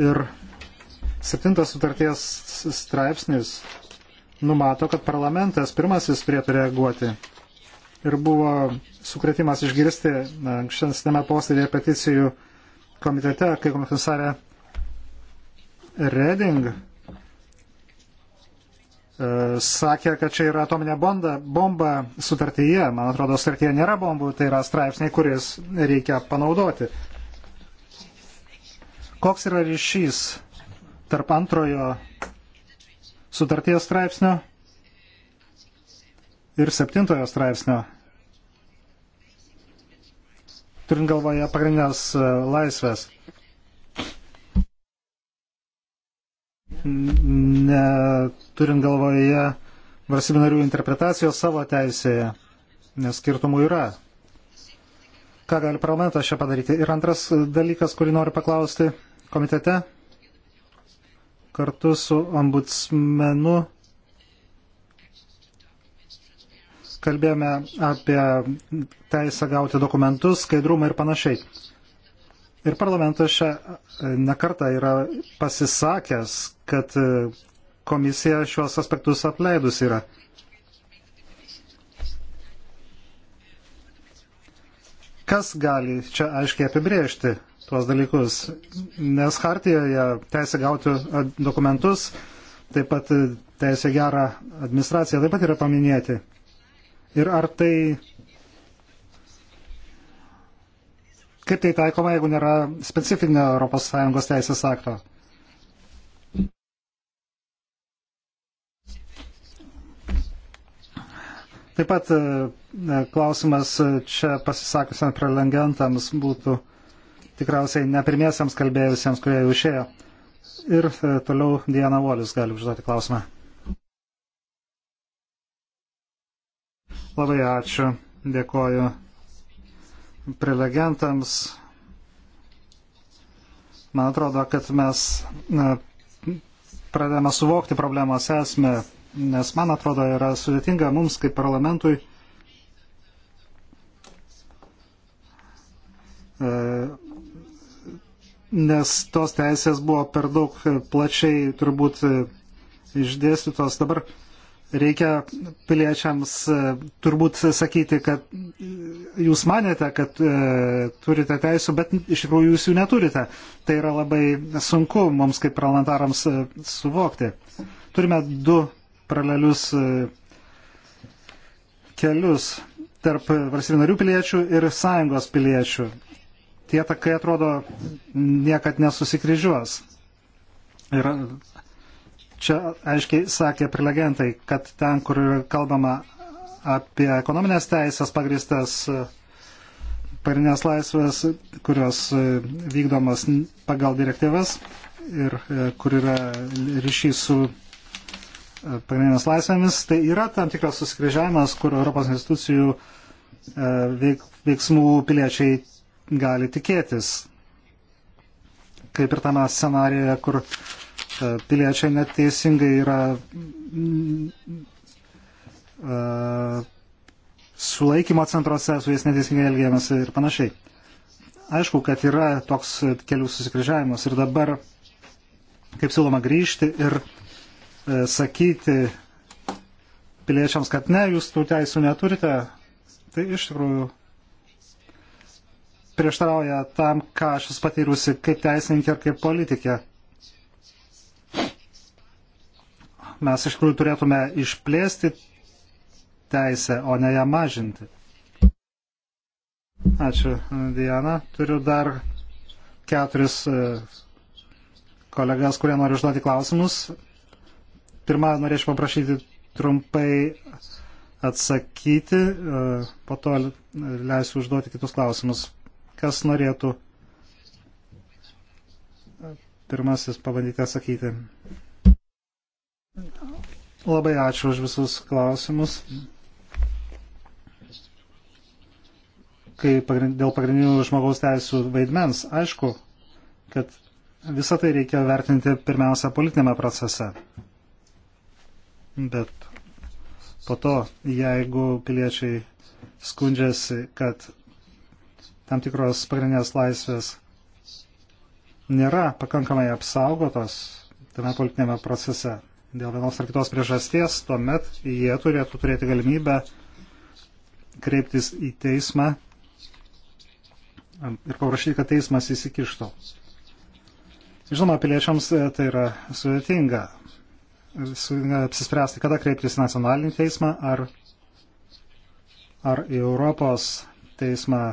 ir septintas sutarties straipsnis numato, kad parlamentas pirmasis turėtų reaguoti. Ir buvo sukretimas išgirsti anksčiausiame posėdėje peticijų komitete, kai komisarė Reding e, sakė, kad čia yra atominė bomba, bomba sutartyje. Man atrodo, sutartyje nėra bombų, tai yra straipsniai, kuris reikia panaudoti. Koks yra ryšys tarp antrojo sutarties straipsnio ir septintojo straipsnio. Turint galvoje pagrindinės e, laisvės. Ne, turint galvoje valstybių narių interpretacijos savo teisėje, nes skirtumų yra. Ką gali parlamentas čia padaryti? Ir antras dalykas, kurį noriu paklausti komitete, kartu su ombudsmenu kalbėjome apie teisę gauti dokumentus, skaidrumą ir panašiai. Ir parlamentas šią e, nekartą yra pasisakęs, kad e, komisija šiuos aspektus apleidus yra. Kas gali čia aiškiai apibriežti? tuos dalykus, nes Hartijoje teisė gauti dokumentus, taip pat teisė gerą administraciją taip pat yra paminėti. Ir ar tai, kaip tai taikoma, jeigu nėra specifinio ES teisės akto? Taip pat e, klausimas čia pasisakusiam prelegentams būtų tikriausiai ne pirmiesiams kalbėjusiems, kurie jau išėjo. Ir e, toliau Diana Volis gali užduoti klausimą. Labai ačiū, dėkoju prelegentams. Man atrodo, kad mes pradėjome suvokti problemos esmę, nes man atrodo yra sudėtinga mums kaip parlamentui e, nes tos teisės buvo per daug plačiai turbūt išdėstytos. Dabar reikia piliečiams e, turbūt sakyti, kad jūs manėte, kad e, turite teisų, bet iš tikrųjų jūs jų neturite. Tai yra labai sunku mums kaip parlamentarams e, suvokti. Turime du paralelius kelius tarp valstybinarių piliečių ir sąjungos piliečių tie takai atrodo niekad nesusikryžiuos. Ir čia aiškiai sakė prelegentai, kad ten, kur kalbama apie ekonominės teisės pagristas parinės laisvės, kurios vykdomas pagal direktyvas ir kur yra ryšys su pagrindinės laisvėmis, tai yra tam tikras susikryžiavimas, kur Europos institucijų e, veiksmų piliečiai gali tikėtis. Kaip ir tame scenarijoje, kur e, piliečiai neteisingai yra mm, e, sulaikymo centruose, su jais neteisingai elgiamasi ir panašiai. Aišku, kad yra toks kelių susikryžiavimas ir dabar, kaip siūloma, grįžti ir e, sakyti piliečiams, kad ne, jūs tų teisų neturite, tai iš tikrųjų prieštarauja tam, ką aš esu patyrusi kaip teisininkė ir kaip politikė. Mes iš tikrųjų turėtume išplėsti teisę, o ne ją mažinti. Ačiū, Diana. Turiu dar keturis e, kolegas, kurie nori užduoti klausimus. Pirmą norėčiau paprašyti trumpai atsakyti, e, po to leisiu užduoti kitus klausimus. Kas norėtų pirmasis pabandyti atsakyti? Labai ačiū už visus klausimus. Kai pagrind, dėl pagrindinių žmogaus teisų vaidmens, aišku, kad visą tai reikia vertinti pirmiausia politinėme procese. Bet po to, jeigu piliečiai skundžiasi, kad tam tikros pagrindinės laisvės nėra pakankamai apsaugotos tame politinėme procese dėl vienos ar kitos priežasties, tuomet jie turėtų turėti galimybę kreiptis į teismą ir paprašyti, kad teismas įsikištų. Žinoma, piliečiams e, tai yra sudėtinga. Sudėtinga apsispręsti, kada kreiptis į nacionalinį teismą ar, ar į Europos teismą,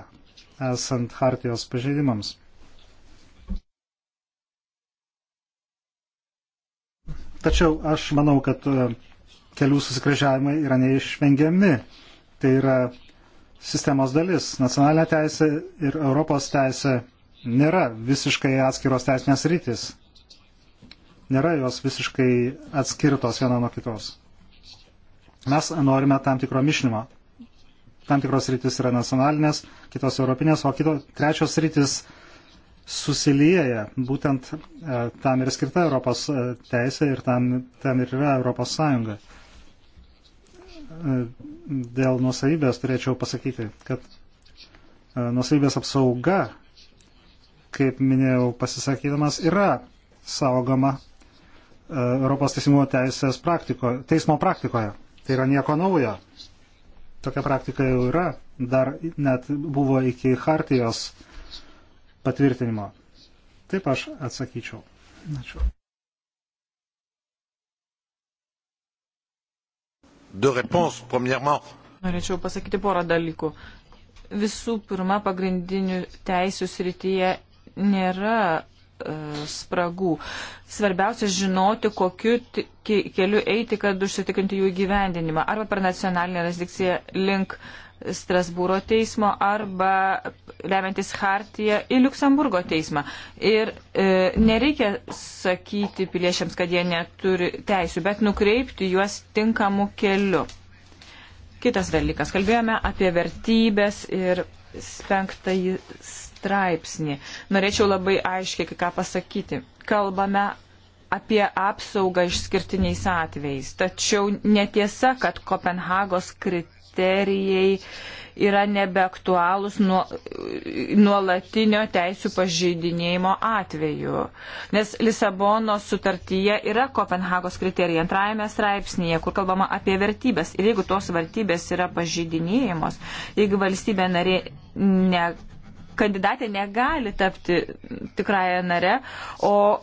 esant hartijos pažeidimams. Tačiau aš manau, kad e, kelių susikryžiavimai yra neišvengiami. Tai yra sistemos dalis. Nacionalinė teisė ir Europos teisė nėra visiškai atskiros teisinės rytis. Nėra jos visiškai atskirtos viena nuo kitos. Mes norime tam tikro mišinimo tam tikros rytis yra nacionalinės, kitos europinės, o kitos trečios rytis susilieja. Būtent e, tam ir skirta Europos e, teisė ir tam, tam ir yra Europos Sąjunga. E, dėl nusavybės turėčiau pasakyti, kad nusavybės apsauga, kaip minėjau pasisakydamas, yra saugoma Europos teisingumo teisės praktiko, teismo praktikoje. Tai yra nieko naujo tokia praktika jau yra, dar net buvo iki Hartijos patvirtinimo. Taip aš atsakyčiau. Ačiū. Norėčiau pasakyti porą dalykų. Visų pirma, pagrindinių teisų srityje nėra E, spragų. Svarbiausia žinoti, kokiu keliu eiti, kad užsitikrinti jų įgyvendinimą. Arba per nacionalinę jurisdikciją link Strasbūro teismo arba remiantis Hartiją į Luksemburgo teismą. Ir e, nereikia sakyti piliečiams, kad jie neturi teisų, bet nukreipti juos tinkamu keliu. Kitas dalykas. Kalbėjome apie vertybės ir penktąjį straipsnį. Norėčiau labai aiškiai ką pasakyti. Kalbame apie apsaugą išskirtiniais atvejais. Tačiau netiesa, kad Kopenhagos kriterijai yra nebeaktualūs nuo, nuolatinio teisų pažeidinėjimo atveju. Nes Lisabono sutartyje yra Kopenhagos kriterijai antrajame straipsnėje, kur kalbama apie vertybės. Ir jeigu tos vertybės yra pažeidinėjimos, jeigu valstybė narė ne kandidatė negali tapti tikrąją nare, o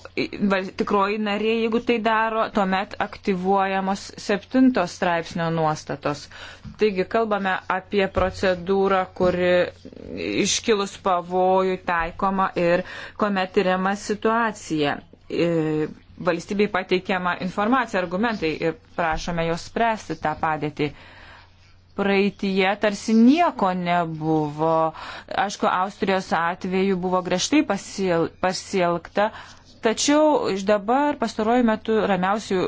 tikroji narė, jeigu tai daro, tuomet aktyvuojamos septintos straipsnio nuostatos. Taigi kalbame apie procedūrą, kuri iškilus pavojų taikoma ir kuomet tyriama situacija. E, valstybei pateikiama informacija, argumentai ir prašome jos spręsti tą padėtį praeitie tarsi nieko nebuvo. Aišku, Austrijos atveju buvo griežtai pasiel, pasielgta, tačiau iš dabar pastaruoju metu ramiausiai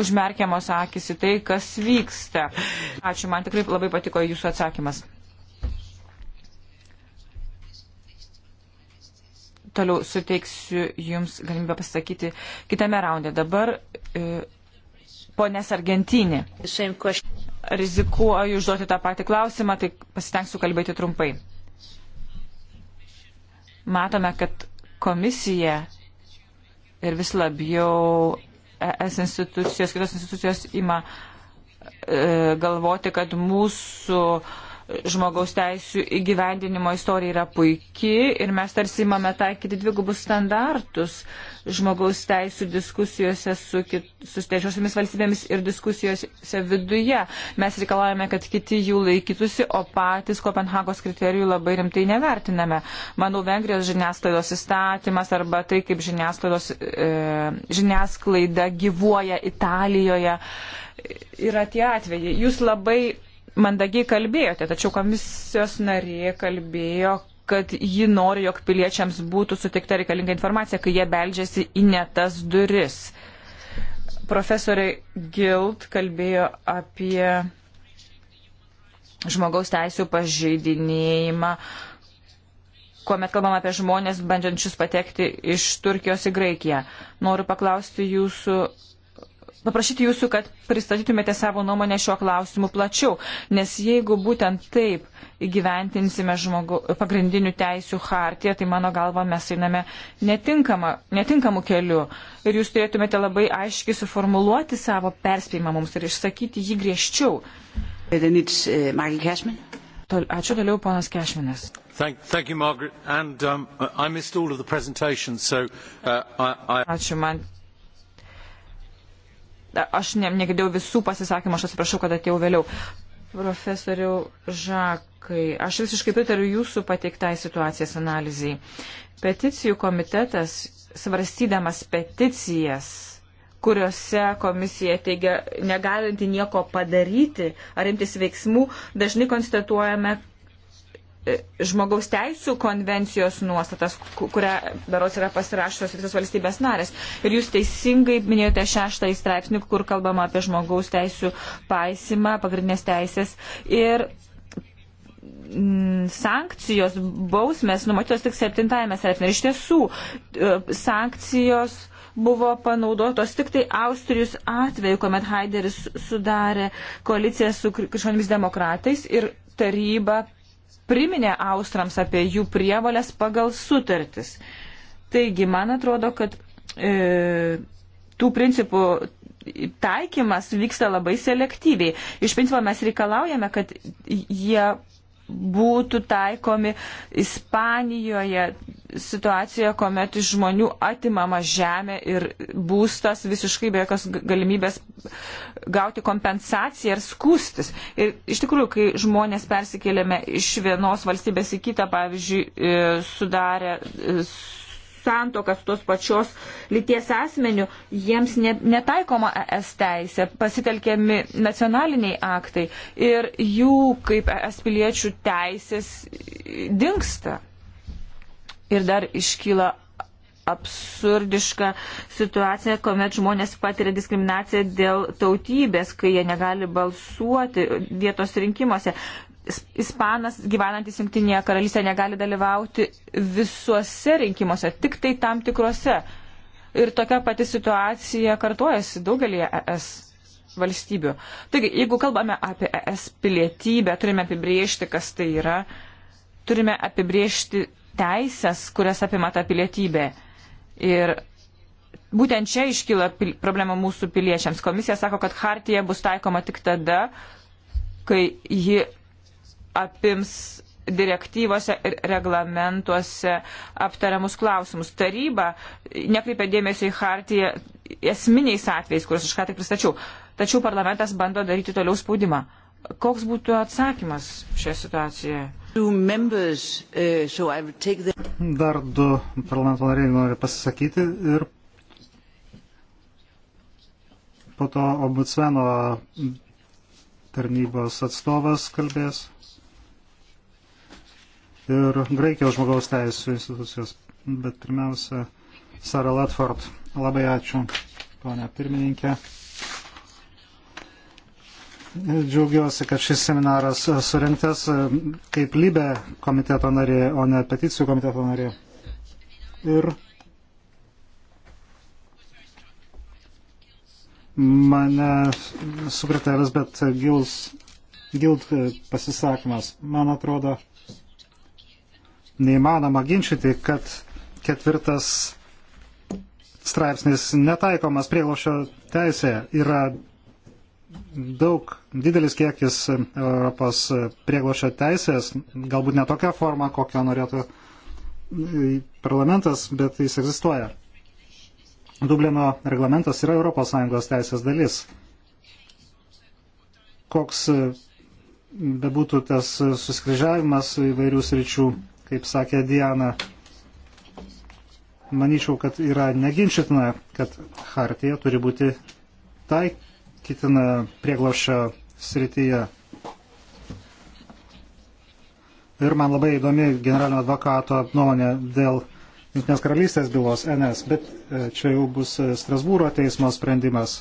užmerkiamos akis į tai, kas vyksta. Ačiū, man tikrai labai patiko jūsų atsakymas. Toliau suteiksiu Jums galimybę pasakyti kitame raunde. Dabar e, ponės Argentinė rizikuoju užduoti tą patį klausimą, tai pasitengsiu kalbėti trumpai. Matome, kad komisija ir vis labiau ES institucijos, kitos institucijos ima e, galvoti, kad mūsų e, žmogaus teisų įgyvendinimo istorija yra puikia ir mes tarsi įmame taikyti dvigubus standartus žmogaus teisų diskusijose su, kit, su trečiosiomis valstybėmis ir diskusijose viduje. Mes reikalavome, kad kiti jų laikytųsi, o patys Kopenhagos kriterijų labai rimtai nevertiname. Manau, Vengrijos žiniasklaidos įstatymas arba tai, kaip žiniasklaidos, e, žiniasklaida gyvuoja Italijoje, yra tie atvejai. Jūs labai mandagiai kalbėjote, tačiau komisijos narė kalbėjo, kad ji nori, jog piliečiams būtų sutikta reikalinga informacija, kai jie beldžiasi į netas duris. Profesorė Gild kalbėjo apie žmogaus teisų pažeidinėjimą, kuomet kalbam apie žmonės bandžiančius patekti iš Turkijos į Graikiją. Noriu paklausti jūsų, paprašyti jūsų, kad pristatytumėte savo nuomonę šiuo klausimu plačiau, nes jeigu būtent taip įgyventinsime žmogu, pagrindinių teisių hartiją, tai mano galva mes einame netinkamu keliu. Ir jūs turėtumėte labai aiškiai suformuluoti savo perspėjimą mums ir išsakyti jį griežčiau. Uh, ačiū toliau, ponas Kešminas. Thank, thank you, Margaret. And um, I missed all of the presentations, so uh, I, I... Ačiū, man Aš ne, negirdėjau visų pasisakymų, aš atsiprašau, kad atėjau vėliau. Profesoriau Žakai, aš visiškai pritariu jūsų pateiktai situacijos analizai. Peticijų komitetas, svarstydamas peticijas, kuriuose komisija teigia negalinti nieko padaryti ar imtis veiksmų, dažnai konstatuojame, E, žmogaus teisų konvencijos nuostatas, kurią beros yra pasirašusios visos valstybės narės. Ir jūs teisingai minėjote šeštąjį straipsnį, kur kalbama apie žmogaus teisų paisimą, pagrindinės teisės. Ir mm, sankcijos, bausmės numatytos tik septintajame straipsnėje. Iš tiesų, e, sankcijos buvo panaudotos tik tai Austrijos atveju, kuomet Haideris sudarė koaliciją su krikščionimis demokratais ir taryba priminė Austrams apie jų prievalės pagal sutartis. Taigi, man atrodo, kad e, tų principų taikymas vyksta labai selektyviai. Iš principo mes reikalaujame, kad jie būtų taikomi Ispanijoje situacijoje, kuomet iš žmonių atimama žemė ir būstas visiškai be jokios galimybės gauti kompensaciją ir skūstis. Ir iš tikrųjų, kai žmonės persikėlėme iš vienos valstybės į kitą, pavyzdžiui, e, sudarė e, santokas tos pačios lyties asmenių, jiems ne, netaikoma ES teisė, pasitelkiami nacionaliniai aktai ir jų kaip ES piliečių teisės dinksta. Ir dar iškyla absurdiška situacija, kuomet žmonės patiria diskriminaciją dėl tautybės, kai jie negali balsuoti vietos rinkimuose. Ispanas gyvenantis Junktinėje karalystėje negali dalyvauti visuose rinkimuose, tik tai tam tikrose. Ir tokia pati situacija kartuojasi daugelį ES valstybių. Taigi, jeigu kalbame apie ES pilietybę, turime apibriežti, kas tai yra, turime apibriežti teisės, kurias apima ta pilietybė. Ir būtent čia iškyla problema mūsų piliečiams. Komisija sako, kad hartija bus taikoma tik tada, kai ji apims direktyvose ir reglamentuose aptariamus klausimus. Taryba nekreipia dėmesio į hartiją esminiais atvejais, kuriuos aš ką tik pristačiau. Tačiau parlamentas bando daryti toliau spaudimą. Koks būtų atsakymas šioje situacijoje? Uh, Dar du parlamento nariai nori pasisakyti ir po to ombudsmeno tarnybos atstovas kalbės ir Graikijos žmogaus teisų institucijos. Bet pirmiausia, Sara Latford. Labai ačiū, ponia pirmininkė. Džiaugiuosi, kad šis seminaras surinktas kaip lybė komiteto narė, o ne peticijų komiteto narė. Ir mane sukretėlis, bet Gils, Gild e, pasisakymas, man atrodo, neįmanoma ginčyti, kad ketvirtas straipsnis netaikomas prieglošio teisėje. Yra daug, didelis kiekis Europos prieglošio teisės, galbūt ne tokia forma, kokią norėtų parlamentas, bet jis egzistuoja. Dublino reglamentas yra ES teisės dalis. Koks bebūtų tas suskryžiavimas įvairių sričių kaip sakė Diana, manyčiau, kad yra neginčitina, kad hartija turi būti taikytina prieglošio srityje. Ir man labai įdomi generalinio advokato nuomonė dėl Junktinės karalystės bylos NS, bet e, čia jau bus e, Strasbūro teismo sprendimas.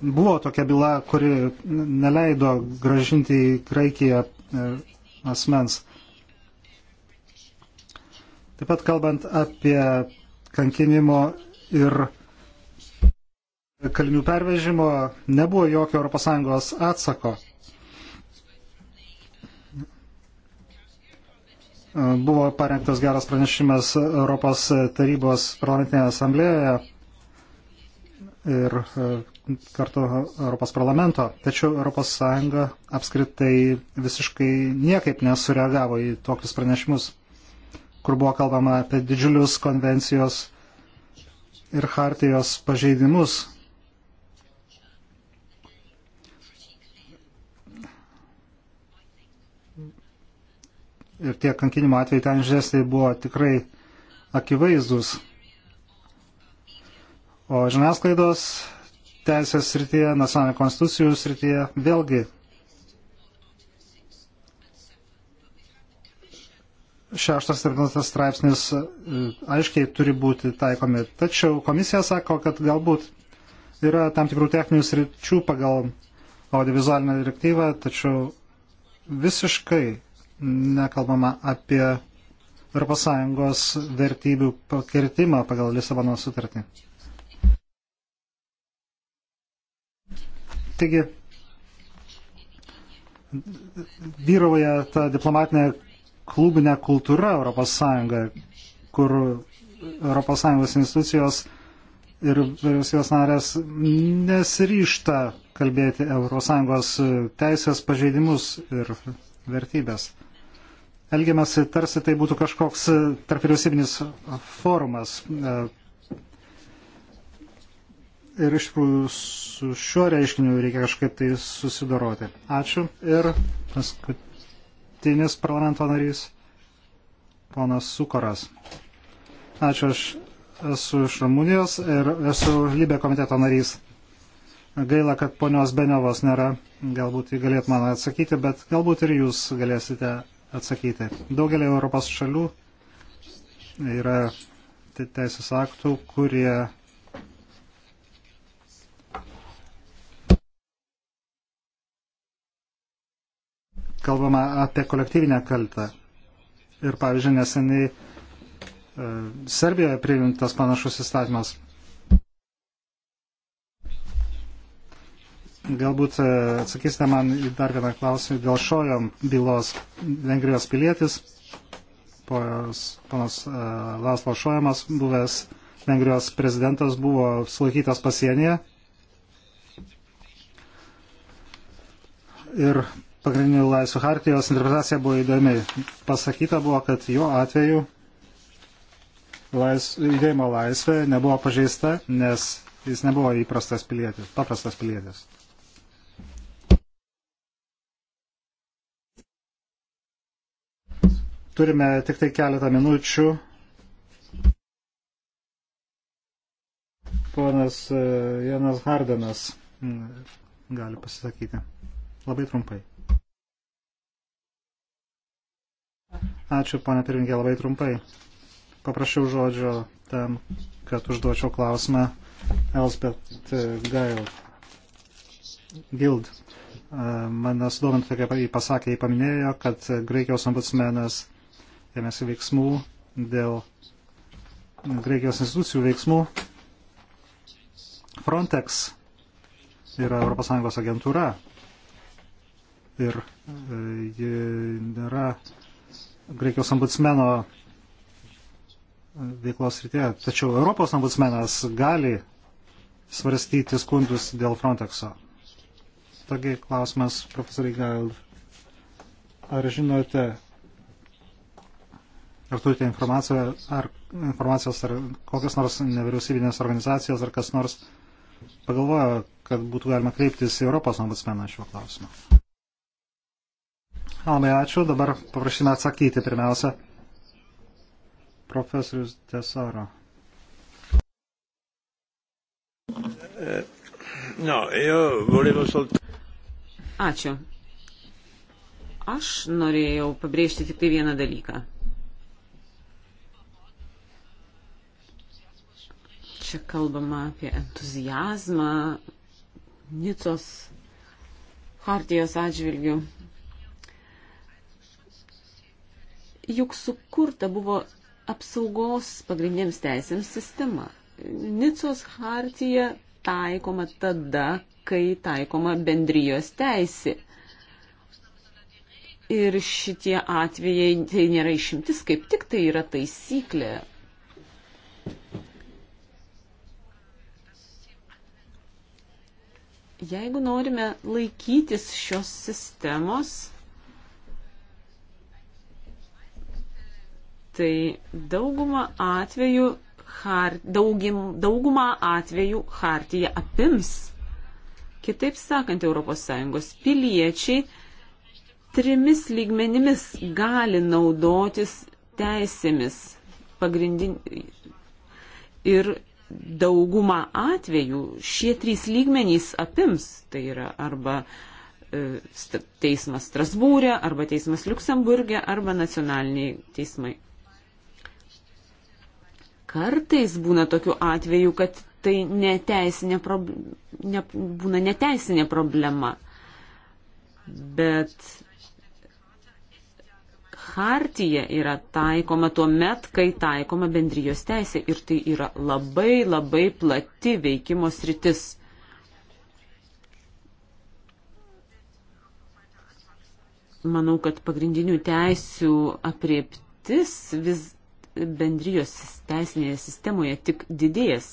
Buvo tokia byla, kuri neleido gražinti į Graikiją e, asmens. Taip pat kalbant apie kankinimo ir kalinių pervežimo, nebuvo jokio ES atsako. Buvo parengtas geras pranešimas Europos tarybos parlamentinėje asamblėje ir e, kartu Europos parlamento. Tačiau ES apskritai visiškai niekaip nesureagavo į tokius pranešimus, kur buvo kalbama apie didžiulius konvencijos ir hartijos pažeidimus. Ir tie kankinimo atvejai ten žestai buvo tikrai akivaizdus. O žiniasklaidos teisės srityje, nacionalinių konstitucijų srityje, vėlgi šeštas ir penktas straipsnis e, aiškiai turi būti taikomi. Tačiau komisija sako, kad galbūt yra tam tikrų techninių sričių pagal audiovizualinę direktyvą, tačiau visiškai nekalbama apie ES vertybių pakirtimą pagal Lisabono sutartį. Taigi vyrauja ta diplomatinė klubinė kultūra ES, kur ES institucijos ir vyriausybės narės nesiryšta kalbėti ES teisės pažeidimus ir vertybės. Elgiamasi tarsi tai būtų kažkoks tarp vyriausybinis forumas. Ir iš tikrųjų su šiuo reiškiniu reikia kažkaip tai susidoroti. Ačiū. Ir paskutinis parlamento narys, ponas Sukoras. Ačiū, aš esu iš Rumunijos ir esu Libė komiteto narys. Gaila, kad ponios Beniovos nėra. Galbūt jį galėt man atsakyti, bet galbūt ir jūs galėsite atsakyti. Daugelį Europos šalių yra teisės aktų, kurie kalbama apie kolektyvinę kaltą. Ir pavyzdžiui, neseniai e, Serbijoje priimtas panašus įstatymas. Galbūt e, atsakysite man į dar vieną klausimą dėl šojom bylos Vengrijos pilietis. Ponas e, Laslo Šojamas, buvęs Vengrijos prezidentas, buvo sulaikytas pasienyje. Ir pagrindinių laisvų hartijos interpretacija buvo įdomi. Pasakyta buvo, kad jo atveju lais, judėjimo laisvė nebuvo pažeista, nes jis nebuvo įprastas pilietis, paprastas pilietis. Turime tik tai keletą minučių. Ponas e, Janas Hardanas gali pasisakyti. Labai trumpai. Ačiū, ponė pirmininkė, labai trumpai. Paprašiau žodžio tam, kad užduočiau klausimą Elspeth e, Gail. Gild. E, mane sudomint, tai, kaip jį pasakė, jį paminėjo, kad Graikijos ombudsmenas ėmėsi veiksmų dėl Graikijos institucijų veiksmų. Frontex yra ES agentūra ir e, ji nėra Graikijos ombudsmeno veiklos rytėje. Tačiau Europos ombudsmenas gali svarstyti skundus dėl Frontexo. Taigi klausimas, profesoriai, gal ar žinote, ar turite informacijos, ar, informacijos, ar kokios nors nevyriausybinės organizacijos, ar kas nors pagalvojo, kad būtų galima kreiptis į Europos ombudsmeną šiuo klausimu. Labai ačiū. Dabar paprašyme atsakyti pirmiausia. Profesorius Tesoro. Eh, ačiū. Aš norėjau pabrėžti tik tai vieną dalyką. Čia kalbama apie entuzijazmą Nicos hartijos atžvilgių. juk sukurta buvo apsaugos pagrindiniams teisėms sistema. Nicos hartija taikoma tada, kai taikoma bendrijos teisė. Ir šitie atvejai tai nėra išimtis, kaip tik tai yra taisyklė. Jeigu norime laikytis šios sistemos, tai daugumą atvejų, har, daugim, daugumą atvejų hartija apims. Kitaip sakant, ES piliečiai trimis lygmenimis gali naudotis teisėmis pagrindin... ir daugumą atvejų šie trys lygmenys apims. Tai yra arba e, teismas Strasbūrė, arba teismas Luksemburgė, arba nacionaliniai teismai. Kartais būna tokių atvejų, kad tai neteisinė prob... ne... būna neteisinė problema. Bet hartija yra taikoma tuo met, kai taikoma bendrijos teisė ir tai yra labai labai plati veikimo sritis. Manau, kad pagrindinių teisių aprieptis vis bendrijos teisinėje sistemoje tik didės.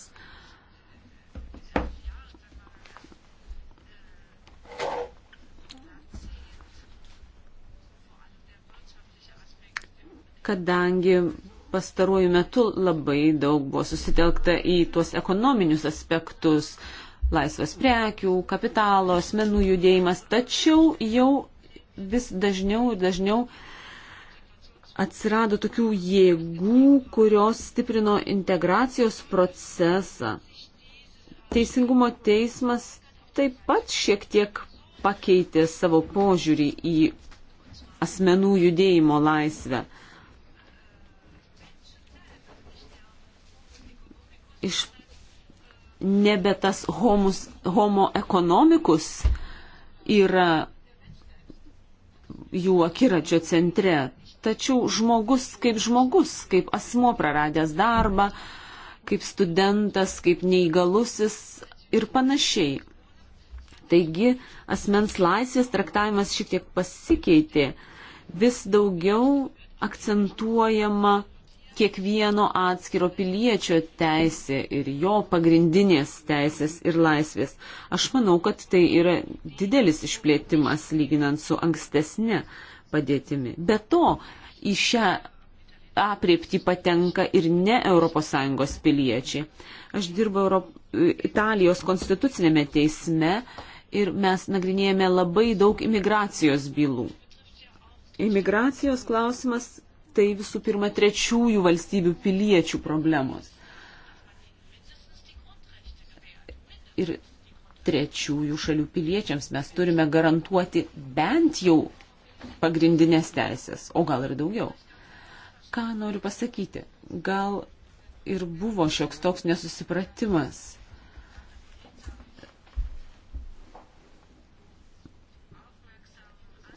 Kadangi pastaruoju metu labai daug buvo susitelkta į tuos ekonominius aspektus, laisvas prekių, kapitalo, asmenų judėjimas, tačiau jau vis dažniau ir dažniau atsirado tokių jėgų, kurios stiprino integracijos procesą. Teisingumo teismas taip pat šiek tiek pakeitė savo požiūrį į asmenų judėjimo laisvę. Iš nebe tas homus, homo ekonomikus yra jų akiračio centre. Tačiau žmogus kaip žmogus, kaip asmo praradęs darbą, kaip studentas, kaip neįgalusis ir panašiai. Taigi asmens laisvės traktavimas šiek tiek pasikeitė. Vis daugiau akcentuojama kiekvieno atskiro piliečio teisė ir jo pagrindinės teisės ir laisvės. Aš manau, kad tai yra didelis išplėtimas lyginant su ankstesne padėtimi. Be to, į šią apriepti patenka ir ne ES piliečiai. Aš dirbu Europ... Italijos konstitucinėme teisme ir mes nagrinėjame labai daug imigracijos bylų. Imigracijos klausimas tai visų pirma trečiųjų valstybių piliečių problemos. Ir trečiųjų šalių piliečiams mes turime garantuoti bent jau pagrindinės teisės, o gal ir daugiau. Ką noriu pasakyti? Gal ir buvo šioks toks nesusipratimas.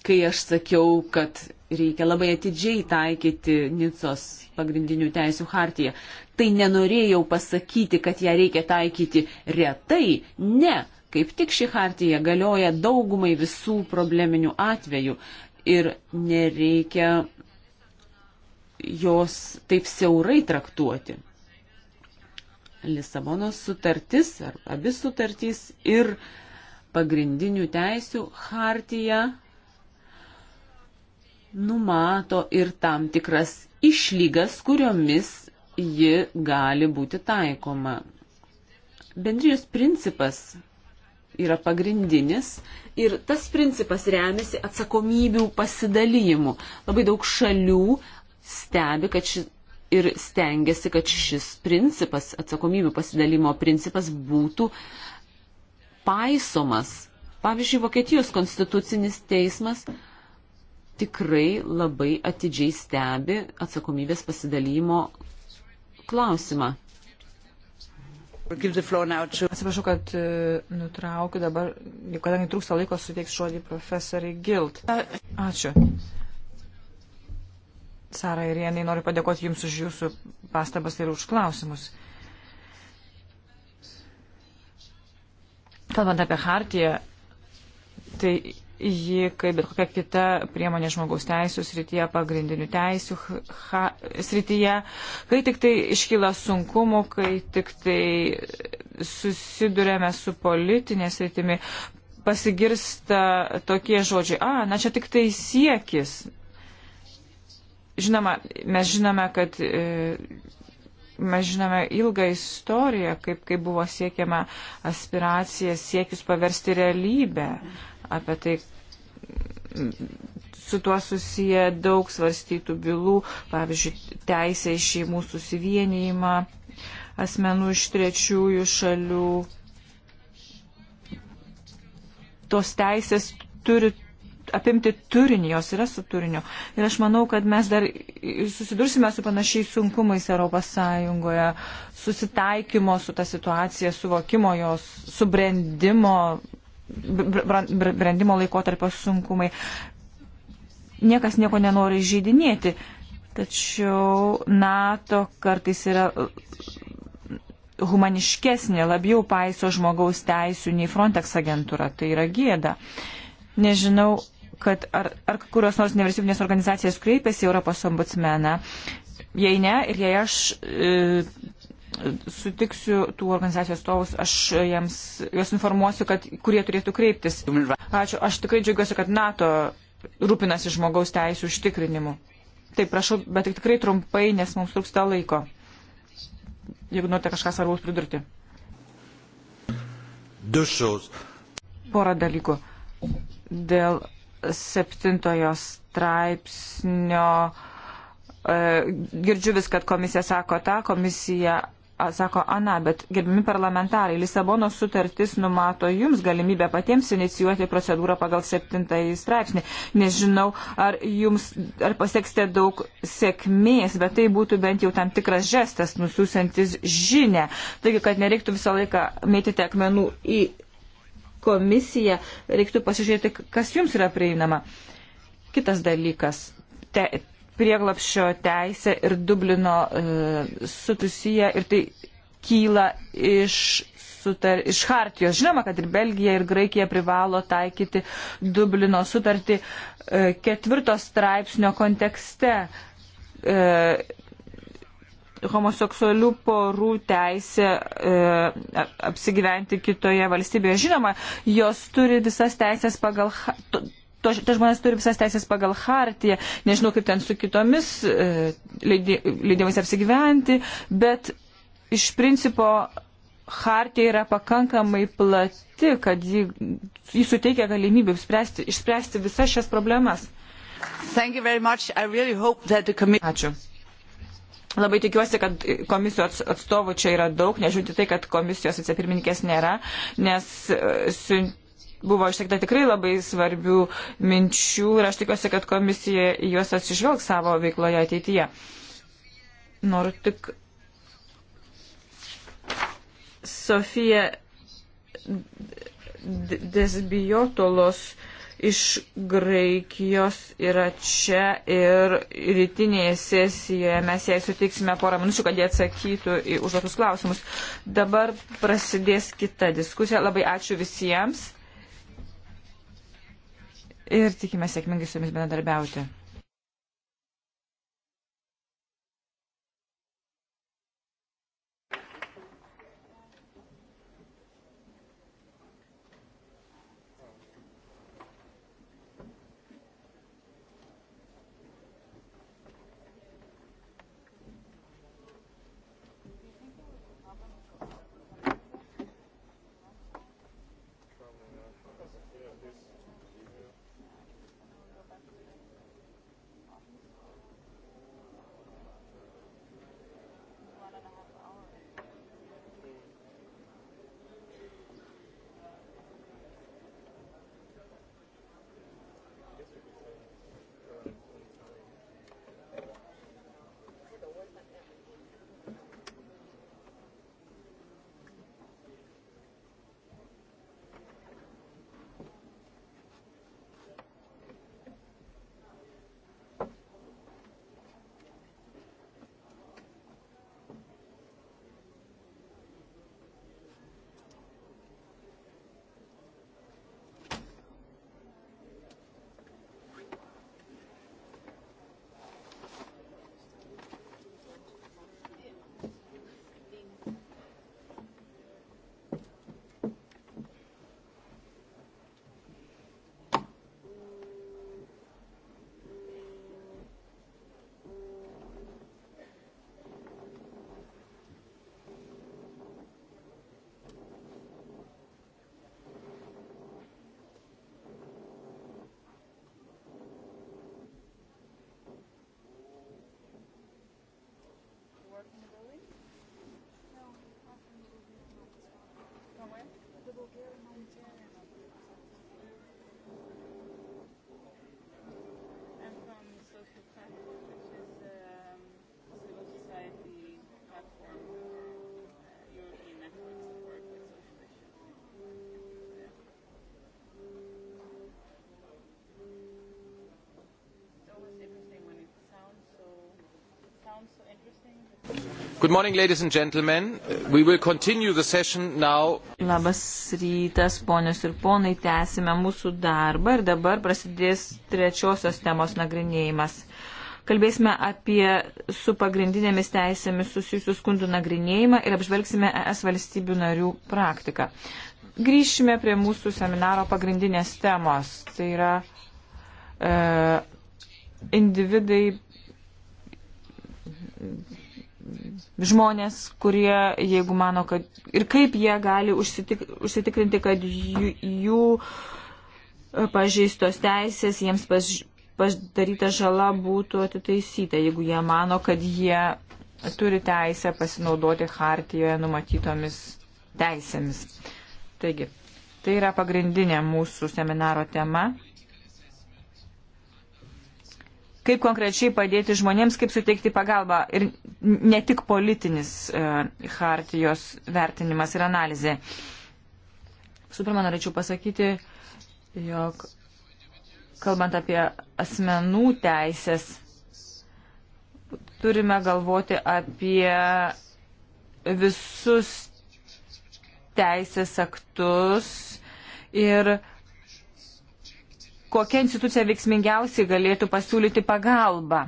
Kai aš sakiau, kad reikia labai atidžiai taikyti Nicos pagrindinių teisų hartiją, tai nenorėjau pasakyti, kad ją reikia taikyti retai. Ne, kaip tik ši hartija galioja daugumai visų probleminių atvejų ir nereikia jos taip siaurai traktuoti. Lisabonos sutartis ar abi sutartys ir pagrindinių teisių hartija numato ir tam tikras išlygas, kuriomis ji gali būti taikoma. Bendrijos principas yra pagrindinis. Ir tas principas remiasi atsakomybių pasidalymu. Labai daug šalių stebi, kad ši, ir stengiasi, kad šis principas, atsakomybių pasidalymo principas būtų paisomas. Pavyzdžiui, Vokietijos konstitucinis teismas tikrai labai atidžiai stebi atsakomybės pasidalymo klausimą. Atsiprašau, kad e, nutraukiu dabar, jau kadangi trūksta laiko, suteiks žodį profesoriai Gilt. Ačiū. Sara ir Jenai, noriu padėkoti Jums už Jūsų pastabas ir už klausimus. Kalbant apie Hartiją, tai ji, kaip bet kokia kita priemonė žmogaus teisų srityje, pagrindinių teisų ha, srityje, kai tik tai iškyla sunkumų, kai tik tai susidurėme su politinė sritimi, pasigirsta tokie žodžiai, a, na čia tik tai siekis. Žinoma, mes žinome, kad. E, mes žinome ilgą istoriją, kaip, kaip buvo siekiama aspiracija siekius paversti realybę apie tai su tuo susiję daug svarstytų bylų, pavyzdžiui, teisė į šeimų susivienijimą, asmenų iš trečiųjų šalių. Tos teisės turi apimti turinį, jos yra su turiniu. Ir aš manau, kad mes dar susidursime su panašiais sunkumais Europos Sąjungoje, susitaikymo su ta situacija, suvokimo jos, subrendimo brandimo laikotarpio sunkumai. Niekas nieko nenori žydinėti, tačiau NATO kartais yra uh, humaniškesnė, labiau paiso žmogaus teisų nei Frontex agentūra. Tai yra gėda. Nežinau, kad ar, ar kurios nors nevyriausybinės organizacijos kreipėsi Europos ombudsmeną. Jei ne, ir jei aš e, sutiksiu tų organizacijų atstovus, aš jiems, juos informuosiu, kad kurie turėtų kreiptis. Ačiū, aš tikrai džiaugiuosi, kad NATO rūpinasi žmogaus teisų užtikrinimu. Taip, prašau, bet tik tikrai trumpai, nes mums trūksta laiko. Jeigu norite kažką svarbaus pridurti. Porą dalykų. Dėl septintojo straipsnio e, girdžiu vis, kad komisija sako tą, komisija sako Ana, bet gerbimi parlamentarai, Lisabono sutartis numato jums galimybę patiems inicijuoti procedūrą pagal septintąjį straipsnį. Nežinau, ar jums, ar pasieksite daug sėkmės, bet tai būtų bent jau tam tikras žestas, nusiusantis žinę. Taigi, kad nereiktų visą laiką mėtyti akmenų į komisiją, reiktų pasižiūrėti, kas jums yra prieinama. Kitas dalykas. Te, prieglapščio teisę ir Dublino e, sutusiją ir tai kyla iš, sutar, iš Hartijos. Žinoma, kad ir Belgija, ir Graikija privalo taikyti Dublino sutartį e, ketvirto straipsnio kontekste. E, homoseksualių porų teisė e, apsigyventi kitoje valstybėje. Žinoma, jos turi visas teisės pagal to, to žmonės turi visas teisės pagal hartiją, nežinau kaip ten su kitomis e, leidimais apsigyventi, bet iš principo hartija yra pakankamai plati, kad ji, ji suteikia galimybę spręsti, išspręsti visas šias problemas. Really the... Ačiū. Labai tikiuosi, kad komisijos atstovų čia yra daug, nežiūrinti tai, kad komisijos vicepirmininkės nėra, nes e, siunt buvo išsakyta tikrai labai svarbių minčių ir aš tikiuosi, kad komisija juos atsižvelg savo veikloje ateityje. Noriu tik. Sofija Desbiotolos iš Graikijos yra čia ir rytinėje sesijoje mes jai suteiksime porą minučių, kad jie atsakytų į užduotus klausimus. Dabar prasidės kita diskusija. Labai ačiū visiems ir tikime sėkmingai su jumis bendradarbiauti. Good morning, ladies and gentlemen. We will continue the session now. Labas rytas, ponios ir ponai, tęsime mūsų darbą ir dabar prasidės trečiosios temos nagrinėjimas. Kalbėsime apie su pagrindinėmis teisėmis susijusių skundų nagrinėjimą ir apžvelgsime ES valstybių narių praktiką. Grįšime prie mūsų seminaro pagrindinės temos. Tai yra e, individai žmonės, kurie, jeigu mano, kad ir kaip jie gali užsitik, užsitikrinti, kad jų, jų pažeistos teisės, jiems paž, padaryta žala būtų atitaisyta, jeigu jie mano, kad jie turi teisę pasinaudoti hartijoje numatytomis teisėmis. Taigi, tai yra pagrindinė mūsų seminaro tema kaip konkrečiai padėti žmonėms, kaip suteikti pagalbą. Ir ne tik politinis e, hartijos vertinimas ir analizė. Su pirma, norėčiau pasakyti, jog kalbant apie asmenų teisės, turime galvoti apie visus teisės aktus ir kokia institucija veiksmingiausiai galėtų pasiūlyti pagalbą.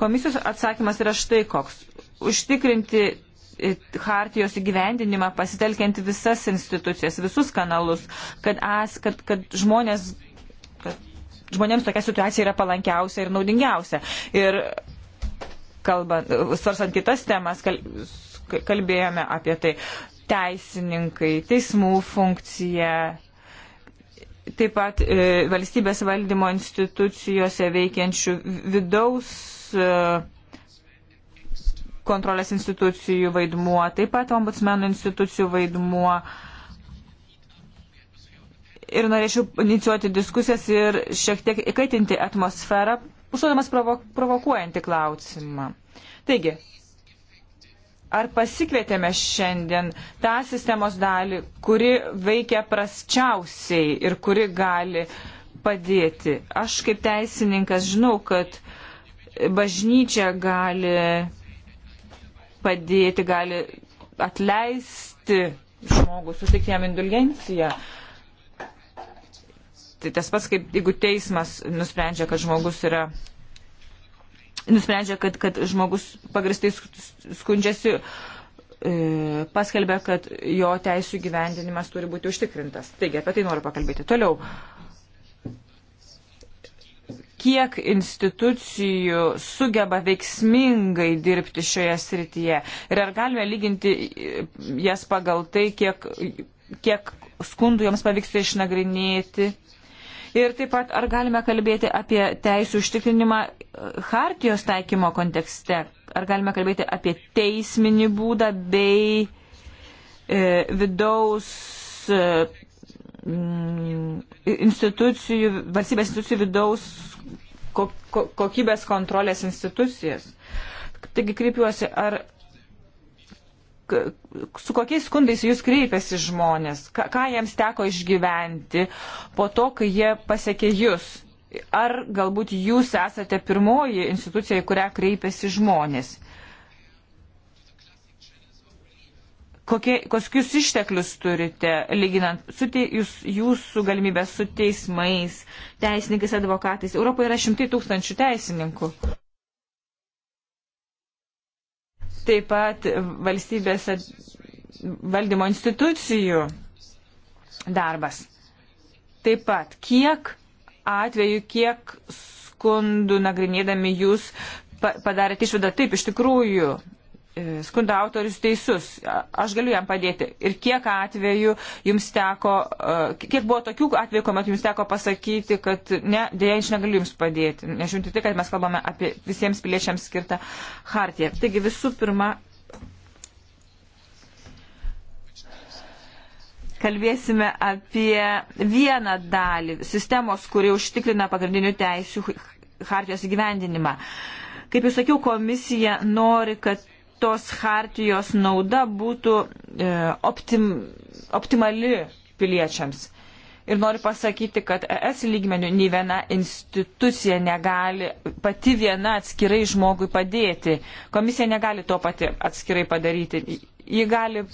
Komisijos atsakymas yra štai koks. Užtikrinti e, hartijos įgyvendinimą pasitelkiant visas institucijas, visus kanalus, kad, as, kad, kad žmonės. Kad Žmonėms tokia situacija yra palankiausia ir naudingiausia. Ir kalbant, svarstant kitas temas, kalbėjome apie tai teisininkai, teismų funkcija, taip pat e, valstybės valdymo institucijose veikiančių vidaus e, kontrolės institucijų vaidmuo, taip pat ombudsmenų institucijų vaidmuo. Ir norėčiau inicijuoti diskusijas ir šiek tiek įkaitinti atmosferą, užduodamas provo provokuojantį klausimą. Taigi, ar pasikvietėme šiandien tą sistemos dalį, kuri veikia prasčiausiai ir kuri gali padėti. Aš kaip teisininkas žinau, kad bažnyčia gali padėti, gali atleisti žmogų, sutikti jam indulgenciją. Tai tas pats, kaip jeigu teismas nusprendžia, kad žmogus yra nusprendžia, kad, kad žmogus pagristai skundžiasi, e, paskelbė, kad jo teisų gyvendinimas turi būti užtikrintas. Taigi, apie tai noriu pakalbėti. Toliau kiek institucijų sugeba veiksmingai dirbti šioje srityje ir ar galime lyginti e, jas pagal tai, kiek, kiek skundų joms pavyksta išnagrinėti Ir taip pat, ar galime kalbėti apie teisų užtikrinimą e, hartijos taikymo kontekste? Ar galime kalbėti apie teisminį būdą bei e, vidaus e, mm, institucijų, valstybės institucijų vidaus kokybės kontrolės institucijas? Taigi kreipiuosi, ar su kokiais skundais jūs kreipiasi žmonės, ką jiems teko išgyventi po to, kai jie pasiekė jūs. Ar galbūt jūs esate pirmoji institucija, į kurią kreipiasi žmonės? Kokie, kokius išteklius turite, lyginant su te, jūs, jūsų galimybės su teismais, teisininkais, advokatais? Europoje yra šimtai tūkstančių teisininkų taip pat valstybės valdymo institucijų darbas. Taip pat, kiek atvejų, kiek skundų nagrinėdami jūs padarėte išvadą, taip, iš tikrųjų, E, skundo autorius teisus, aš galiu jam padėti. Ir kiek atvejų jums teko, e, kiek buvo tokių atvejų, kuomet jums teko pasakyti, kad ne, dėja, aš negaliu jums padėti, nežiūrint tai, kad mes kalbame apie visiems piliečiams skirtą hartiją. Taigi visų pirma, kalbėsime apie vieną dalį sistemos, kuri užtikrina pagrindinių teisių hartijos įgyvendinimą. Kaip jau sakiau, komisija nori, kad tos hartijos nauda būtų e, optim, optimali piliečiams. Ir noriu pasakyti, kad ES lygmenių nei viena institucija negali pati viena atskirai žmogui padėti. Komisija negali to pati atskirai padaryti. Ji gali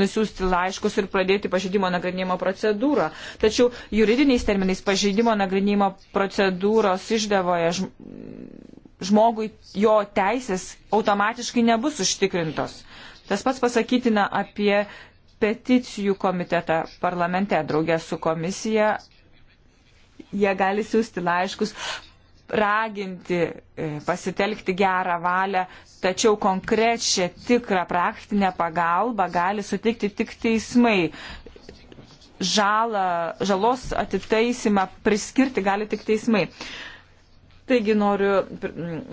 nusiųsti laiškus ir pradėti pažeidimo nagrinėjimo procedūrą. Tačiau juridiniais terminais pažeidimo nagrinėjimo procedūros išdavoje žm žmogui jo teisės automatiškai nebus užtikrintos. Tas pats pasakytina apie peticijų komitetą parlamente draugė su komisija. Jie gali siūsti laiškus, raginti, e, pasitelkti gerą valią, tačiau konkrečią tikrą praktinę pagalbą gali sutikti tik teismai. Žalą, žalos atitaisimą priskirti gali tik teismai. Uh, Taigi noriu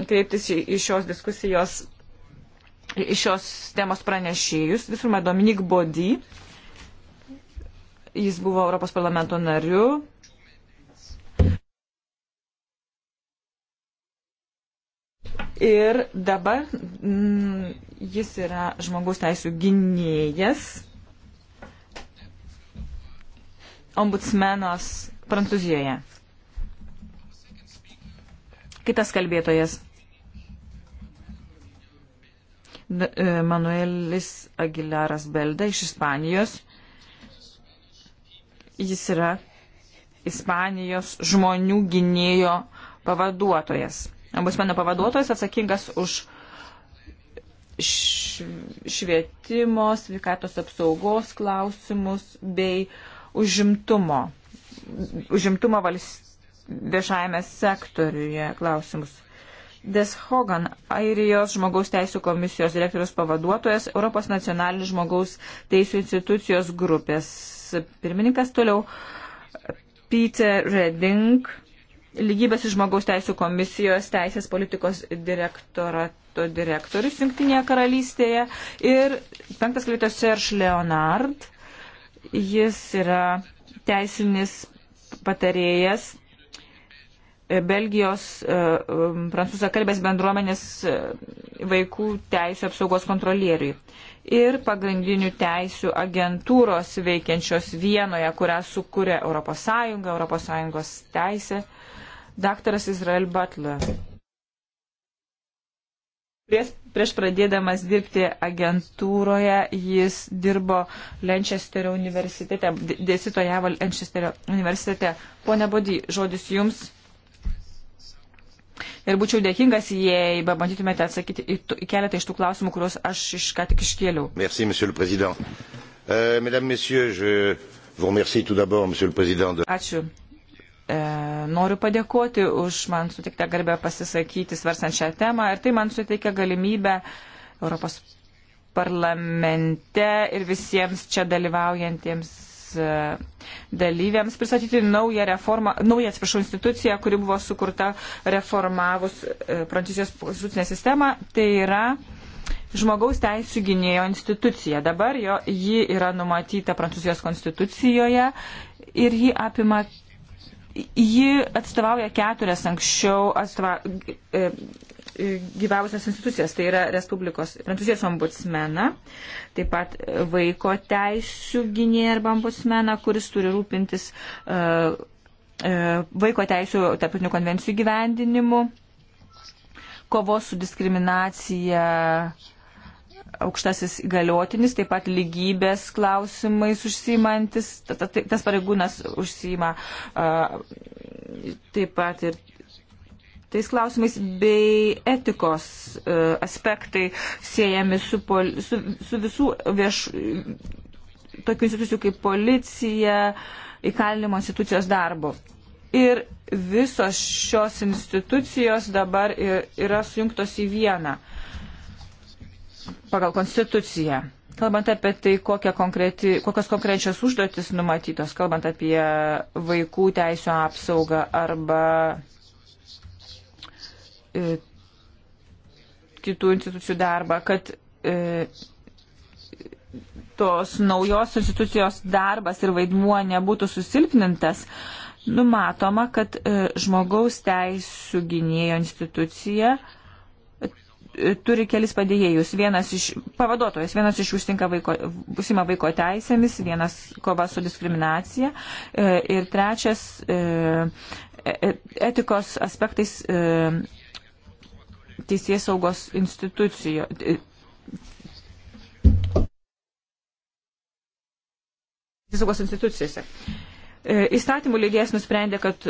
kreiptis į šios diskusijos, į šios temos pranešėjus. Visų pirma, Dominik Bodį. Jis buvo Europos parlamento nariu. Ir dabar mm, jis yra žmogaus teisų gynėjas, ombudsmenas Prancūzijoje. Kitas kalbėtojas. E, Manuelis Aguilaras Belda iš Ispanijos. Jis yra Ispanijos žmonių gynėjo pavaduotojas. Ambusmeno pavaduotojas atsakingas už švietimo, sveikatos apsaugos klausimus bei užimtumo, užimtumo valst, viešajame sektoriuje klausimus. Des Hogan, Airijos žmogaus teisų komisijos direktorius pavaduotojas, Europos nacionalinis žmogaus teisų institucijos grupės pirmininkas toliau, Peter Redding, lygybės ir žmogaus teisų komisijos teisės politikos direktorato direktorius Junktinėje karalystėje ir penktas kalbėtojas Serge Leonard, jis yra teisinis patarėjas Belgijos e, um, prancūzakalbės bendruomenės e, vaikų teisų apsaugos kontrolieriui ir pagrindinių teisų agentūros veikiančios vienoje, kurią sukūrė ES, ES teisė, daktaras Izrael Butler. Prieš, prieš pradėdamas dirbti agentūroje, jis dirbo Lenčesterio universitete, dėstytojavo Lenčesterio universitete. Pone Bodį, žodis jums Ir būčiau dėkingas, jei bandytumėte atsakyti į, į keletą iš tų klausimų, kuriuos aš iš ką tik iškėliau. Merci, monsieur le président. Euh, mesdames, messieurs, je vous remercie tout d'abord, monsieur le président. De... Ačiū. E, noriu padėkoti už man sutiktą garbę pasisakyti svarstant šią temą ir tai man suteikia galimybę Europos parlamente ir visiems čia dalyvaujantiems E, dalyviams pristatyti naują reformą, naują atsiprašau instituciją, kuri buvo sukurta reformavus e, Prancūzijos konstitucinę sistemą. Tai yra žmogaus teisų gynėjo institucija. Dabar jo, ji yra numatyta Prancūzijos konstitucijoje ir ji apima ji atstovauja keturias anksčiau atstova, e, gyvavusias institucijas, tai yra Respublikos Prancūzijos ombudsmeną, taip pat vaiko teisų gynėją arba ombudsmeną, kuris turi rūpintis uh, uh, vaiko teisų tarptautinių konvencijų gyvendinimu, kovos su diskriminacija aukštasis galiotinis, taip pat lygybės klausimais užsimantis, tai, tas pareigūnas užsima uh, e, taip pat ir tais klausimais bei etikos e, aspektai siejami su, pol, su, su visų vieš, tokių institucijų kaip policija, įkalinimo institucijos darbu. Ir visos šios institucijos dabar yra sujungtos į vieną pagal konstituciją. Kalbant apie tai, konkreti, kokios konkrečios užduotis numatytos, kalbant apie vaikų teisų apsaugą arba E, kitų institucijų darbą, kad e, tos naujos institucijos darbas ir vaidmuo nebūtų susilpnintas, numatoma, kad e, žmogaus teisų gynėjo institucija turi kelis padėjėjus. Vienas iš pavaduotojas, vienas iš užsinka vaiko, užsima vaiko teisėmis, vienas kova su diskriminacija ir trečias etikos aspektais teisės saugos institucijo. E, saugos institucijose. E, įstatymų lygės nusprendė, kad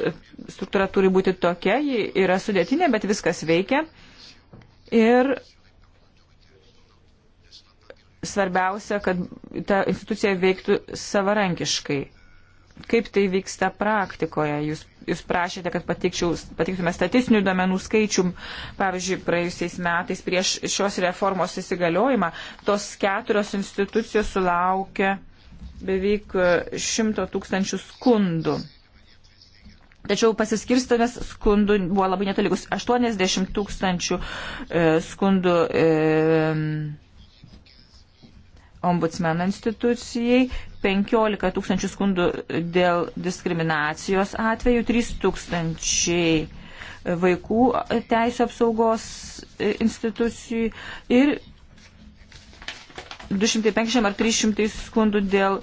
struktūra turi būti tokia, ji yra sudėtinė, bet viskas veikia. Ir svarbiausia, kad ta institucija veiktų savarankiškai. Kaip tai vyksta praktikoje? Jūs jūs prašėte, kad pateiktume statistinių duomenų skaičių, pavyzdžiui, praėjusiais metais prieš šios reformos įsigaliojimą, tos keturios institucijos sulaukė beveik šimto tūkstančių skundų. Tačiau pasiskirstavimas skundų buvo labai netolygus. 80 tūkstančių e, skundų. E, ombudsmeno institucijai, 15 tūkstančių skundų dėl diskriminacijos atvejų, 3 tūkstančiai vaikų teisų apsaugos e, institucijų ir 250 ar 300 skundų dėl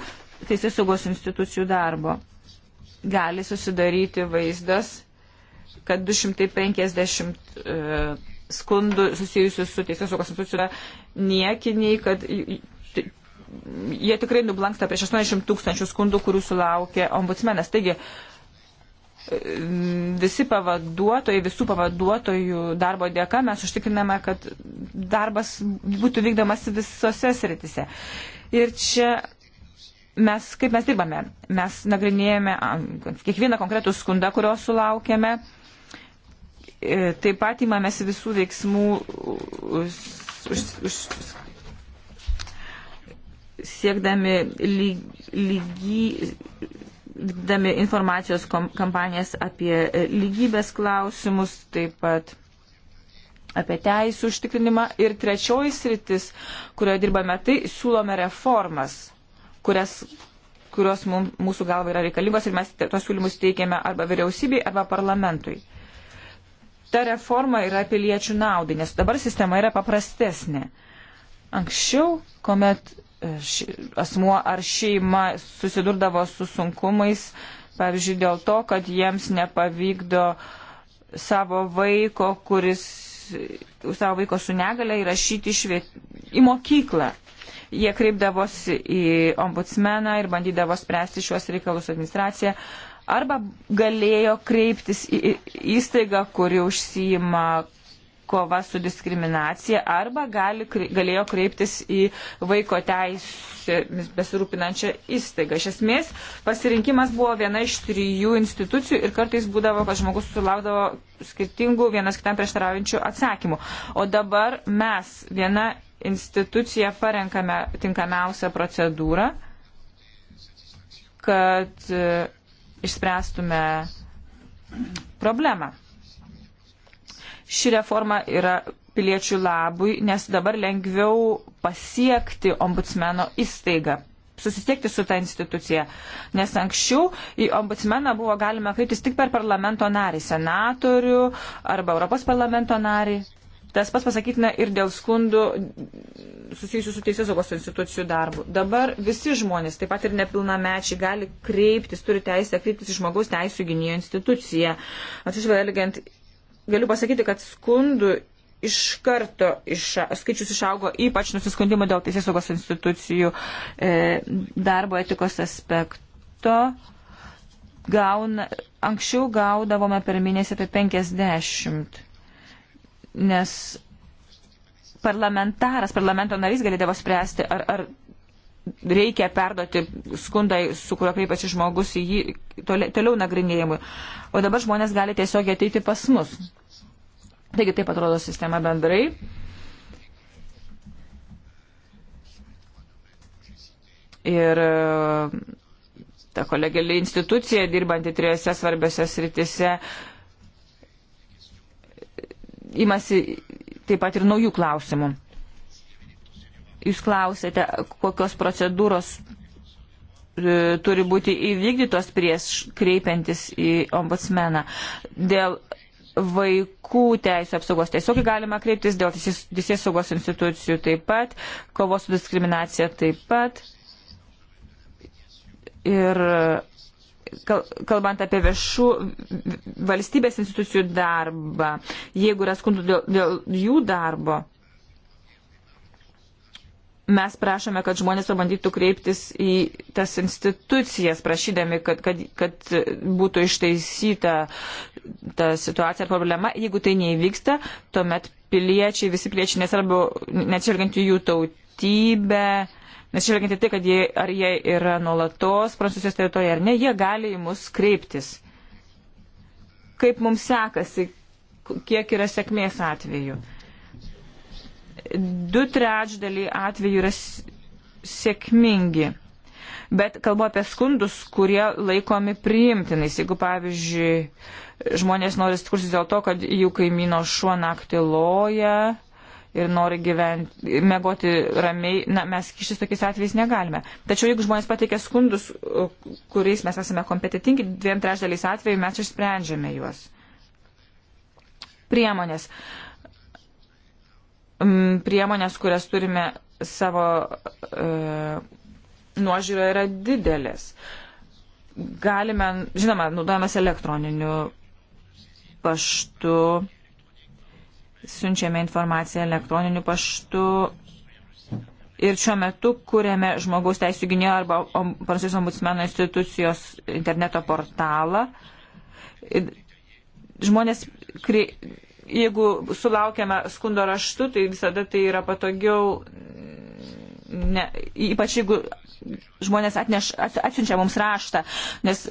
teisės saugos institucijų darbo. Gali susidaryti vaizdas, kad 250 e, skundų susijusių su teisės saugos institucijų yra niekiniai, kad jie tikrai nublanksta prieš 80 tūkstančių skundų, kurių sulaukė ombudsmenas. Taigi, e, visi pavaduotojai, visų pavaduotojų darbo dėka mes užtikriname, kad darbas būtų vykdomas visose sritise. Ir čia mes, kaip mes dirbame, mes nagrinėjame kiekvieną konkretų skundą, kurio sulaukėme, e, taip pat įmamės visų veiksmų už, už, už siekdami lygy, vykdami informacijos kampanijas apie e, lygybės klausimus, taip pat apie teisų užtikrinimą. Ir trečioji sritis, kurioje dirbame, tai siūlome reformas, kurias kurios mum, mūsų galva yra reikalingos ir mes tos siūlymus teikiame arba vyriausybei, arba parlamentui. Ta reforma yra piliečių naudai, nes dabar sistema yra paprastesnė. Anksčiau, kuomet ši, asmuo ar šeima susidurdavo su sunkumais, pavyzdžiui, dėl to, kad jiems nepavykdo savo vaiko, kuris savo vaiko su negale įrašyti šviet... į mokyklą. Jie kreipdavosi į ombudsmeną ir bandydavo spręsti šiuos reikalus administraciją arba galėjo kreiptis į įstaigą, kuri užsijima kova su diskriminacija arba gali, galėjo kreiptis į vaiko teisėmis besirūpinančią įstaigą. Iš esmės, pasirinkimas buvo viena iš trijų institucijų ir kartais būdavo, kad žmogus sulaukdavo skirtingų vienas kitam prieštaraujančių atsakymų. O dabar mes viena institucija parenkame tinkamiausią procedūrą, kad e, išspręstume problemą ši reforma yra piliečių labui, nes dabar lengviau pasiekti ombudsmeno įstaigą susisiekti su ta institucija. Nes anksčiau į ombudsmeną buvo galima kreiptis tik per parlamento narį, senatorių arba Europos parlamento narį. Tas pats pasakytina ir dėl skundų susijusių su teisėsaugos institucijų darbu. Dabar visi žmonės, taip pat ir nepilnamečiai, gali kreiptis, turi teisę kreiptis į žmogaus teisų gynėjo instituciją, atsižvelgiant galiu pasakyti, kad skundų iš karto iš, skaičius išaugo ypač nusiskundimų dėl teisėsaugos institucijų e, darbo etikos aspekto. Gauna, anksčiau gaudavome per mėnesį apie 50, nes parlamentaras, parlamento narys galėdavo spręsti, ar, ar reikia perduoti skundą, su kuriuo kreipiasi žmogus į jį toliau, toliau nagrinėjimui. O dabar žmonės gali tiesiog ateiti pas mus. Taigi taip atrodo sistema bendrai. Ir e, ta kolegėlė institucija, dirbanti trijose svarbiose sritise, imasi taip pat ir naujų klausimų. Jūs klausėte, kokios procedūros e, turi būti įvykdytos prieš kreipiantis į ombudsmeną. Dėl vaikų teisų apsaugos tiesiog galima kreiptis, dėl teisės saugos institucijų taip pat, kovos su diskriminacija taip pat. Ir kalbant apie viešų valstybės institucijų darbą, jeigu yra skundų dėl, dėl jų darbo, mes prašome, kad žmonės pabandytų kreiptis į tas institucijas, prašydami, kad, kad, kad būtų išteisyta ta situacija ar problema. Jeigu tai neįvyksta, tuomet piliečiai, visi piliečiai, nesvarbu, neatsižvelgiant į jų tautybę, neatsižvelgiant į tai, kad jie, ar jie yra nuolatos prancūzijos teritorijoje ar ne, jie gali į mus kreiptis. Kaip mums sekasi, kiek yra sėkmės atveju du trečdaliai atvejų yra sėkmingi. Bet kalbu apie skundus, kurie laikomi priimtinais. Jeigu, pavyzdžiui, žmonės nori skursis dėl to, kad jų kaimyno šuo naktį loja ir nori gyventi, mėgoti ramiai, na, mes kištis tokiais atvejais negalime. Tačiau jeigu žmonės pateikia skundus, kuriais mes esame kompetitingi, dviem trečdaliais atvejų mes išsprendžiame juos. Priemonės. Uh, priemonės, kurias turime savo e, nuožiūroje, yra didelės. Galime, žinoma, naudojamės elektroniniu paštu, siunčiame informaciją elektroniniu paštu ir šiuo metu kūrėme žmogaus teisų gynėjo arba Prancūzijos ombudsmeno institucijos interneto portalą. Žmonės kri, jeigu sulaukiame skundo raštu, tai visada tai yra patogiau, ne, ypač jeigu žmonės atneš, atsiunčia mums raštą, nes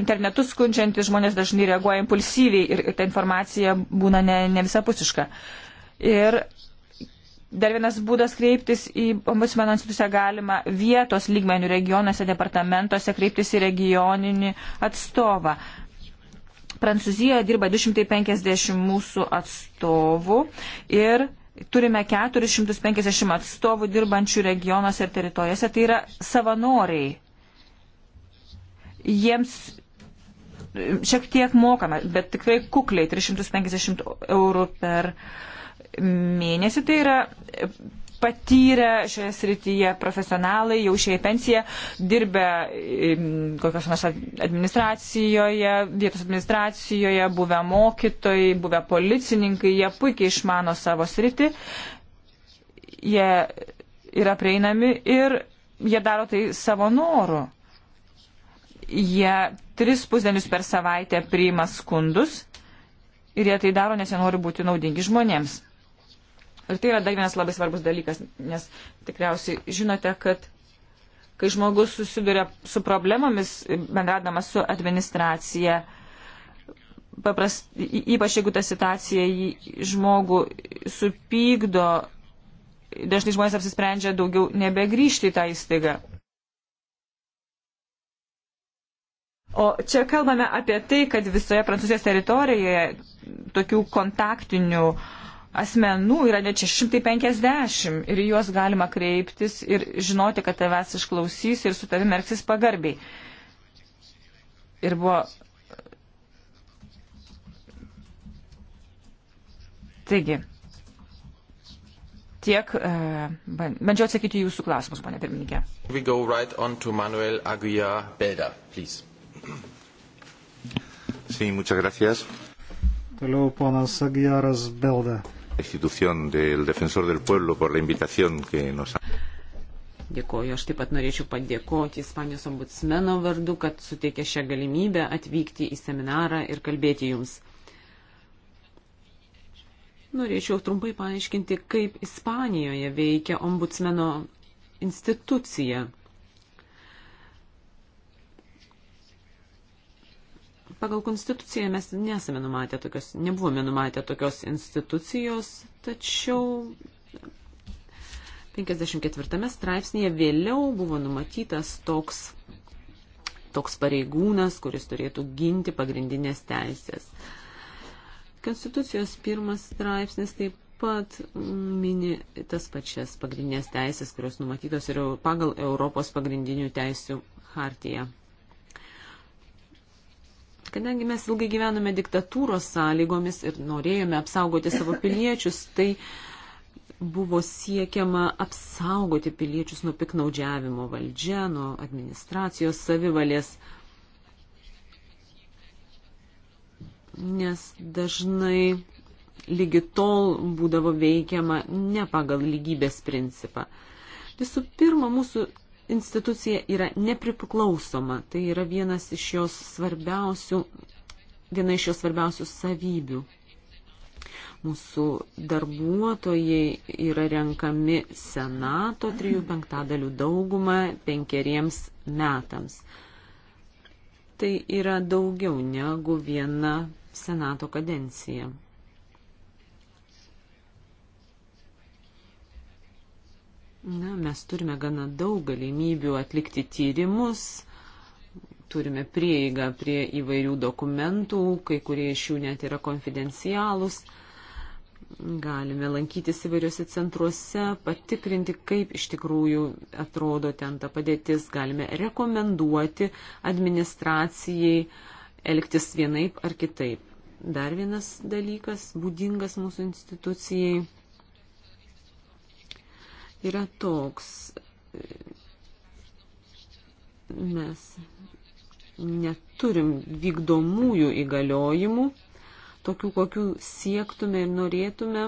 internetu skundžiantis žmonės dažnai reaguoja impulsyviai ir, ir ta informacija būna ne, ne visapusiška. Ir dar vienas būdas kreiptis į ombudsmeno instituciją galima vietos lygmenių regionuose, departamentuose, kreiptis į regioninį atstovą. Prancūzijoje dirba 250 mūsų atstovų ir turime 450 atstovų dirbančių regionuose ir teritorijose. Tai yra savanoriai. Jiems šiek tiek mokame, bet tikrai kukliai 350 eurų per mėnesį. Tai yra patyrę šioje srityje profesionalai, jau išėję pensiją, dirbę kokios nors administracijoje, vietos administracijoje, buvę mokytojai, buvę policininkai, jie puikiai išmano savo sritį, jie yra prieinami ir jie daro tai savo noru. Jie tris pusdienius per savaitę priima skundus ir jie tai daro, nes jie nori būti naudingi žmonėms. Ir tai yra dar vienas labai svarbus dalykas, nes tikriausiai žinote, kad kai žmogus susiduria su problemomis, bendradamas su administracija, paprast, ypač jeigu ta situacija jį žmogų supykdo, dažnai žmonės apsisprendžia daugiau nebegrįžti į tą įstaigą. O čia kalbame apie tai, kad visoje Prancūzijos teritorijoje tokių kontaktinių uh, asmenų yra net 650 ir juos galima kreiptis ir žinoti, kad tavęs išklausys ir su tavimi elgsis pagarbiai. Ir buvo. Taigi, tiek, e, bandžiau atsakyti jūsų klausimus, pane pirmininkė. Right Belda, sí, Toliau ponas Agijaras Belda institución del Defensor del Pueblo por la invitación que nos ha. Dėkoju, aš taip pat norėčiau padėkoti Ispanijos ombudsmeno vardu, kad suteikė šią galimybę atvykti į seminarą ir kalbėti jums. Norėčiau trumpai paaiškinti, kaip Ispanijoje veikia ombudsmeno institucija. pagal konstituciją mes nesame numatę tokios, nebuvome numatę tokios institucijos, tačiau 54 straipsnėje vėliau buvo numatytas toks, toks pareigūnas, kuris turėtų ginti pagrindinės teisės. Konstitucijos pirmas straipsnis taip pat mini tas pačias pagrindinės teisės, kurios numatytos ir pagal Europos pagrindinių teisių hartiją. Kadangi mes ilgai gyvenome diktatūros sąlygomis ir norėjome apsaugoti savo piliečius, tai buvo siekiama apsaugoti piliečius nuo piknaudžiavimo valdžia, nuo administracijos savivalės. Nes dažnai lygi tol būdavo veikiama ne pagal lygybės principą. Visų pirma, mūsų institucija yra nepriklausoma. Tai yra vienas iš jos svarbiausių, viena iš jos svarbiausių savybių. Mūsų darbuotojai yra renkami senato trijų penktadalių daugumą penkeriems metams. Tai yra daugiau negu viena senato kadencija. Na, mes turime gana daug galimybių atlikti tyrimus, turime prieigą prie įvairių dokumentų, kai kurie iš jų net yra konfidencialūs. Galime lankytis įvairiuose centruose, patikrinti, kaip iš tikrųjų atrodo ten ta padėtis. Galime rekomenduoti administracijai elgtis vienaip ar kitaip. Dar vienas dalykas būdingas mūsų institucijai yra toks. Mes neturim vykdomųjų įgaliojimų, tokių, kokių siektume ir norėtume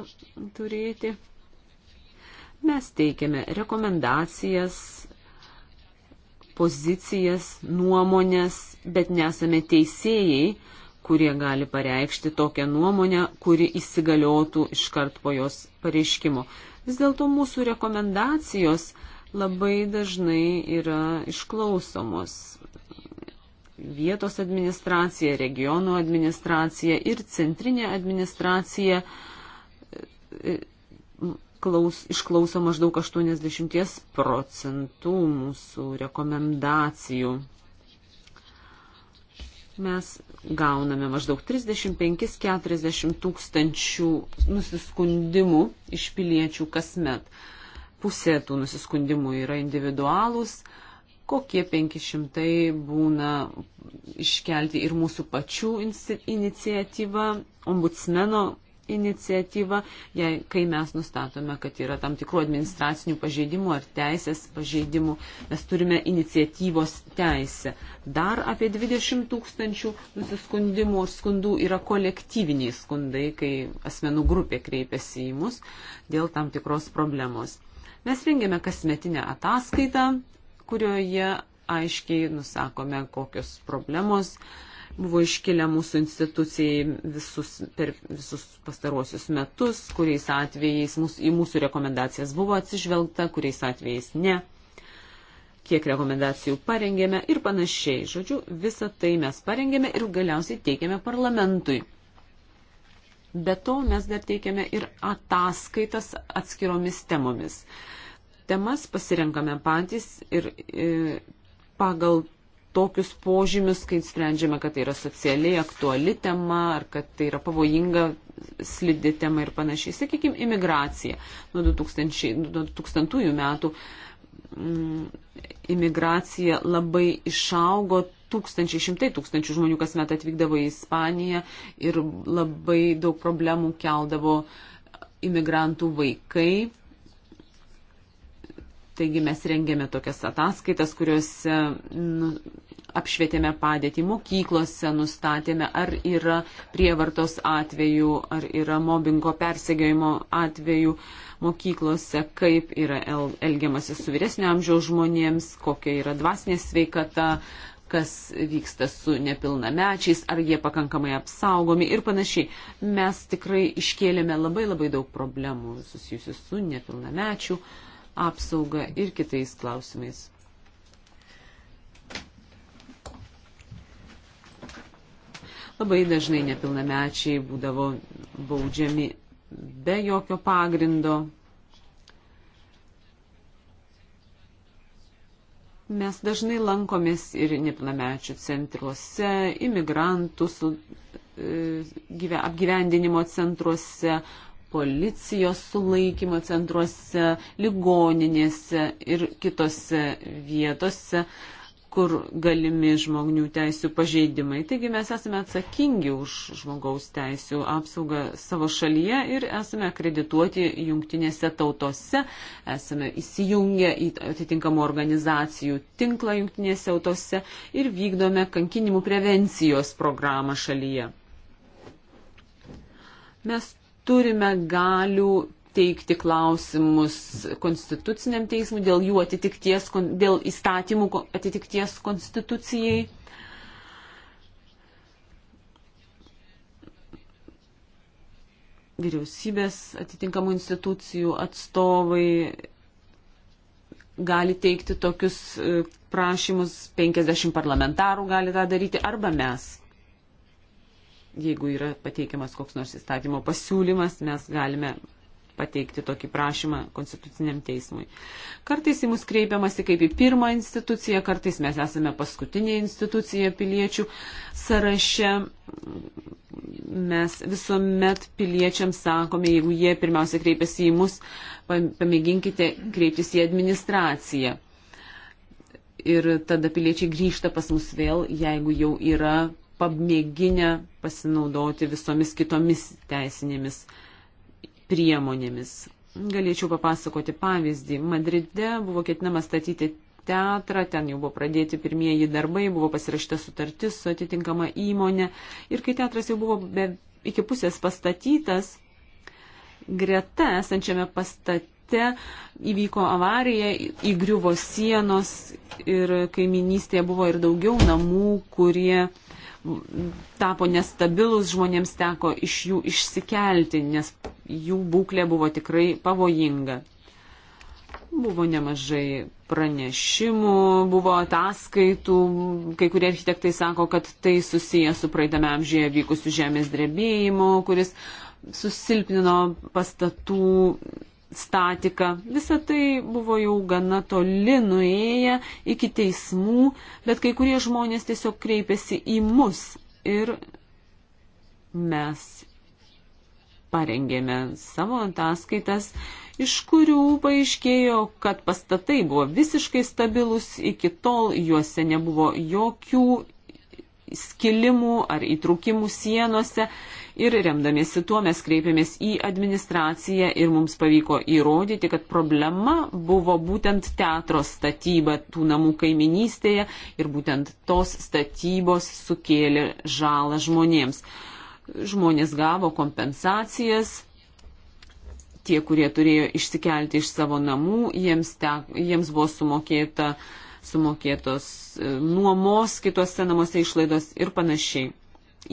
turėti. Mes teikiame rekomendacijas, pozicijas, nuomonės, bet nesame teisėjai, kurie gali pareikšti tokią nuomonę, kuri įsigaliotų iškart po jos pareiškimo. Vis dėlto mūsų rekomendacijos labai dažnai yra išklausomos. Vietos administracija, regiono administracija ir centrinė administracija e, klaus, išklauso maždaug 80 procentų mūsų rekomendacijų mes gauname maždaug 35-40 tūkstančių nusiskundimų iš piliečių kasmet. Pusė tų nusiskundimų yra individualūs, kokie 500 būna iškelti ir mūsų pačių iniciatyva, ombudsmeno iniciatyva, jei, kai mes nustatome, kad yra tam tikrų administracinių pažeidimų ar teisės pažeidimų, mes turime iniciatyvos teisę. Dar apie 20 tūkstančių nusiskundimų ar skundų yra kolektyviniai skundai, kai asmenų grupė kreipiasi į mus dėl tam tikros problemos. Mes rengėme kasmetinę ataskaitą, kurioje aiškiai nusakome, kokios problemos uh, buvo iškilę mūsų institucijai visus, per visus pastarosius metus, kuriais atvejais mūsų, į mūsų rekomendacijas buvo atsižvelgta, kuriais atvejais ne kiek rekomendacijų parengėme ir panašiai. Žodžiu, visą tai mes parengėme ir galiausiai teikėme parlamentui. Be to mes dar teikiame ir ataskaitas atskiromis temomis. Temas pasirenkame patys ir e, pagal tokius požymius, kai sprendžiame, kad tai yra socialiai aktuali tema ar kad tai yra pavojinga slidi tema ir panašiai. Sakykime, imigracija. Nuo 2000, nuo 2000 metų mm, imigracija labai išaugo. Tūkstančiai, šimtai tūkstančių žmonių kasmet atvykdavo į Ispaniją ir labai daug problemų keldavo imigrantų vaikai Taigi mes rengėme tokias ataskaitas, kuriuose nu, apšvietėme padėtį mokyklose, nustatėme, ar yra prievartos atvejų, ar yra mobbingo persegiojimo atvejų mokyklose, kaip yra el elgiamasi su vyresnio amžiaus žmonėms, kokia yra dvasinė sveikata, kas vyksta su nepilnamečiais, ar jie pakankamai apsaugomi ir panašiai. Mes tikrai iškėlėme labai labai daug problemų susijusių su nepilnamečiu apsaugą ir kitais klausimais. Labai dažnai nepilnamečiai būdavo baudžiami be jokio pagrindo. Mes dažnai lankomės ir nepilnamečių centruose, imigrantų su, e, gyve, apgyvendinimo centruose, policijos sulaikymo centruose, ligoninėse ir kitose vietose, kur galimi žmonių teisų pažeidimai. Taigi mes esame atsakingi už žmogaus teisų apsaugą savo šalyje ir esame akredituoti jungtinėse tautose, esame įsijungę į atitinkamų organizacijų tinklą jungtinėse tautose ir vykdome kankinimų prevencijos programą šalyje. Mes turime galių teikti klausimus konstituciniam teismui dėl jų atitikties, dėl įstatymų atitikties konstitucijai. Vyriausybės atitinkamų institucijų atstovai gali teikti tokius e, prašymus, 50 parlamentarų gali tą daryti arba mes jeigu yra pateikiamas koks nors įstatymo pasiūlymas, mes galime pateikti tokį prašymą konstituciniam teismui. Kartais į mus kreipiamasi kaip į pirmą instituciją, kartais mes esame paskutinė institucija piliečių sąraše. Mes visuomet piliečiams sakome, jeigu jie pirmiausia kreipiasi į mus, pamėginkite kreiptis į administraciją. Ir tada piliečiai grįžta pas mus vėl, jeigu jau yra pamėginę pasinaudoti visomis kitomis teisinėmis priemonėmis. Galėčiau papasakoti pavyzdį. Madride buvo ketinama statyti teatrą, ten jau buvo pradėti pirmieji darbai, buvo pasirašyta sutartis su atitinkama įmonė. Ir kai teatras jau buvo be, iki pusės pastatytas, greta esančiame pastate įvyko avarija, įgriuvo sienos ir kaiminystėje buvo ir daugiau namų, kurie uh, tapo nestabilus, žmonėms teko iš jų išsikelti, nes jų būklė buvo tikrai pavojinga. Buvo nemažai pranešimų, buvo ataskaitų, kai kurie architektai sako, kad tai susiję su praeitame amžiuje vykusiu žemės drebėjimu, kuris susilpnino pastatų statiką. Visa tai buvo jau gana toli nuėję iki teismų, bet kai kurie žmonės tiesiog kreipėsi į mus ir mes parengėme savo ataskaitas, iš kurių paaiškėjo, kad pastatai buvo visiškai stabilus, iki tol juose nebuvo jokių skilimų ar įtrūkimų sienose ir remdamiesi tuo mes kreipėmės į administraciją ir mums pavyko įrodyti, kad problema buvo būtent teatro statyba tų namų kaiminystėje ir būtent tos statybos sukėlė žalą žmonėms. Žmonės gavo kompensacijas, tie, kurie turėjo išsikelti iš savo namų, jiems, te, jiems buvo sumokėta, sumokėtos e, nuomos kitose namuose išlaidos ir panašiai.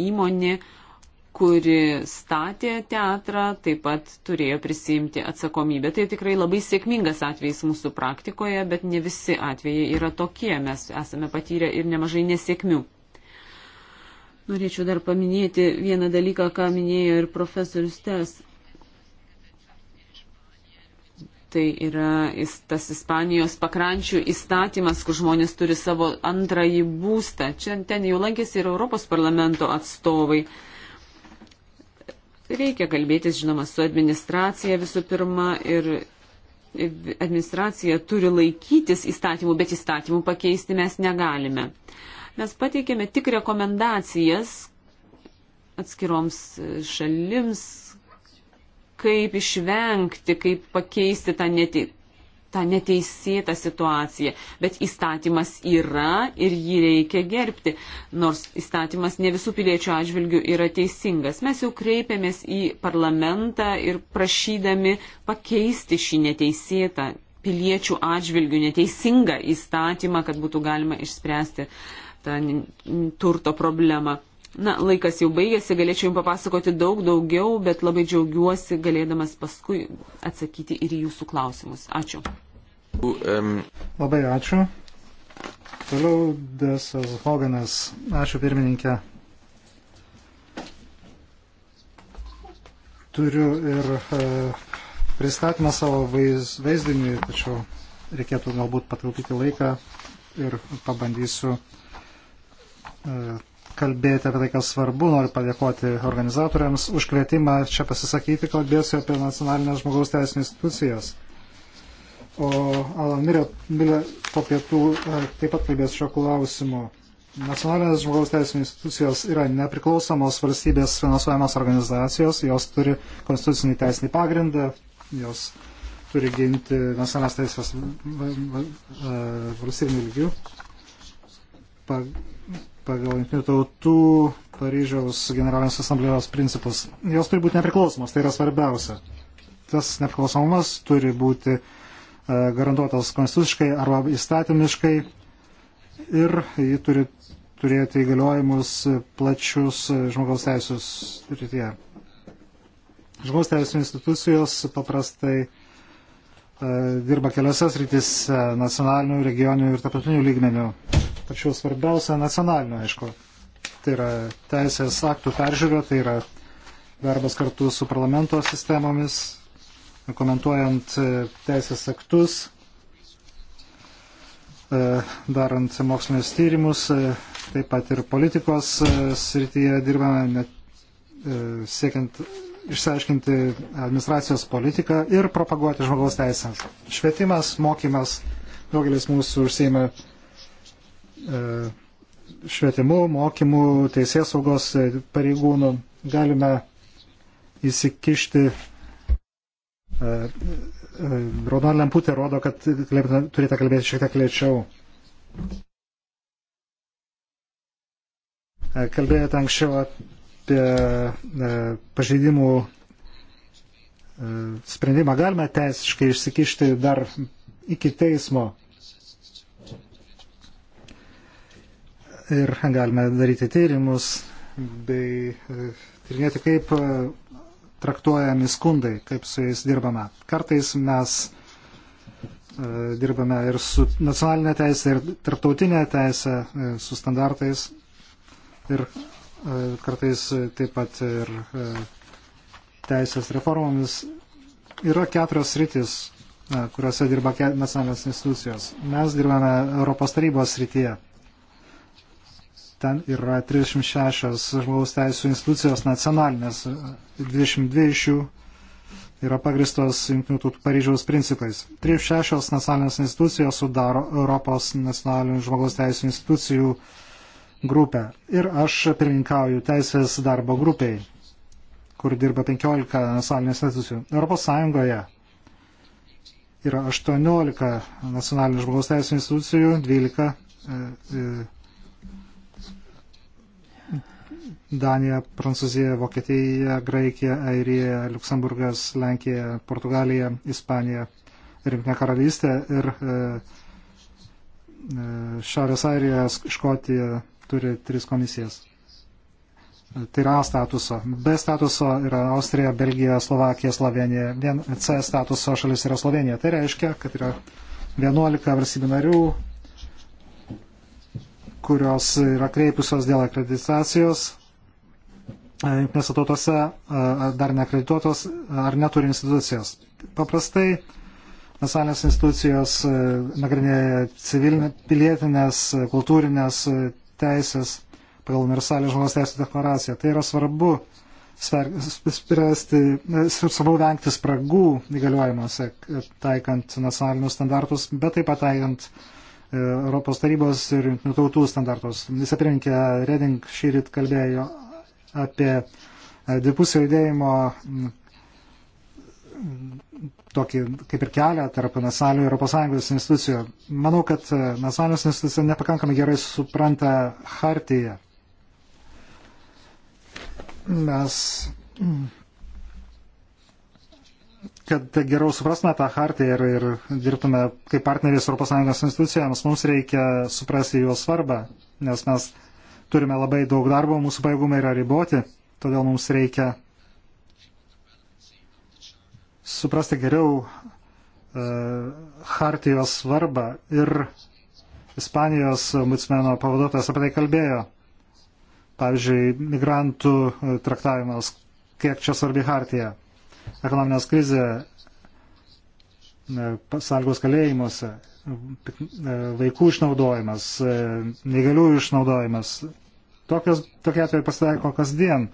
Įmonė uh, kuri statė teatrą, taip pat turėjo prisimti atsakomybę. Tai tikrai labai sėkmingas atvejis mūsų praktikoje, bet ne visi atvejai yra tokie. Mes esame patyrę ir nemažai nesėkmių. Norėčiau dar paminėti vieną dalyką, ką minėjo ir profesorius Tes. Tai yra tas Ispanijos pakrančių įstatymas, kur žmonės turi savo antrąjį būstą. Čia ten jau lankėsi ir Europos parlamento atstovai. Reikia kalbėtis, žinoma, su administracija visų pirma ir administracija turi laikytis įstatymų, bet įstatymų pakeisti mes negalime. Mes pateikėme tik rekomendacijas atskiroms šalims, kaip išvengti, kaip pakeisti tą neti, tą neteisėtą situaciją. Bet įstatymas yra ir jį reikia gerbti, nors įstatymas ne visų piliečių atžvilgių yra teisingas. Mes jau kreipėmės į parlamentą ir prašydami pakeisti šį neteisėtą piliečių atžvilgių neteisingą įstatymą, kad būtų galima išspręsti tą turto problemą. Na, laikas jau baigėsi, galėčiau jums papasakoti daug daugiau, bet labai džiaugiuosi galėdamas paskui atsakyti ir jūsų klausimus. Ačiū. Labai ačiū. Toliau Desas Hoganas. Ačiū pirmininkė. Turiu ir e, pristatymą savo vaiz, vaizdinį, tačiau reikėtų galbūt patilpyti laiką ir pabandysiu e, kalbėti apie tai, kas svarbu. Noriu padėkoti organizatoriams už kvietimą čia pasisakyti, kalbėsiu apie nacionalinės žmogaus teisų institucijas. O Alan Mirė po pietų e, taip pat kalbės šio klausimu. Nacionalinės žmogaus teisų institucijos yra nepriklausomos valstybės finansuojamos organizacijos, jos turi konstitucinį teisinį pagrindą, jos turi ginti nacionalinės teisės e, valstybinių lygių pagal Junktinių tautų Paryžiaus generalinės asamblėjos principus. Jos turi būti nepriklausomos, tai yra svarbiausia. Tas nepriklausomumas turi būti e, garantuotas konstituciškai arba įstatymiškai ir jį turi turėti įgaliojimus plačius žmogaus teisės rytyje. Žmogaus teisų institucijos paprastai e, dirba keliose srityse - nacionalinių, regioninių ir tapatinių lygmenių. Tačiau svarbiausia nacionalinio, aišku, tai yra teisės aktų peržiūrio, tai yra darbas kartu su parlamento sistemomis, komentuojant e, teisės aktus, e, darant mokslinius tyrimus, e, taip pat ir politikos srityje dirbame net, siekiant išsiaiškinti administracijos politiką ir propaguoti žmogaus teisės. Švietimas, mokymas, daugelis mūsų užsieima E, švietimu, mokymu, teisės saugos e, pareigūnų galime įsikišti. E, Raudona lemputė rodo, kad turite kalbėti šiek tiek lėčiau. Kalbėjote anksčiau apie pažeidimų sprendimą. Galime teisiškai išsikišti dar iki teismo ir galime daryti tyrimus bei e, tyrinėti, kaip e, traktuojami skundai, kaip su jais dirbame. Kartais mes e, dirbame ir su nacionalinė teisė, ir tarptautinė teisė, su standartais ir kartais taip pat ir teisės reformomis. Yra keturios rytis, kuriuose dirba nacionalinės institucijos. Mes dirbame Europos tarybos rytyje ten yra 36 žmogaus teisų institucijos nacionalinės, 22 iš jų yra pagristos Junktinių tautų Paryžiaus principais. 36 nacionalinės institucijos sudaro Europos nacionalinių žmogaus teisų institucijų grupę. Ir aš pirmininkauju teisės darbo grupiai, kur dirba 15 nacionalinės institucijų. Europos Sąjungoje yra 18 nacionalinių žmogaus teisų institucijų, 12 e, e, Danija, Prancūzija, Vokietija, Graikija, Airija, Luksemburgas, Lenkija, Portugalija, Ispanija, Rinktinė karalystė ir e, e Šiaurės Airija, Škotija turi tris komisijas. E, tai yra A statuso. B statuso yra Austrija, Belgija, Slovakija, Slovenija. Vien C statuso šalis yra Slovenija. Tai reiškia, kad yra 11 valstybių narių, kurios yra kreipusios dėl akreditacijos jungtinėse tautose dar nekredituotos ar neturi institucijos. Paprastai nacionalinės institucijos nagrinėja civilinės, pilietinės, kultūrinės teisės pagal universalią žmogaus teisų deklaraciją. Tai yra svarbu spręsti, svarbu vengti spragų įgaliojimuose, taikant nacionalinius standartus, bet taip pat taikant Europos tarybos ir jungtinių tautų standartus. Vicepirinkė Reding šį rytą kalbėjo apie e, dvipusio judėjimo tokį kaip ir kelią tarp nacionalinių Europos Sąjungos institucijų. Manau, kad e, nacionalinės institucijos nepakankamai gerai supranta hartiją. Mes, kad tai geriau suprastume tą hartiją ir, ir dirbtume kaip partneriais Europos Sąjungos institucijoms, mums reikia suprasti jos svarbą, nes mes turime labai daug darbo, mūsų pajėgumai yra riboti, todėl mums reikia suprasti geriau e, Hartijos svarbą ir Ispanijos ombudsmeno pavaduotojas apie tai kalbėjo. Pavyzdžiui, migrantų traktavimas, kiek čia svarbi Hartija. Ekonominės krizė sąlygos kalėjimuose, vaikų išnaudojimas, e, negaliųjų išnaudojimas. Tokios, tokie atvejai pasitaiko kasdien.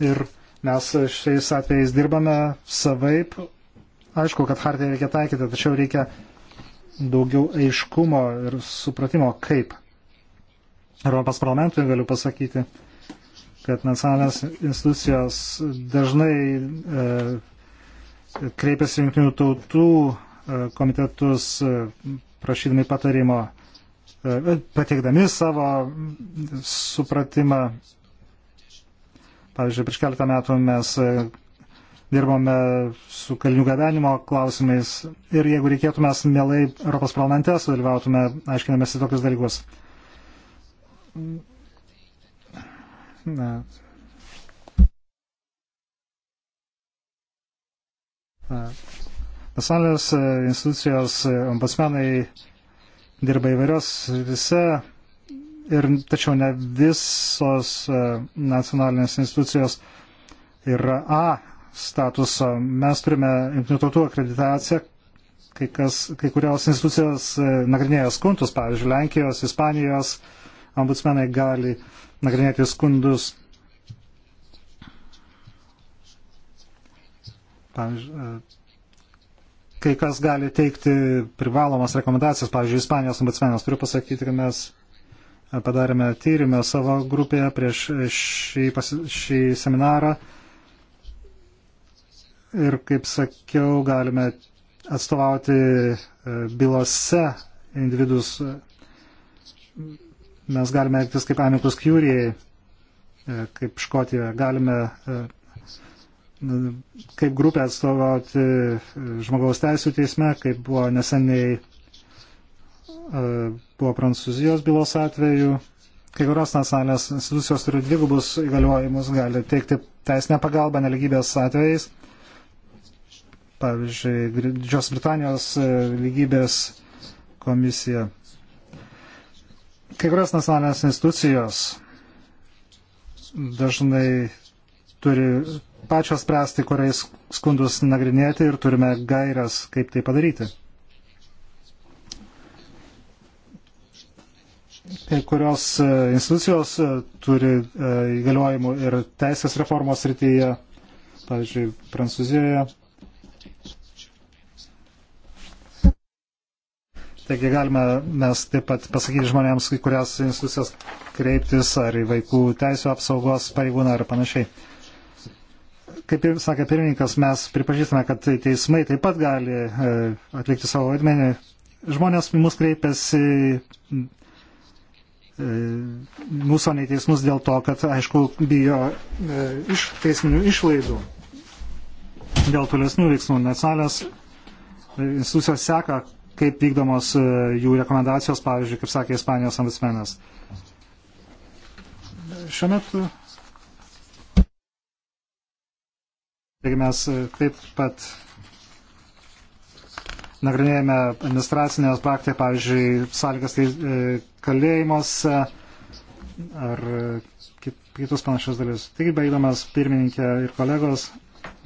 Ir mes šiais atvejais dirbame savaip. Aišku, kad hartiją reikia taikyti, tačiau reikia daugiau aiškumo ir supratimo, kaip. Europos parlamentui galiu pasakyti, kad nacionalinės institucijos dažnai e, kreipiasi jungtinių tautų komitetus e, prašydami patarimo, e, pateikdami savo supratimą. Pavyzdžiui, prieš keletą metų mes e, dirbome su kalinių gabenimo klausimais ir jeigu reikėtų, mes mielai Europos parlamente sudalyvautume, aiškinamės į tokius dalykus. Na. Na. Nacionalinės e, institucijos e, ombudsmenai dirba įvairios vise, ir, tačiau ne visos e, nacionalinės institucijos yra A statuso. Mes turime jungtinių tautų akreditaciją, kai, kas, kai kurios institucijos nagrinėja skundus, pavyzdžiui, Lenkijos, Ispanijos ombudsmenai gali nagrinėti skundus. Pavyzdžiui, kai kas gali teikti privalomas rekomendacijas, pavyzdžiui, Ispanijos ombudsmenas. Turiu pasakyti, kad mes padarėme tyrimę savo grupėje prieš šį, šį seminarą. Ir, kaip sakiau, galime atstovauti e, bylose individus. Mes galime elgtis kaip amikus kūrėjai, e, kaip Škotijoje. Galime e, kaip grupė atstovauti e, žmogaus teisų teisme, kaip buvo neseniai e, buvo Prancūzijos bylos atveju. Kai kurios nacionalinės institucijos turi dvigubus įgaliojimus, gali teikti teisinę pagalbą neligybės atvejais. Pavyzdžiui, Didžios Britanijos e, lygybės komisija. Kai kurios nacionalinės institucijos dažnai turi pačios spręsti, kuriais skundus nagrinėti ir turime gairias, kaip tai padaryti. Kai kurios e, institucijos e, turi e, įgaliojimų ir teisės reformos rytyje, pavyzdžiui, Prancūzijoje. Taigi galime mes taip pat pasakyti žmonėms, į kurias institucijas kreiptis, ar į vaikų teisų apsaugos pareigūną ar panašiai kaip ir sakė pirmininkas, mes pripažįstame, kad teismai taip pat gali e, atlikti savo vaidmenį. Žmonės mus kreipiasi e, mūsų nei teismus dėl to, kad, aišku, bijo e, iš teisminių išlaidų dėl tolesnių veiksmų. Nacionalės institucijos seka, kaip vykdomos jų rekomendacijos, pavyzdžiui, kaip sakė Ispanijos ambasmenas. Šiuo metu Taigi mes e, taip pat nagrinėjame administracinės praktiką, pavyzdžiui, sąlygas tai e, kalėjimuose ar e, kitus panašias dalis. Taigi, baigdamas pirmininkė ir kolegos,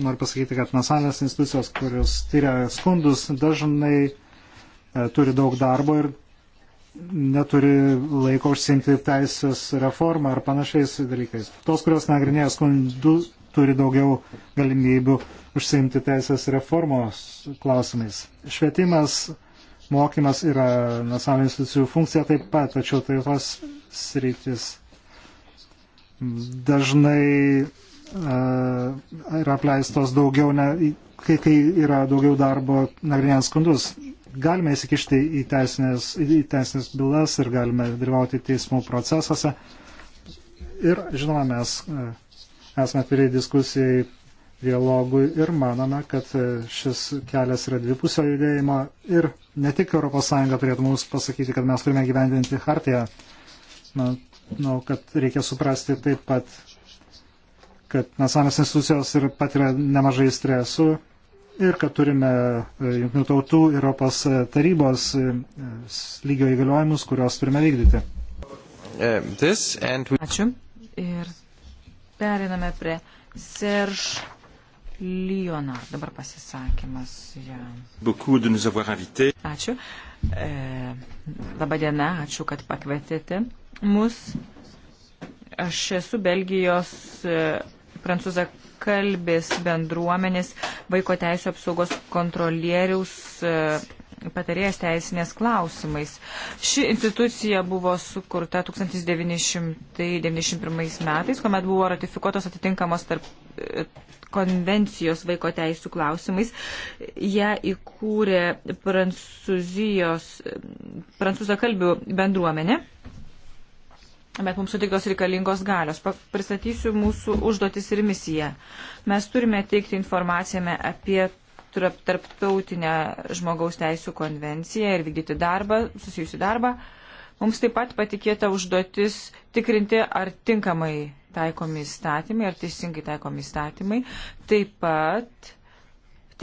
noriu pasakyti, kad nacionalinės institucijos, kurios tyria skundus, dažnai e, turi daug darbo ir neturi laiko užsiimti teisės reformą ar panašiais dalykais. Tos, kurios nagrinėja skundų, turi daugiau galimybių užsiimti teisės reformos klausimais. Švietimas, mokymas yra nacionalinių institucijų funkcija taip pat, tačiau tai tos sritis dažnai uh, yra apleistos daugiau, ne, kai, kai yra daugiau darbo nagrinėjant skundus. Galime įsikišti į teisinės, į teisinės bylas ir galime dalyvauti teismų procesuose. Ir, žinoma, mes uh, esame atviri diskusijai, dialogui ir manome, kad e, šis kelias yra dvipusio judėjimo ir ne tik ES turėtų mums pasakyti, kad mes turime gyvendinti hartiją. Manau, kad reikia suprasti taip pat, kad nacionalinės institucijos ir patiria nemažai stresų ir kad turime e, Junktinių tautų ir Europos e, tarybos lygio įgaliojimus, kuriuos turime vykdyti. Um, Ačiū. Ir Periname prie Serge Lionar. Dabar pasisakymas jam. Ačiū. E, Labadiena, ačiū, kad pakvietėte mus. Aš esu Belgijos e, prancūzakalbės bendruomenės vaiko teisų apsaugos kontrolieriaus e, patarėjas teisinės klausimais. Ši institucija buvo sukurta 1991 metais, kuomet buvo ratifikuotos atitinkamos tarp e, konvencijos vaiko teisų klausimais. Ja įkūrė prancūzijos, prancūzakalbių bendruomenė. Bet mums sutiktos reikalingos galios. Pristatysiu mūsų užduotis ir misiją. Mes turime teikti informaciją apie tarptautinę žmogaus teisų konvenciją ir vykdyti darbą, susijusi darbą. Mums taip pat patikėta užduotis tikrinti, ar tinkamai taikomi įstatymai, ar teisingai taikomi įstatymai. Taip pat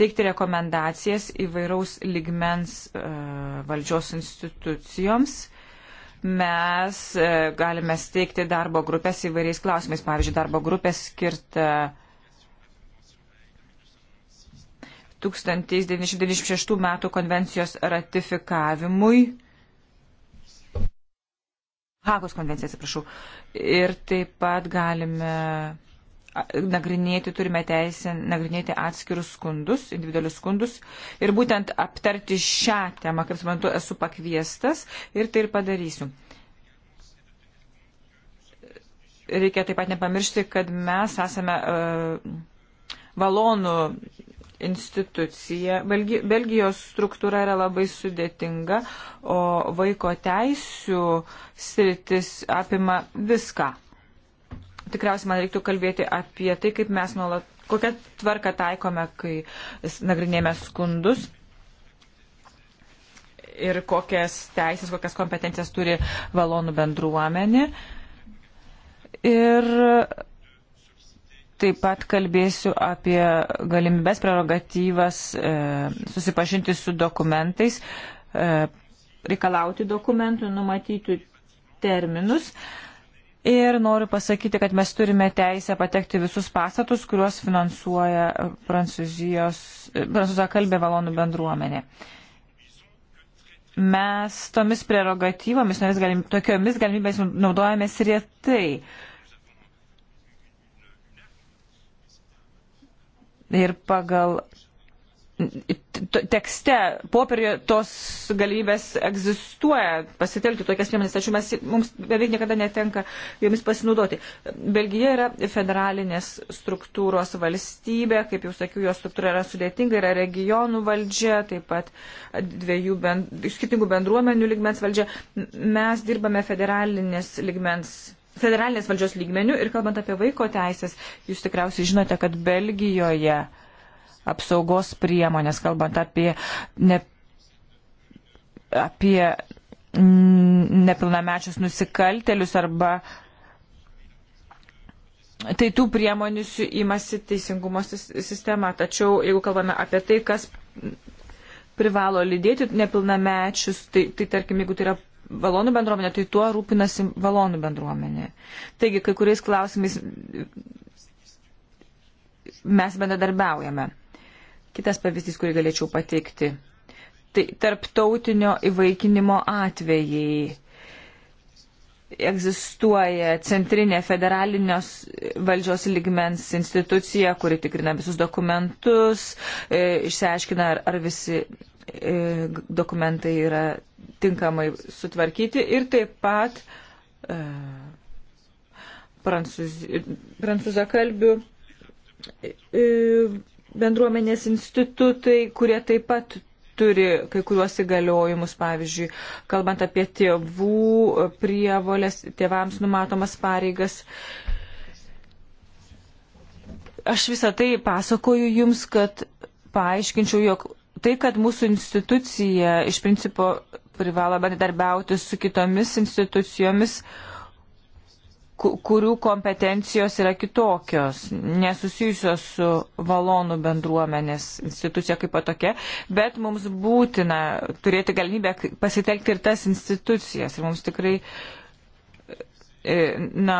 teikti rekomendacijas įvairaus ligmens e, valdžios institucijoms. Mes e, galime steigti darbo grupės įvairiais klausimais, pavyzdžiui, darbo grupės skirta e, 1996 m. konvencijos ratifikavimui. Hagos konvencija, atsiprašau. Ir taip pat galime nagrinėti, turime teisę nagrinėti atskirus skundus, individualius skundus ir būtent aptarti šią temą, kaip suprantu, esu pakviestas ir tai ir padarysiu. Reikia taip pat nepamiršti, kad mes esame uh, valonų institucija. Belgi, Belgijos struktūra yra labai sudėtinga, o vaiko teisų sritis apima viską. Tikriausiai man reiktų kalbėti apie tai, kaip mes nuolat, kokią tvarką taikome, kai nagrinėjame skundus ir kokias teisės, kokias kompetencijas turi valonų bendruomenė. Ir Taip pat kalbėsiu apie galimybės prerogatyvas e, susipažinti su dokumentais, e, reikalauti dokumentų, numatyti terminus. Ir noriu pasakyti, kad mes turime teisę patekti visus pastatus, kuriuos finansuoja prancūzijos, e, prancūzą kalbė valonų bendruomenė. Mes tomis prerogatyvomis, tomis galim, tokiomis galimybėmis naudojamės rietai. E, Ir pagal tekste, popierioje tos galimybės egzistuoja pasitelkti tokias priemonės, tačiau mes, mums beveik niekada netenka jomis pasinaudoti. Belgija yra federalinės struktūros valstybė, kaip jau sakiau, jos struktūra yra sudėtinga, yra regionų valdžia, taip pat dviejų bend, skirtingų bendruomenių ligmens valdžia. Mes dirbame federalinės ligmens federalinės valdžios lygmenių ir kalbant apie vaiko teisės, jūs tikriausiai žinote, kad Belgijoje apsaugos priemonės, kalbant apie, ne, apie nepilnamečius nusikaltelius arba Tai tų priemonių įmasi teisingumo sistema. Tačiau, jeigu kalbame apie tai, kas privalo lydėti nepilnamečius, tai, tai tarkim, jeigu tai yra valonų bendruomenė, tai tuo rūpinasi valonų bendruomenė. Taigi, kai kuriais klausimais mes bendradarbiaujame. Kitas pavyzdys, kurį galėčiau pateikti, tai tarptautinio įvaikinimo atvejai egzistuoja centrinė federalinios valdžios ligmens institucija, kuri tikrina visus dokumentus, e, išsiaiškina, ar, ar visi E, dokumentai yra tinkamai sutvarkyti ir taip pat e, prancūz, prancūzakalbių e, bendruomenės institutai, kurie taip pat turi kai kuriuos įgaliojimus, pavyzdžiui, kalbant apie tėvų prievolės, tėvams numatomas pareigas. Aš visą tai pasakoju jums, kad paaiškinčiau, jog tai, kad mūsų institucija iš principo privalo bendradarbiauti su kitomis institucijomis, kurių kompetencijos yra kitokios, nesusijusios su valonų bendruomenės institucija kaip tokia, bet mums būtina turėti galimybę pasitelkti ir tas institucijas. Ir mums tikrai, e, na,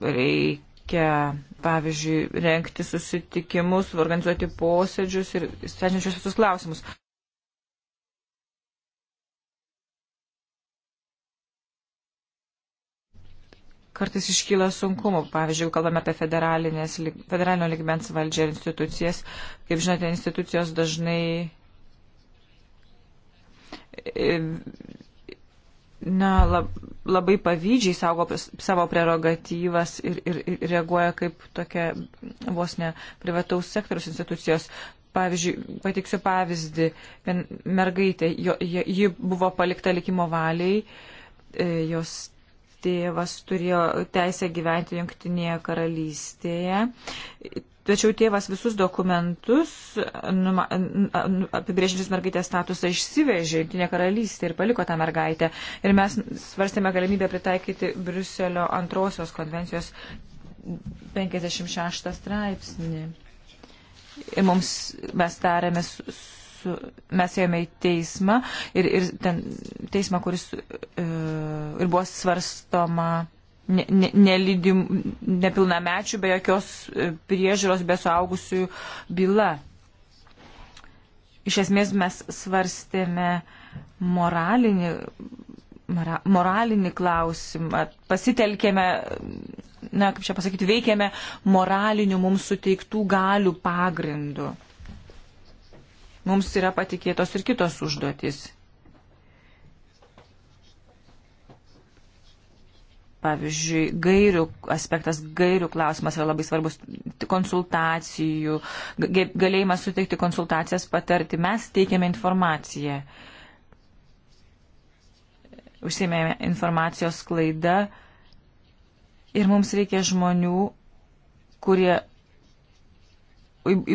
reikia pavyzdžiui, renkti susitikimus, organizuoti posėdžius ir sprendžiančius visus klausimus. Kartais iškyla sunkumų, pavyzdžiui, kalbame apie federalinio ligmens valdžią ir institucijas. Kaip žinote, institucijos dažnai e, na, lab, labai pavydžiai saugo savo prerogatyvas ir, ir, ir reaguoja kaip tokia vos ne privataus sektoriaus institucijos. Pavyzdžiui, patiksiu pavyzdį. Vien mergaitė, jo, ji buvo palikta likimo valiai, e, jos tėvas turėjo teisę gyventi Junktinėje karalystėje. Tačiau tėvas visus dokumentus, numa, apibrėžinčius mergaitės statusą, išsivežė Junktinė karalystė ir paliko tą mergaitę. Ir mes svarstėme galimybę pritaikyti Bruselio antrosios konvencijos 56 straipsnį. Ir mums mes tarėmės su, mes ėjome į teismą ir, ir ten teismą, kuris e, ir buvo svarstoma ne, ne, nelydim, nepilnamečių be jokios e, priežiūros, be suaugusių byla. Iš esmės mes svarstėme moralinį, mora, moralinį klausimą, pasitelkėme, na, kaip čia pasakyti, veikėme moralinių mums suteiktų galių pagrindų. Mums yra patikėtos ir kitos užduotis Pavyzdžiui, gairių aspektas, gairių klausimas yra labai svarbus, konsultacijų, galėjimas suteikti konsultacijas, patarti, mes teikiame informaciją. Užsėmėme informacijos klaidą ir mums reikia žmonių, kurie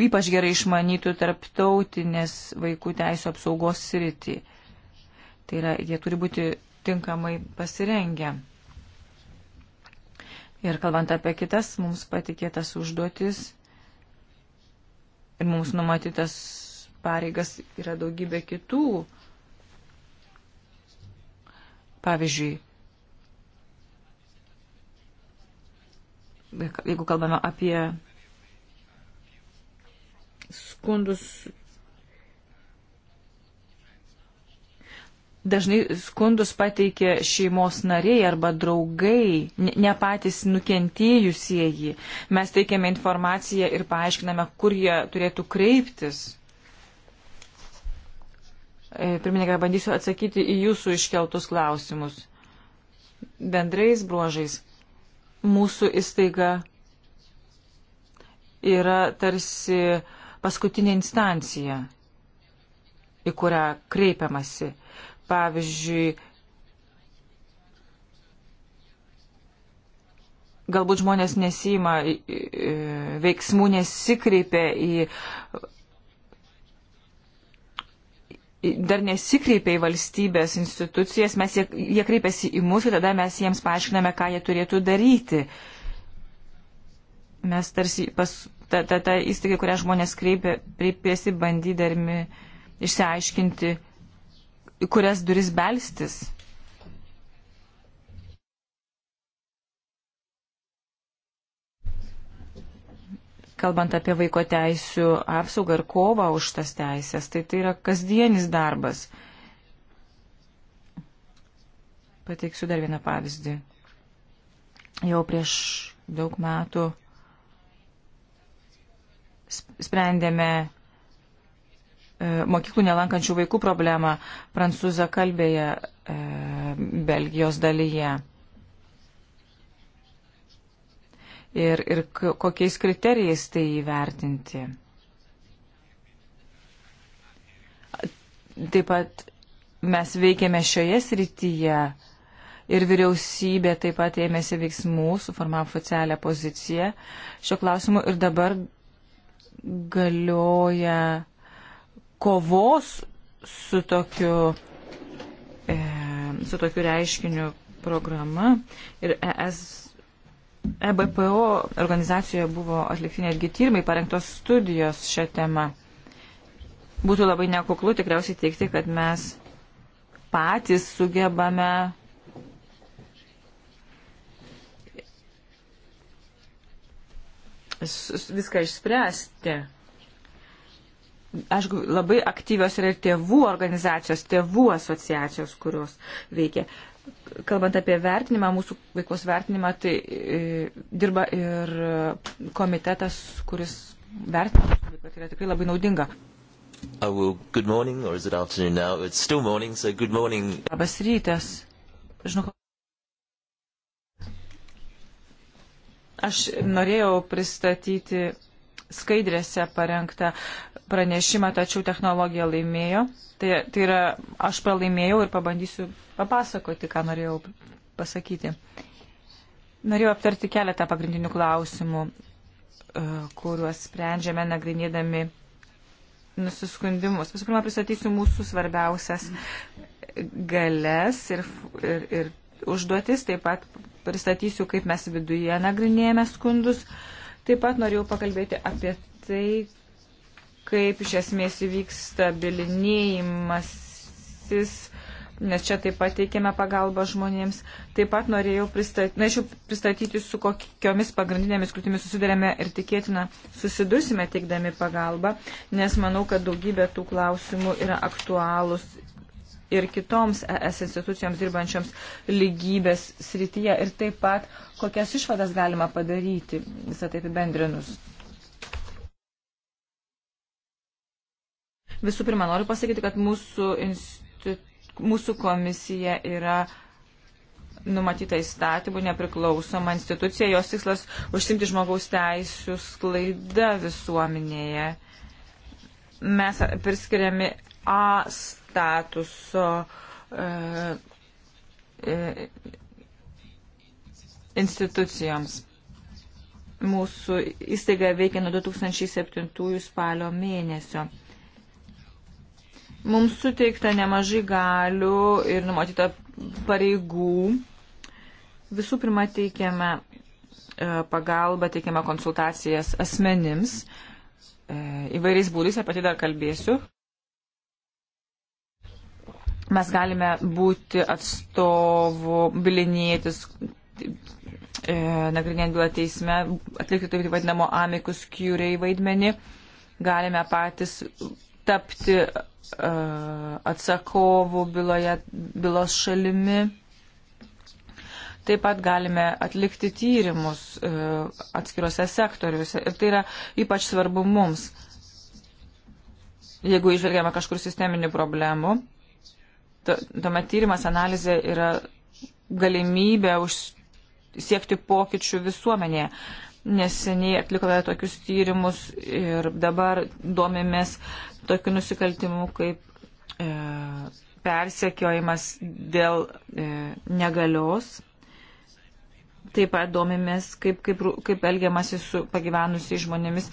ypač gerai išmanytų tarptautinės vaikų teisų apsaugos sritį. Tai yra, jie turi būti tinkamai pasirengę. Ir kalbant apie kitas mums patikėtas užduotis ir mums numatytas pareigas yra daugybė kitų. Pavyzdžiui, jeigu kalbame apie skundus dažnai skundus pateikia šeimos nariai arba draugai, ne patys nukentėjusieji. Mes teikiame informaciją ir paaiškiname, kur jie turėtų kreiptis. E, pirmininkai, bandysiu atsakyti į jūsų iškeltus klausimus. Bendrais bruožais mūsų įstaiga yra tarsi paskutinė instancija, į kurią kreipiamasi Pavyzdžiui, galbūt žmonės nesima veiksmų, nesikreipia į. Dar nesikreipia į valstybės institucijas, mes jie, jie kreipiasi į mus ir tada mes jiems paaiškiname, ką jie turėtų daryti. Mes tarsi pas, ta, ta, ta įstaiga, kurią žmonės kreipia, kreipiasi bandydami išsiaiškinti, kurias duris belstis. Kalbant apie vaiko teisų apsaugą ir kovą už tas teisės, tai tai yra kasdienis darbas. Pateiksiu dar vieną pavyzdį. Jau prieš daug metų sprendėme E, mokyklų nelankančių vaikų problemą prancūzą kalbėje e, Belgijos dalyje. Ir, ir kokiais kriterijais tai įvertinti. Taip pat mes veikėme šioje srityje ir vyriausybė taip pat ėmėsi veiksmų, suformavo oficialią poziciją šio klausimu ir dabar galioja kovos su tokiu, e, su tokiu reiškiniu programa ir ES. EBPO organizacijoje buvo atlikti netgi tyrimai, parengtos studijos šią temą. Būtų labai nekuklu tikriausiai teikti, kad mes patys sugebame viską išspręsti aišku, labai aktyvios yra ir tėvų organizacijos, tėvų asociacijos, kurios veikia. Kalbant apie vertinimą, mūsų veiklos vertinimą, tai e, dirba ir e, komitetas, kuris vertina mūsų veiklą. Tai yra tikrai labai naudinga. Oh, well, good morning, or is it afternoon now? It's still morning, so good morning. Labas rytas. Žinau, aš norėjau pristatyti skaidrėse parengtą pranešimą, tačiau technologija laimėjo. Tai, tai yra, aš pralaimėjau ir pabandysiu papasakoti, ką norėjau pasakyti. Norėjau aptarti keletą pagrindinių klausimų, e, kuriuos sprendžiame nagrinėdami nusiskundimus. Visų pirma, pristatysiu mūsų svarbiausias galės ir, ir, ir užduotis, taip pat pristatysiu, kaip mes viduje nagrinėjame skundus. Uh, Taip pat norėjau pakalbėti apie tai, kaip iš esmės įvyksta bilinėjimasis, nes čia taip pat teikiame pagalbą žmonėms. Taip pat norėjau pristatyti, norėčiau pristatyti, su kokiomis pagrindinėmis kliūtimis susidurėme ir tikėtina susidursime teikdami pagalbą, nes manau, kad daugybė tų klausimų yra aktualūs ir kitoms ES institucijoms dirbančioms lygybės srityje ir taip pat kokias išvadas galima padaryti visą tai apibendrinus. Visų pirma, noriu pasakyti, kad mūsų, institu... mūsų komisija yra numatyta įstatymų nepriklausoma institucija, jos tikslas užsimti žmogaus teisų sklaida visuomenėje. Mes priskiriami A statuso e, e, institucijoms. Mūsų įstaiga veikia nuo 2007 spalio mėnesio. Mums suteikta nemažai galių ir numatyta pareigų. Visų pirma, teikiame pagalbą, teikiame konsultacijas asmenims e, įvairiais būdais, apie tai dar kalbėsiu mes galime būti atstovų, bilinėtis, e, nagrinėjant bylą teisme, atlikti taip vadinamo amikus kiuriai vaidmenį, galime patys tapti e, atsakovų byloje, bylos šalimi. Taip pat galime atlikti tyrimus e, atskiruose sektoriuose ir tai yra ypač svarbu mums, jeigu išvelgiame kažkur sisteminių problemų Tuomet tyrimas analizė yra galimybė už siekti pokyčių visuomenėje. Neseniai atlikome tokius tyrimus ir dabar domimės tokiu nusikaltimu kaip e, persekiojimas dėl e, negalios. Taip pat domimės, kaip, kaip, kaip elgiamasi su pagyvenusiais žmonėmis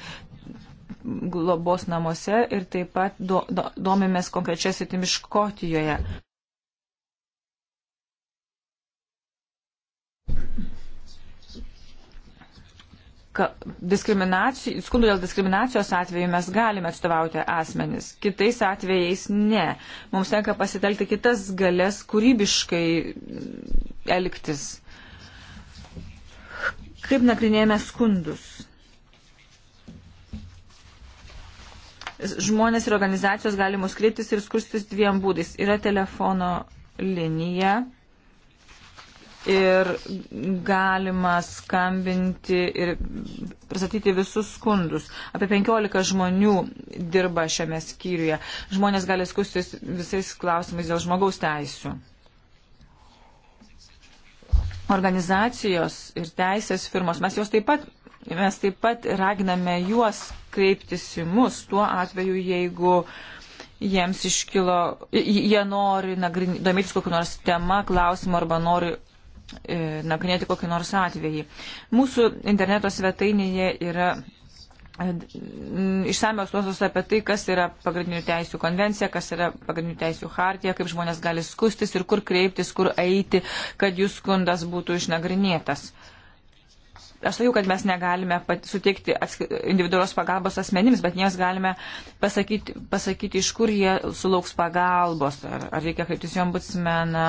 globos namuose ir taip pat do, do, domimės konkrečias įtimi Škotijoje. skundų dėl diskriminacijos atveju mes galime atstovauti asmenis, kitais atvejais ne. Mums tenka pasitelkti kitas galės kūrybiškai elgtis. Kaip nagrinėjame skundus? Žmonės ir organizacijos gali mus kreiptis ir skurstis dviem būdais. Yra telefono linija ir galima skambinti ir pristatyti visus skundus. Apie 15 žmonių dirba šiame skyriuje. Žmonės gali skustis visais klausimais dėl žmogaus teisų. Organizacijos ir teisės firmos, mes jos taip pat, mes taip pat raginame juos kreiptis į mus tuo atveju, jeigu jiems iškilo, jie nori nagrin, domėtis kokiu nors tema, klausimu arba nori E, nagrinėti kokį nors atvejį. Mūsų interneto svetainėje yra e, išsamios nuostatos apie tai, kas yra pagrindinių teisų konvencija, kas yra pagrindinių teisų hartija, kaip žmonės gali skustis ir kur kreiptis, kur eiti, kad jų skundas būtų išnagrinėtas. Aš sakiau, kad mes negalime suteikti individualios pagalbos asmenims, bet jiems galime pasakyti, pasakyti, iš kur jie sulauks pagalbos, ar, ar reikia kreiptis į ombudsmeną,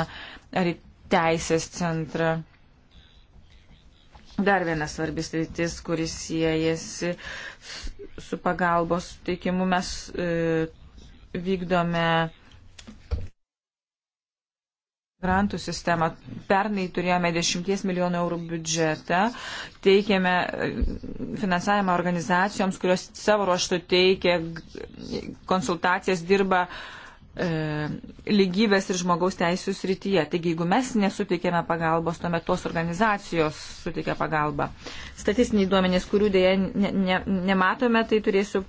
ar teisės centrą. Dar vienas svarbis rytis, kuris siejasi su pagalbos teikimu. Mes e, vykdome grantų sistemą. Pernai turėjome 10 milijonų eurų biudžetą, teikėme e, finansavimą organizacijoms, kurios savo ruoštų teikia konsultacijas, dirba uh, E, lygybės ir žmogaus teisų srityje. Taigi, jeigu mes nesuteikėme pagalbos, tuomet tos organizacijos suteikia pagalbą. Statistiniai duomenys, kurių dėje ne, ne, nematome, tai turėsiu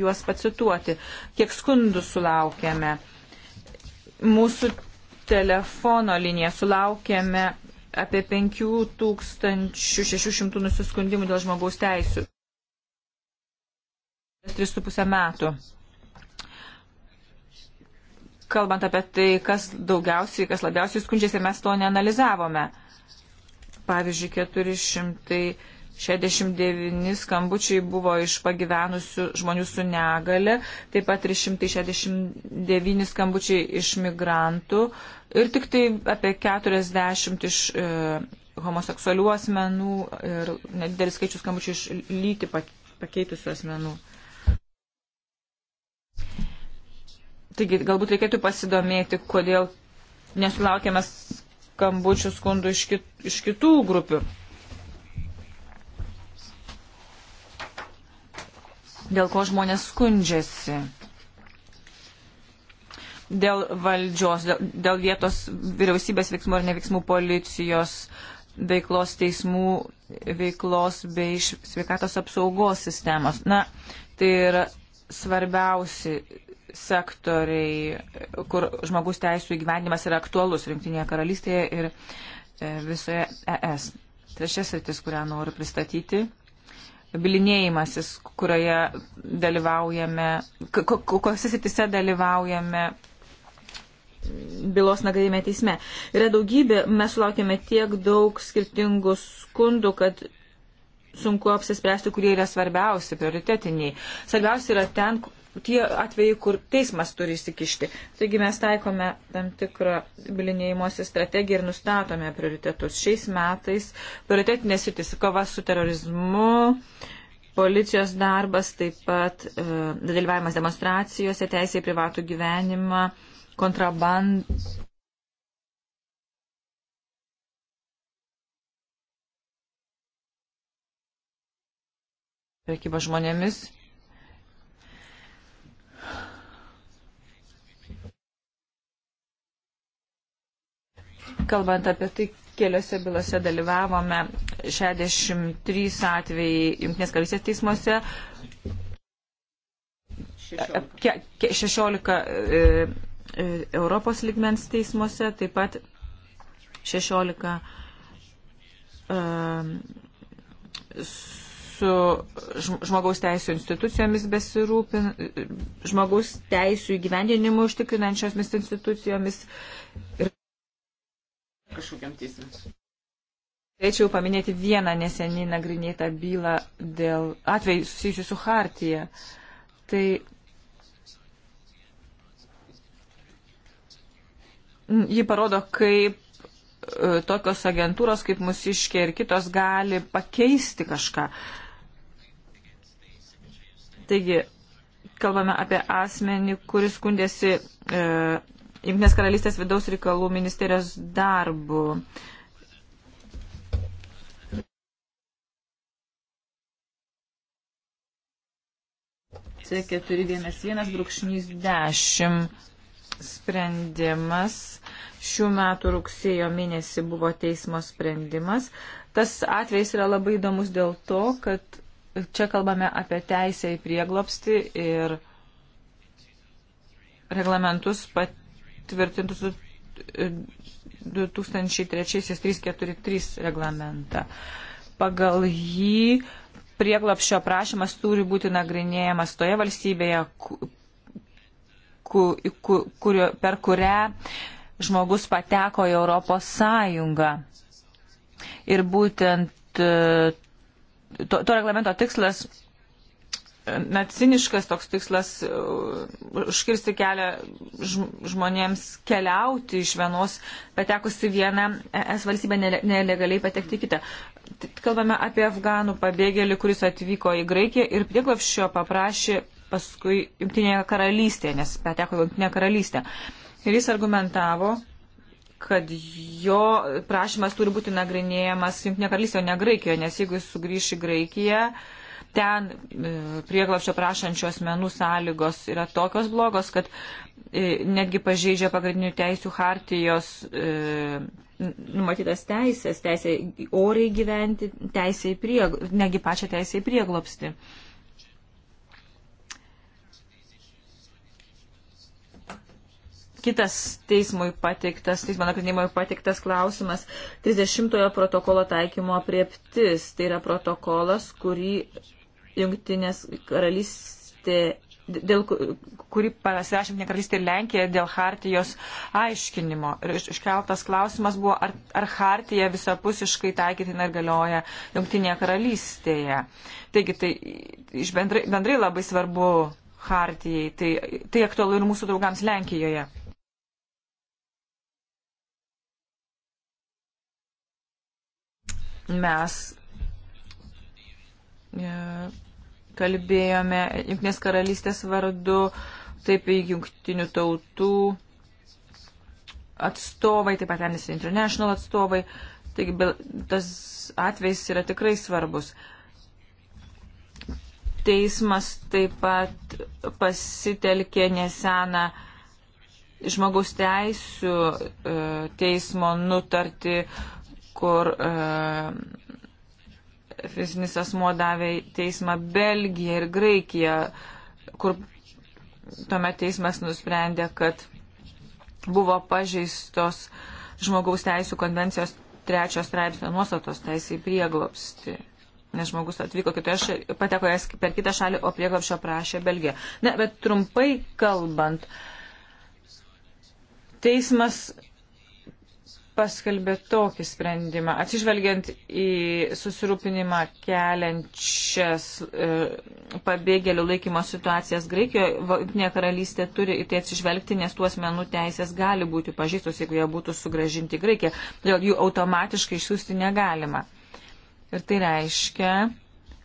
juos pacituoti. Kiek skundų sulaukėme? Mūsų telefono liniją sulaukėme apie 5600 nusiskundimų dėl žmogaus teisų. 3,5 metų kalbant apie tai, kas daugiausiai, kas labiausiai skundžiasi, mes to neanalizavome. Pavyzdžiui, 469 skambučiai buvo iš pagyvenusių žmonių su negale, taip pat 369 skambučiai iš migrantų ir tik tai apie 40 iš e, homoseksualių asmenų ir nedidelis skaičius skambučių iš lyti pakeitusių asmenų. E, Taigi galbūt reikėtų pasidomėti, kodėl nesulaukėme skambučių skundų iš, kit, iš kitų grupių. Dėl ko žmonės skundžiasi? Dėl valdžios, dėl, dėl vietos vyriausybės veiksmų ar neveiksmų policijos veiklos teismų veiklos bei sveikatos apsaugos sistemos. Na, tai yra svarbiausi sektoriai, kur žmogus teisų įgyvendimas yra aktualus Rinktinėje karalystėje ir e, visoje ES. Trečias rytis, kurią noriu pristatyti. Bilinėjimasis, kurioje dalyvaujame, kokiose sritise dalyvaujame bylos nagrinėjime teisme. Yra daugybė, mes sulaukėme tiek daug skirtingų skundų, kad sunku apsispręsti, kurie yra svarbiausi, prioritetiniai. Svarbiausia yra ten, tie atvejai, kur teismas turi įsikišti. Taigi mes taikome tam tikrą bilinėjimosi strategiją ir nustatome prioritetus. Šiais metais prioritetinės sritis - kova su terorizmu, policijos darbas, taip pat e, dalyvavimas demonstracijose, teisė į privatų gyvenimą, kontraband. Prekyba žmonėmis Kalbant apie tai, keliose bylose dalyvavome 63 atvejai Junktinės karalystės teismuose. 16, 16 e, e, Europos ligmens teismuose, taip pat 16 e, su žmogaus teisų institucijomis besirūpin, e, žmogaus teisų įgyvendinimu užtikrinančiomis institucijomis. Ir kažkokiam teismui. Norėčiau paminėti vieną neseniai nagrinėtą bylą dėl atvejų susijusių su Hartija. Tai mm, ji parodo, kaip e, tokios agentūros kaip Musiškė ir kitos gali pakeisti kažką. Taigi, kalbame apie asmenį, kuris skundėsi e, Junktinės karalystės vidaus reikalų ministerijos darbu. C411 brūkšnys 10 sprendimas. Šių metų rugsėjo mėnesį buvo teismo sprendimas. Tas atvejs yra labai įdomus dėl to, kad čia kalbame apie teisę į prieglopstį ir reglamentus pat patvirtintus 2003-343 e, reglamentą. Pagal jį prieglapšio prašymas turi būti nagrinėjamas toje valstybėje, ku, ku, kurio, per kurią žmogus pateko į Europos Sąjungą. Ir būtent e, to, to reglamento tikslas na, ciniškas toks tikslas e, užkirsti kelią žmonėms keliauti iš vienos, patekusi vieną es valstybę nelegaliai patekti kitą. Kalbame apie afganų pabėgėlį, kuris atvyko į Graikiją ir prieglapščio paprašė paskui Junktinėje karalystėje, nes pateko į Junktinę karalystę. Ir jis argumentavo, kad jo prašymas turi būti nagrinėjamas Junktinė karalystė, o ne Graikijoje, nes jeigu jis sugrįš į Graikiją, uh, ten e, prieglapščio prašančių asmenų sąlygos yra tokios blogos, kad e, netgi pažeidžia pagrindinių teisų hartijos e, numatytas teisės, teisė oriai gyventi, teisė į prieglopstį, negi pačią teisę į prieglopstį. Kitas teismui pateiktas, teismo nagrinėjimui pateiktas klausimas - 30 protokolo taikymo apriptis. Tai yra protokolas, kurį jungtinės karalystė, dėl kurį pasirašė jungtinė karalystė ir Lenkija dėl hartijos aiškinimo. Ir iškeltas klausimas buvo, ar, ar hartija visapusiškai taikytina ir galioja jungtinėje karalystėje. Taigi tai iš bendrai, bendrai labai svarbu hartijai. Tai, tai aktualu ir mūsų draugams Lenkijoje. mes e, kalbėjome Junktinės karalystės vardu, taip Junktinių tautų atstovai, taip pat Amnesty International atstovai. Taigi tas atvejs yra tikrai svarbus. Teismas taip pat pasitelkė neseną žmogaus teisų e, teismo nutartį, kur uh, fizinis asmuo davė teismą Belgiją ir Graikiją, kur tuomet teismas nusprendė, kad buvo pažeistos žmogaus teisų konvencijos trečios straipsnio nuostatos teisai prieglopsti. Nes žmogus atvyko kitoje šalyje, pateko per kitą šalį, o prieglopšio prašė Belgiją. Ne, bet trumpai kalbant, teismas paskelbė tokį sprendimą, atsižvelgiant į susirūpinimą keliančias e, pabėgėlių laikymo situacijas Graikijoje, Valdinė karalystė turi į tai atsižvelgti, nes tuos menų teisės gali būti pažįstos, jeigu jie būtų sugražinti į Graikiją, todėl jų automatiškai išsiųsti negalima. Ir tai reiškia,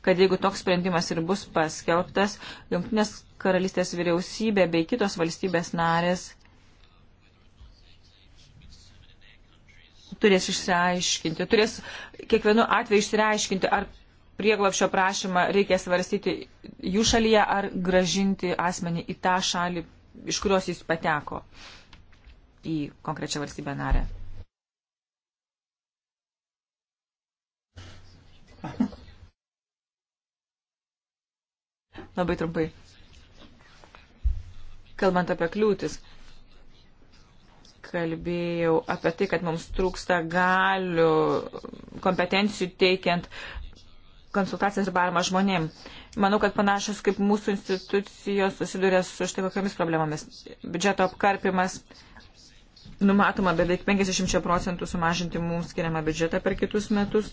kad jeigu toks sprendimas ir bus paskelbtas, Junktinės karalystės vyriausybė bei kitos valstybės narės turės išsiaiškinti, turės kiekvienu atveju išsiaiškinti, ar prieglapšio prašymą reikia svarstyti jų šalyje ar gražinti asmenį į tą šalį, iš kurios jis pateko į konkrečią valstybę narę. Labai trumpai. Kalbant apie kliūtis, kalbėjau apie tai, kad mums trūksta galių kompetencijų teikiant konsultacijas ir paramą žmonėm. Manau, kad panašios kaip mūsų institucijos susiduria su štai kokiamis problemomis. Biudžeto apkarpimas numatoma beveik 50 procentų sumažinti mums skiriamą biudžetą per kitus metus.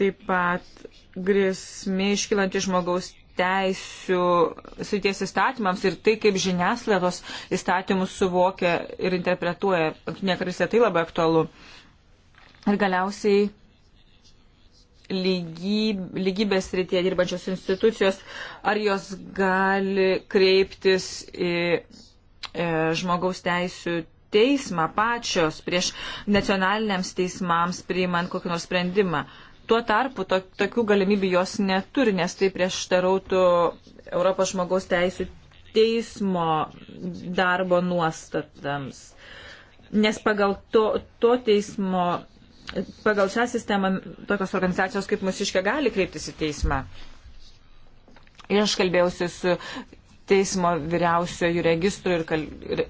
Taip pat grėsmė iškilanti žmogaus teisių srities įstatymams ir tai, kaip žiniasklaidos įstatymus suvokia ir interpretuoja. Nekarysė tai labai aktualu. Ir galiausiai lygyb, lygybės srityje dirbančios institucijos, ar jos gali kreiptis į e, žmogaus teisų teismą pačios prieš nacionaliniams teismams priimant kokį nors sprendimą. E, Tuo tarpu to, tokių galimybių jos neturi, nes tai prieštarautų Europos žmogaus teisų teismo darbo nuostatams. Nes pagal to, to teismo, pagal šią sistemą tokios organizacijos kaip Musiškė gali kreiptis į teismą. Ir aš kalbėjausi su teismo vyriausiojų registrų ir, kal... ir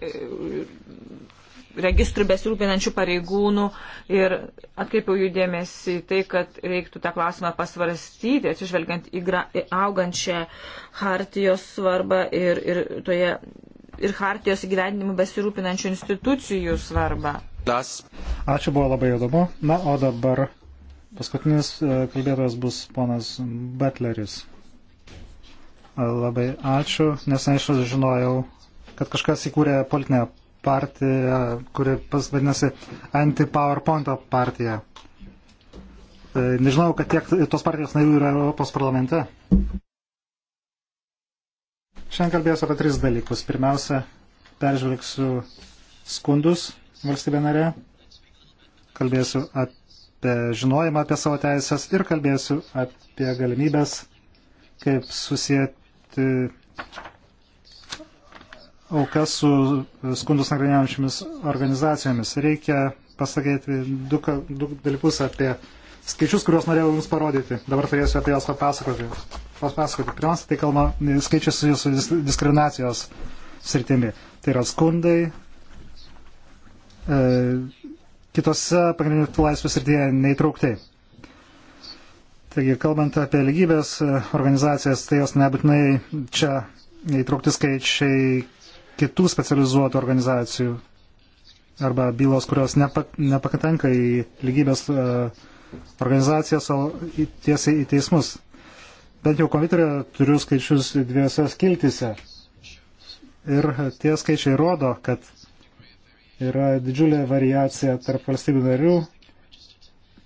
registrų besirūpinančių pareigūnų ir atkreipiau jų dėmesį į tai, kad reiktų tą klausimą pasvarstyti, atsižvelgiant į, gra, į augančią hartijos svarbą ir, ir, toje, ir hartijos įgyvendinimu besirūpinančių institucijų svarbą. Ačiū, buvo labai įdomu. Na, o dabar paskutinis e, kalbėtojas bus ponas Butleris. Labai ačiū, nes neaišku, žinojau, kad kažkas įkūrė politinę partija, kuri vadinasi anti-PowerPoint partija. E, nežinau, kad tiek tos partijos narių yra Europos parlamente. Šiandien kalbėsiu apie tris dalykus. Pirmiausia, peržvelgsiu skundus valstybė narė, kalbėsiu apie žinojimą apie savo teisės ir kalbėsiu apie galimybės, kaip susijęti aukas su skundus nagrinėjančiamis organizacijomis. Reikia pasakyti du, du dalykus apie skaičius, kuriuos norėjau Jums parodyti. Dabar turėsiu apie juos papasakoti. papasakoti. Pirmiausia, tai kalba e, skaičius su diskriminacijos sritimi. Tai yra skundai. E, kitose pagrindinių laisvės srityje neįtrauktai. Taigi, kalbant apie lygybės e, organizacijas, tai jos nebūtinai čia įtraukti skaičiai kitų specializuotų organizacijų arba bylos, kurios nepa, nepatenka į lygybės e, organizacijas, o tiesiai į teismus. Bent jau kompiuterio turiu skaičius dviejose skiltise. Ir tie skaičiai rodo, kad yra didžiulė variacija tarp valstybių narių,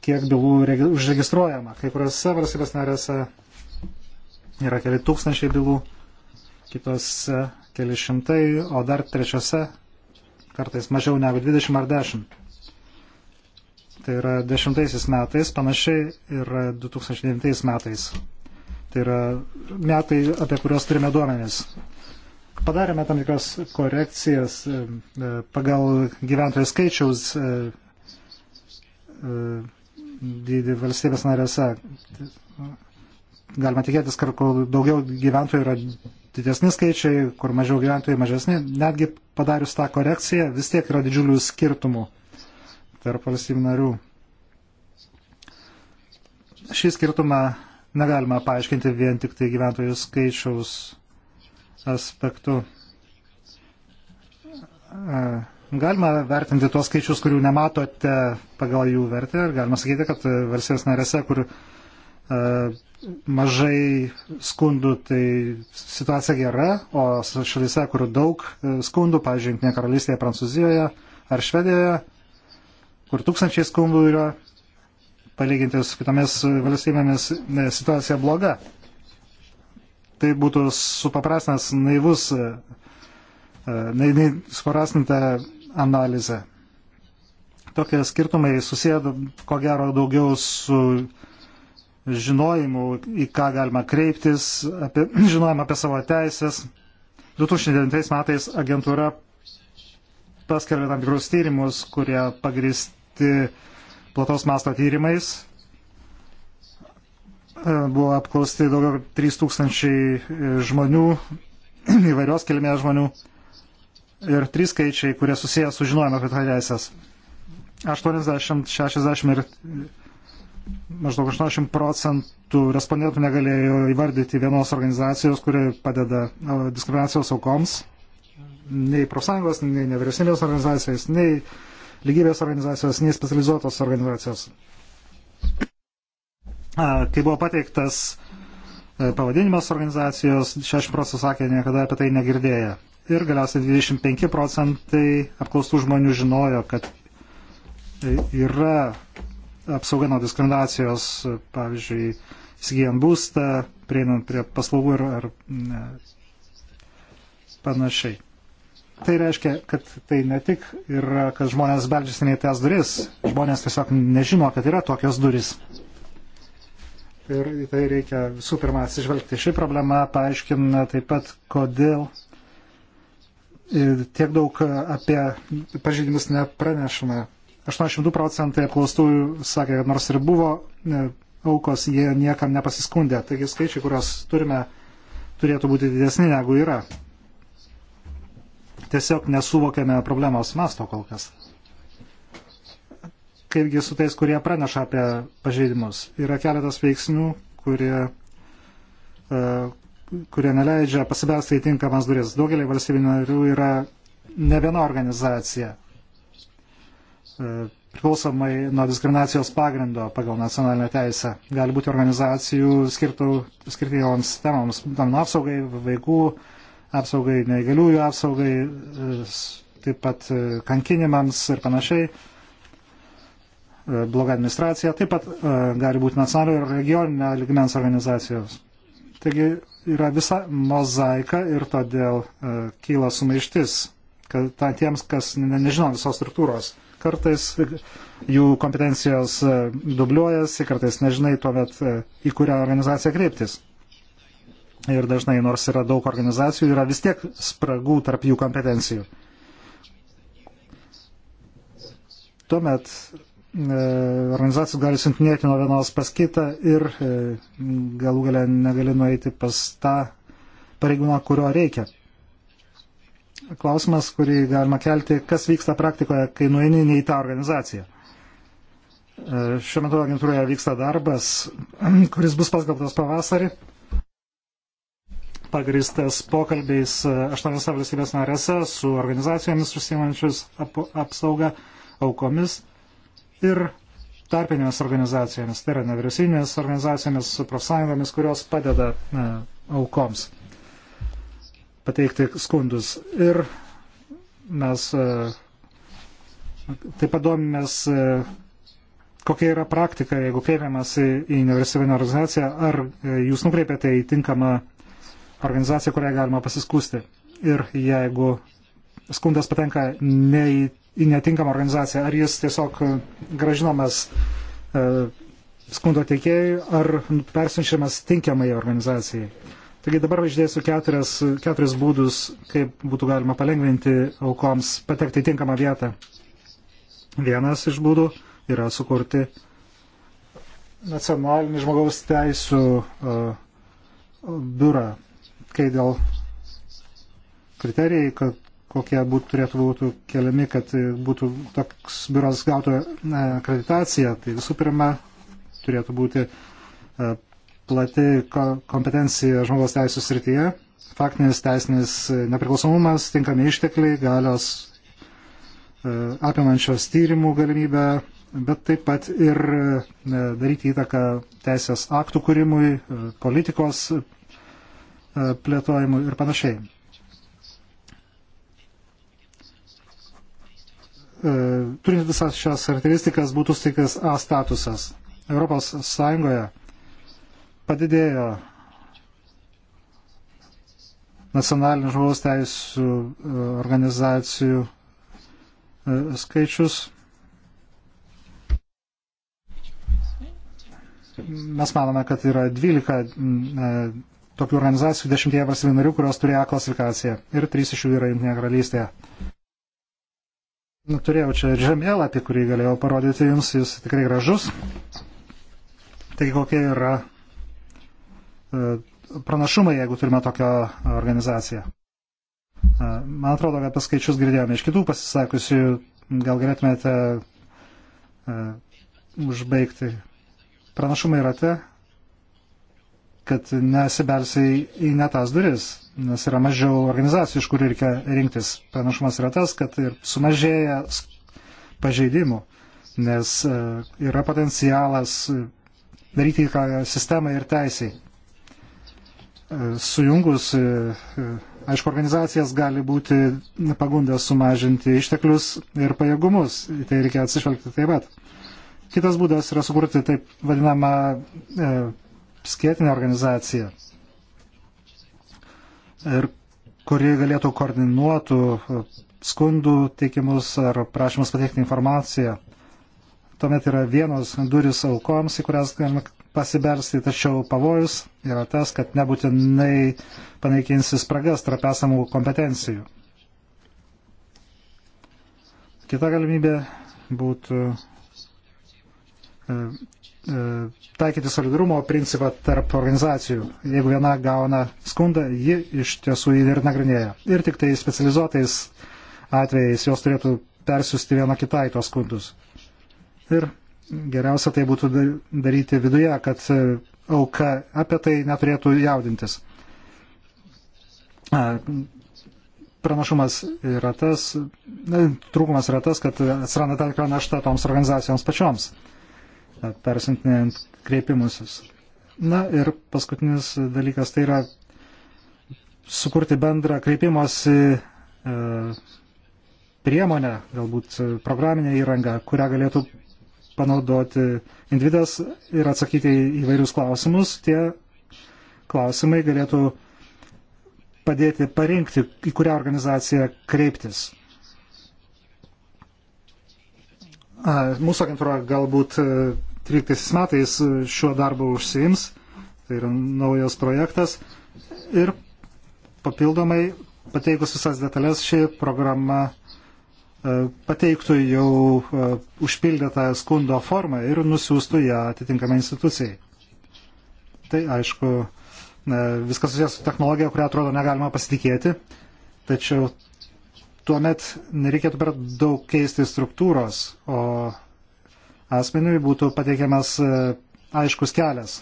kiek bylų užregistruojama. Kai kuriuose valstybės narėse yra keli tūkstančiai bylų, kitose keli šimtai, o dar trečiose kartais mažiau negu 20 ar 10. Tai yra dešimtaisiais metais, panašiai yra 2009 metais. Tai yra metai, apie kuriuos turime duomenis. Padarėme tam tikras korekcijas e, e, pagal gyventojų skaičiaus e, dydį valstybės narėse. Galima tikėtis, kad daugiau gyventojų yra didesni skaičiai, kur mažiau gyventojų mažesni, netgi padarius tą korekciją, vis tiek yra didžiulių skirtumų tarp valstybių narių. Šį skirtumą negalima paaiškinti vien tik tai gyventojų skaičiaus aspektu. Galima vertinti tuos skaičius, kurių nematote pagal jų vertę ir galima sakyti, kad valstybės narėse, kur E, mažai skundų, tai situacija gera, o šalyse, kur daug e, skundų, pavyzdžiui, Junktinė karalystėje, Prancūzijoje ar Švedijoje, kur tūkstančiai skundų yra, palyginti su kitomis valstybėmis, e, situacija bloga. Tai būtų supaprastintas naivus, naiviai supaprastinta analizė. Tokie skirtumai susiję, ko gero, daugiau su žinojimu, į ką galima kreiptis, apie, (clears throat) žinojimą apie savo teisės. 2009 metais agentūra paskelbė tam tikrus tyrimus, kurie pagristi plataus masto tyrimais. E, buvo apklausti daugiau kaip 3000 e, žmonių, (clears throat) įvairios kilmės žmonių ir trys skaičiai, kurie susiję su žinojimu apie teisės. 80, 60 ir maždaug 80 procentų respondentų negalėjo įvardyti vienos organizacijos, kuri padeda diskriminacijos aukoms, nei profsąjungos, nei nevyriausybės organizacijos, nei lygybės organizacijos, nei specializuotos organizacijos. Kai buvo pateiktas e, pavadinimas organizacijos, 6 procentų sakė niekada apie tai negirdėję. Ir galiausiai 25 procentai apklaustų žmonių žinojo, kad e, yra apsauga nuo diskriminacijos, pavyzdžiui, įsigijant būstą, prieinant prie paslaugų ir ar ne, panašiai. Tai reiškia, kad tai ne tik yra, kad žmonės beldžiasi ne į tas duris, žmonės tiesiog nežino, kad yra tokios duris. Ir į tai reikia visų pirma atsižvelgti. Ši problema paaiškina taip pat, kodėl tiek daug apie pažeidimus nepranešama 82 procentai apklaustųjų sakė, kad nors ir buvo e, aukos, jie niekam nepasiskundė. Taigi skaičiai, kuriuos turime, turėtų būti didesni negu yra. Tiesiog nesuvokėme problemos masto kol kas. Kaipgi su tais, kurie praneša apie pažeidimus. Yra keletas veiksnių, kurie, e, kurie neleidžia pasibelsti į tinkamas duris. Daugelį valstybių narių yra ne viena organizacija E, priklausomai nuo diskriminacijos pagrindo pagal nacionalinę teisę. Gali būti organizacijų skirtų skirtingoms temams, duomenų apsaugai, vaikų apsaugai, neįgaliųjų apsaugai, e, taip pat e, kankinimams ir panašiai, bloga administracija, taip pat gali būti nacionalinio ir regioninio ligmens organizacijos. Taigi yra visa mozaika ir todėl kyla sumaištis, kad tiems, kas nežino visos struktūros kartais jų kompetencijos e, dubliuojasi, kartais nežinai tuomet e, į kurią organizaciją kreiptis. Ir dažnai, nors yra daug organizacijų, yra vis tiek spragų tarp jų kompetencijų. Tuomet e, organizacijos gali siuntinėti nuo vienos pas kitą ir galų galę negali nueiti pas tą pareigūną, kurio reikia klausimas, kurį galima kelti, kas vyksta praktikoje, kai nueini ne į tą organizaciją. E, šiuo metu agentūroje vyksta darbas, (clears throat) kuris bus paskelbtas pavasarį, pagristas pokalbiais e, aštuoniose valstybės narėse su organizacijomis užsimančius ap apsaugą aukomis ir tarpinėmis organizacijomis, tai yra nevyriausybinėmis organizacijomis su profsąjungomis, kurios padeda e, aukoms. E, pateikti skundus. Ir mes e, taip pat domimės, e, kokia yra praktika, jeigu kreipiamas į, į nevyriausybinę organizaciją, ar e, jūs nukreipiate į tinkamą organizaciją, kurią galima pasiskūsti. Ir jeigu skundas patenka ne į, į netinkamą organizaciją, ar jis tiesiog gražinamas skundo teikėjui, ar persiunčiamas tinkamai organizacijai. Taigi dabar važdėsiu keturias, keturis būdus, kaip būtų galima palengvinti aukoms patekti į tinkamą vietą. Vienas iš būdų yra sukurti nacionalinį žmogaus teisų uh, biurą, kai dėl kriterijai, kad kokie būtų, turėtų būti keliami, kad būtų toks biuras gautų uh, akreditaciją, tai visų pirma turėtų būti uh, plati kompetencija žmogaus teisų srityje, faktinis teisinis nepriklausomumas, tinkami ištekliai, galios e, apimančios tyrimų galimybę, bet taip pat ir e, daryti įtaką teisės aktų kūrimui, e, politikos plėtojimui ir panašiai. Turint visas šias charakteristikas būtų steigtas A statusas. Europos Sąjungoje padidėjo nacionalinių žmogaus teisų e, organizacijų e, skaičius. Mes manome, kad yra 12 e, tokių organizacijų, 10 valstybių narių, kurios turėjo klasifikaciją ir 3 iš jų yra Junktinėje karalystėje. Nu, turėjau čia ir žemėlapį, kurį galėjau parodyti jums, jis tikrai gražus. Tai kokia yra E, pranašumai, jeigu turime tokią organizaciją. E, man atrodo, kad paskaičius girdėjome iš kitų pasisakusių, gal galėtumėte e, užbaigti. Pranašumai yra te, kad nesibelsiai į netas duris, nes yra mažiau organizacijų, iš kurių reikia rinktis. Pranašumas yra tas, kad ir sumažėja pažeidimų, nes yra potencialas daryti įtaką sistemai ir teisiai sujungus, e, e, aišku, organizacijas gali būti pagunda sumažinti išteklius ir pajėgumus, į tai reikia atsižvelgti taip pat. Kitas būdas yra sukurti taip vadinamą e, skėtinę organizaciją, ir, kuri galėtų koordinuotų skundų teikimus ar prašymus pateikti informaciją. Tuomet yra vienos duris aukoms, į kurias galima pasibersti, tačiau pavojus yra tas, kad nebūtinai panaikinsi spragas tarp esamų kompetencijų. Kita galimybė būtų e, e, taikyti solidarumo principą tarp organizacijų. Jeigu viena gauna skundą, ji iš tiesų jį ir nagrinėja. Ir tik tai specializuotais atvejais jos turėtų persiųsti viena kitai tos skundus. Ir geriausia tai būtų daryti viduje, kad e, auka apie tai neturėtų jaudintis. Pranašumas yra tas, trūkumas yra tas, kad atsiranda tam tikra našta toms organizacijoms pačioms, persintinėjant kreipimusius. Na ir paskutinis dalykas tai yra sukurti bendrą kreipimosi e, priemonę, galbūt programinę įrangą, kurią galėtų panaudoti individas ir atsakyti į vairius klausimus, tie klausimai galėtų padėti parinkti, į kurią organizaciją kreiptis. Mūsų agentūra galbūt 13 e, metais šiuo darbu užsiims, tai yra naujas projektas ir papildomai pateikus visas detalės ši programa E, pateiktų jau e, užpildytą skundo formą ir nusiųstų ją atitinkamai institucijai. Tai aišku, e, viskas susijęs su technologija, kurią atrodo negalima pasitikėti, tačiau tuomet nereikėtų per daug keisti struktūros, o asmeniui būtų pateikiamas aiškus kelias.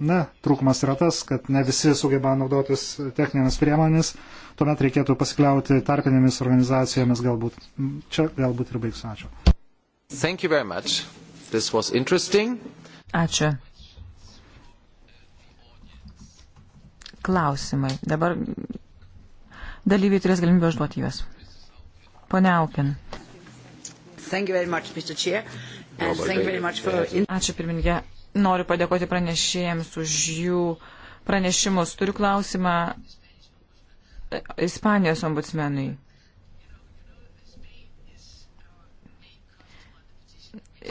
Na, trūkumas yra tas, kad ne visi sugeba naudotis techninėmis priemonėmis, tuomet reikėtų pasikliauti tarpinėmis organizacijomis galbūt. Čia galbūt ir baigsiu. Ačiū. Ačiū. Klausimai. Dabar dalyviai turės galimybę užduoti juos. Pone Aukin. Much, for... Ačiū pirmininkė. Noriu padėkoti pranešėjams už jų pranešimus. Turiu klausimą Ispanijos ombudsmenui.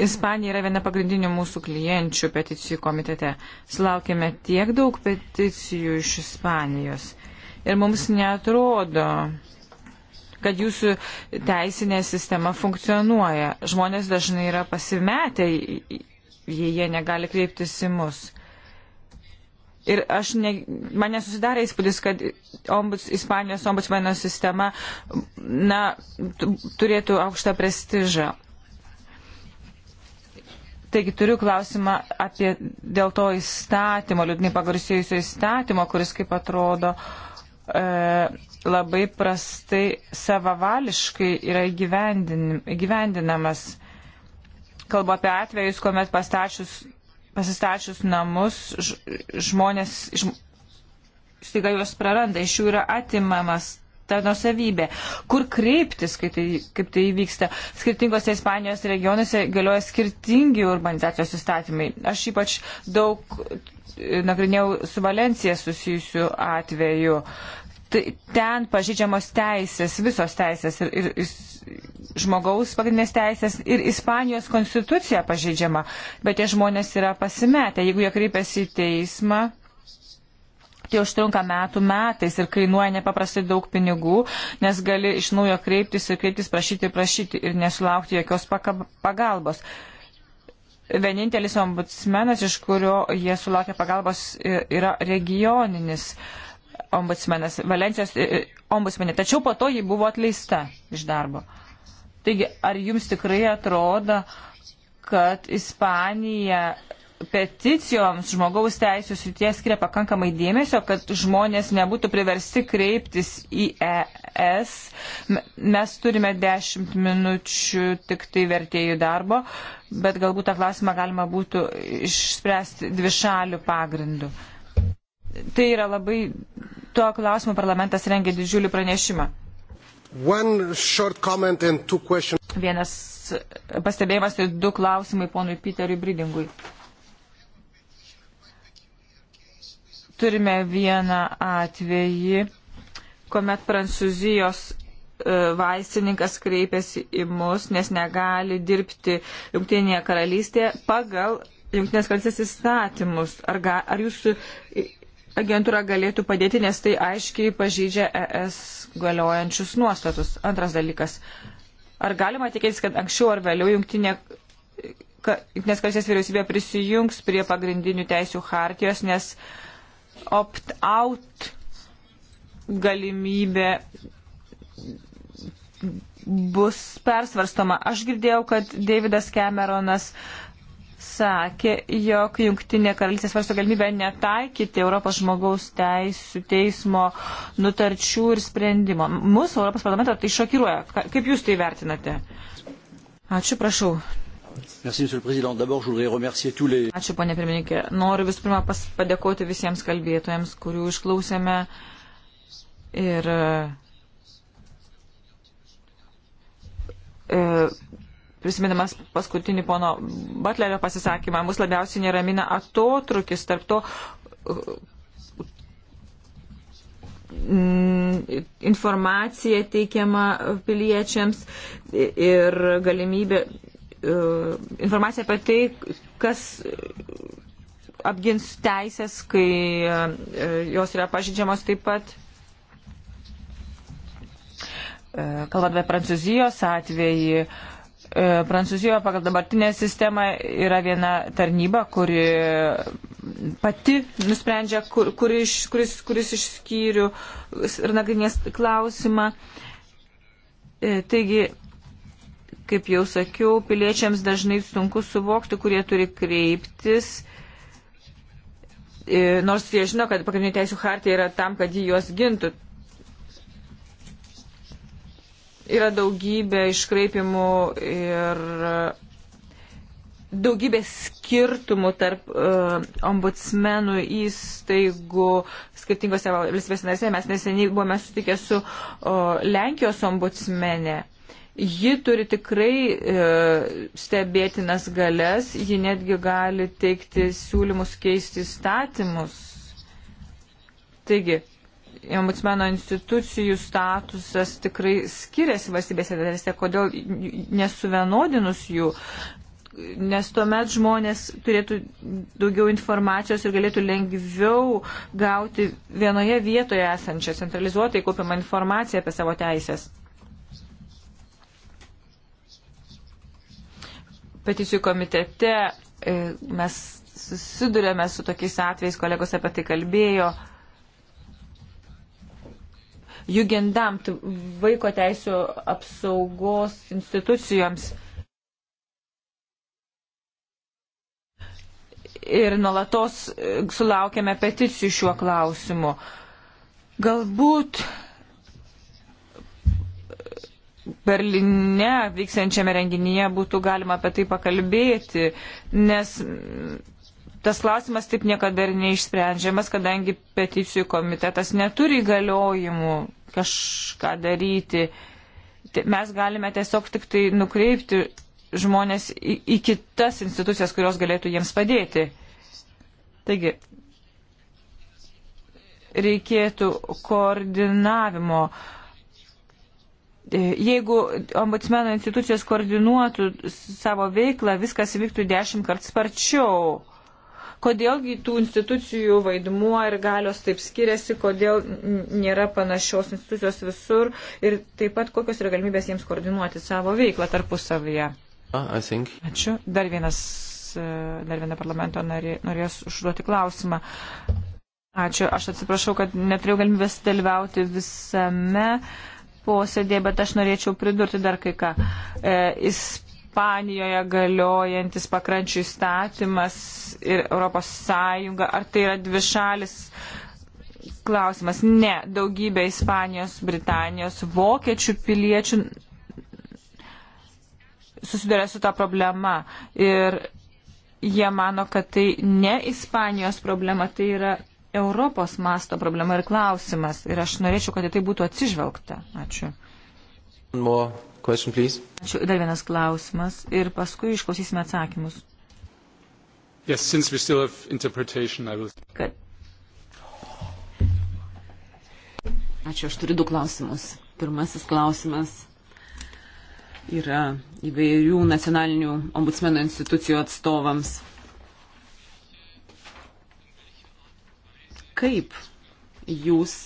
Ispanija yra viena pagrindinių mūsų klienčių peticijų komitete. Sulaukime tiek daug peticijų iš Ispanijos. Ir mums netrodo, kad jūsų teisinė sistema funkcionuoja. Žmonės dažnai yra pasimetę, jei jie negali kreiptis į mus. Ir aš ne, man nesusidarė įspūdis, kad ombuds, Ispanijos ombudsmeno sistema na, turėtų aukštą prestižą. Taigi turiu klausimą apie dėl to įstatymo, liūdnai pagarsėjusio įstatymo, kuris, kaip atrodo, e, labai prastai savavališkai yra įgyvendinamas. Kalbu apie atvejus, kuomet pastačius, pasistačius namus žmonės žm, staiga juos praranda, iš jų yra atimamas ta nusavybė. Kur kreiptis, kai tai, kaip tai įvyksta? Skirtingose Ispanijos regionuose galioja skirtingi urbanizacijos įstatymai. Aš ypač daug e, nagrinėjau su Valencija susijusiu atveju. Tai ten pažydžiamos teisės, visos teisės ir, ir, ir žmogaus pagrindinės teisės ir Ispanijos konstitucija pažydžiama, bet tie žmonės yra pasimetę. Jeigu jie kreipiasi į teismą, tai užtrunka metų metais ir kainuoja nepaprastai daug pinigų, nes gali iš naujo kreiptis ir kreiptis prašyti ir prašyti ir nesulaukti jokios pagalbos. Vienintelis ombudsmenas, iš kurio jie sulaukia pagalbos, yra regioninis. Uh, ombudsmenas, Valencijos e, e, ombudsmenė, tačiau po to ji buvo atleista iš darbo. Taigi, ar jums tikrai atrodo, kad Ispanija peticijoms žmogaus teisų srityje skiria pakankamai dėmesio, kad žmonės nebūtų priversti kreiptis į ES. Mes turime 10 minučių tik tai vertėjų darbo, bet galbūt tą klausimą galima būtų išspręsti dvišalių pagrindų. Tai yra labai, tuo klausimu parlamentas rengia didžiulį pranešimą. Vienas pastebėjimas ir tai du klausimai ponui Peteriui Bridingui. Turime vieną atvejį, kuomet Prancūzijos e, vaistininkas kreipėsi į mus, nes negali dirbti Junktinėje karalystėje pagal Junktinės karalystės įstatymus. Ar, ga, ar jūsų agentūra galėtų padėti, nes tai aiškiai pažydžia ES galiojančius nuostatus. Antras dalykas. Ar galima tikėtis, kad anksčiau ar vėliau jungtinė, ka, jungtinės karalystės vyriausybė prisijungs prie pagrindinių teisių hartijos, nes opt-out galimybė bus persvarstoma. Aš girdėjau, kad Davidas Cameronas uh, sakė, jog Junktinė karalystė svarsto galimybę netaikyti Europos žmogaus teisų teismo nutarčių ir sprendimo. Mūsų Europos parlamentą tai šokiruoja. Kaip jūs tai vertinate? Ačiū, prašau. Merci, les... Ačiū, ponė pirmininkė. Noriu visų pirma padėkoti visiems kalbėtojams, kurių išklausėme. Ir e, prisimindamas paskutinį pono Butlerio pasisakymą, mus labiausiai neramina atotrukis tarp to mm, informacija teikiama piliečiams ir galimybė e, informacija apie tai, kas apgins teisės, kai e, jos yra pažydžiamos taip pat. E, kalbant apie Prancūzijos atvejį, E, Prancūzijoje pagal dabartinę sistemą yra viena tarnyba, kuri pati nusprendžia, kur, kuris, kuris, kuris iš skyrių ir nagrinės klausimą. E, taigi, kaip jau sakiau, piliečiams dažnai sunku suvokti, kurie turi kreiptis. E, nors jie žino, kad pagrindinių teisų hartija yra tam, kad jį juos gintų. Yra daugybė iškraipimų ir e, daugybė skirtumų tarp uh, ombudsmenų įstaigų skirtingose valstybės narėse. Mes neseniai buvome sutikę su uh, Lenkijos ombudsmenė. Ji turi tikrai uh, stebėtinas galės, ji netgi gali teikti siūlymus keisti įstatymus. Taigi, ombudsmeno institucijų statusas tikrai skiriasi valstybėse dalyse, kodėl nesuvienodinus jų, nes tuomet žmonės turėtų daugiau informacijos ir galėtų lengviau gauti vienoje vietoje esančią centralizuotai kaupiamą informaciją apie savo teisės. Peticijų komitete e, mes susidurėme su tokiais atvejais, kolegos apie tai kalbėjo. Jugendamt vaiko teisų apsaugos institucijoms. Ir nuolatos e, sulaukėme peticijų šiuo klausimu. Galbūt Berline vyksiančiame renginyje būtų galima apie tai pakalbėti, nes tas klausimas taip niekada ir neišsprendžiamas, kadangi peticijų komitetas neturi įgaliojimų kažką daryti. Mes galime tiesiog tik tai nukreipti žmonės į, į kitas institucijas, kurios galėtų jiems padėti. Taigi, reikėtų koordinavimo. E, jeigu ombudsmeno institucijos koordinuotų savo veiklą, viskas vyktų dešimt kart sparčiau Kodėlgi tų institucijų vaidmuo ir galios taip skiriasi, kodėl nėra panašios institucijos visur ir taip pat kokios yra galimybės jiems koordinuoti savo veiklą tarpusavyje. Ah, Ačiū. Dar vienas, e, dar viena parlamento narė norės užduoti klausimą. Ačiū. Aš atsiprašau, kad neturėjau galimybės dalyvauti visame posėdėje, bet aš norėčiau pridurti dar kai ką. E, is Ispanijoje galiojantis pakrančių įstatymas ir Europos Sąjunga, ar tai yra dvišalis klausimas? Ne, daugybė Ispanijos, Britanijos, vokiečių piliečių susiduria su ta problema ir jie mano, kad tai ne Ispanijos problema, tai yra Europos masto problema ir klausimas. Ir aš norėčiau, kad į tai būtų atsižvelgta. Ačiū. More. Question, please. Ačiū. Dar vienas klausimas ir paskui išklausysime atsakymus. Yes, since we still have interpretation, I will... Kad... Ačiū, aš turiu du klausimus. Pirmasis klausimas yra įvairių nacionalinių ombudsmeno institucijų atstovams. Kaip jūs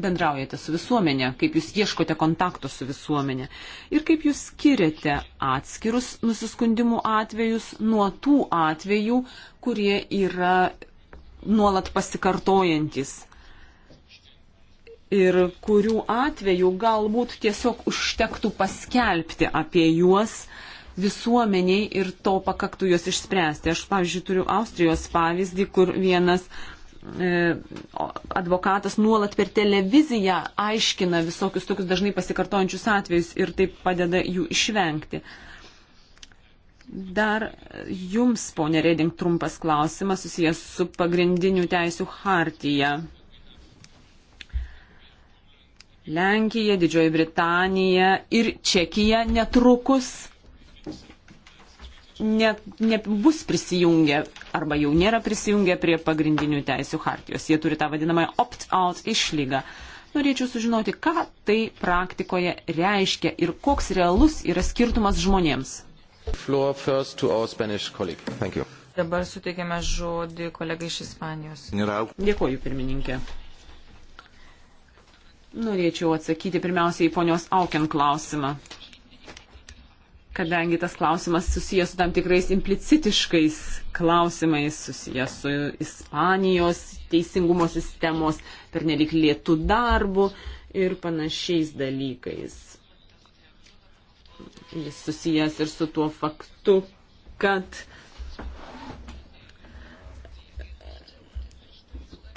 bendraujate su visuomenė, kaip jūs ieškote kontakto su visuomenė ir kaip jūs skiriate atskirus nusiskundimų atvejus nuo tų atvejų, kurie yra nuolat pasikartojantis ir kurių atveju galbūt tiesiog užtektų paskelbti apie juos visuomeniai ir to pakaktų juos išspręsti. Aš, pavyzdžiui, turiu Austrijos pavyzdį, kur vienas E, advokatas nuolat per televiziją aiškina visokius tokius dažnai pasikartojančius atvejus ir taip padeda jų išvengti. Dar jums, ponė Reding, trumpas klausimas susijęs su pagrindinių teisų hartyje. Lenkija, Didžioji Britanija ir Čekija netrukus ne, nebus prisijungę arba jau nėra prisijungę prie pagrindinių teisių hartijos. Jie turi tą vadinamąją opt-out išlygą. Norėčiau sužinoti, ką tai praktikoje reiškia ir koks realus yra skirtumas žmonėms. Dabar suteikiame žodį kolegai iš Ispanijos. Dėkoju, pirmininkė. Norėčiau atsakyti pirmiausiai į ponios Auken klausimą kadangi tas klausimas susijęs su tam tikrais implicitiškais klausimais, susijęs su Ispanijos teisingumo sistemos, pernelik lietų darbų ir panašiais dalykais. Jis susijęs ir su tuo faktu, kad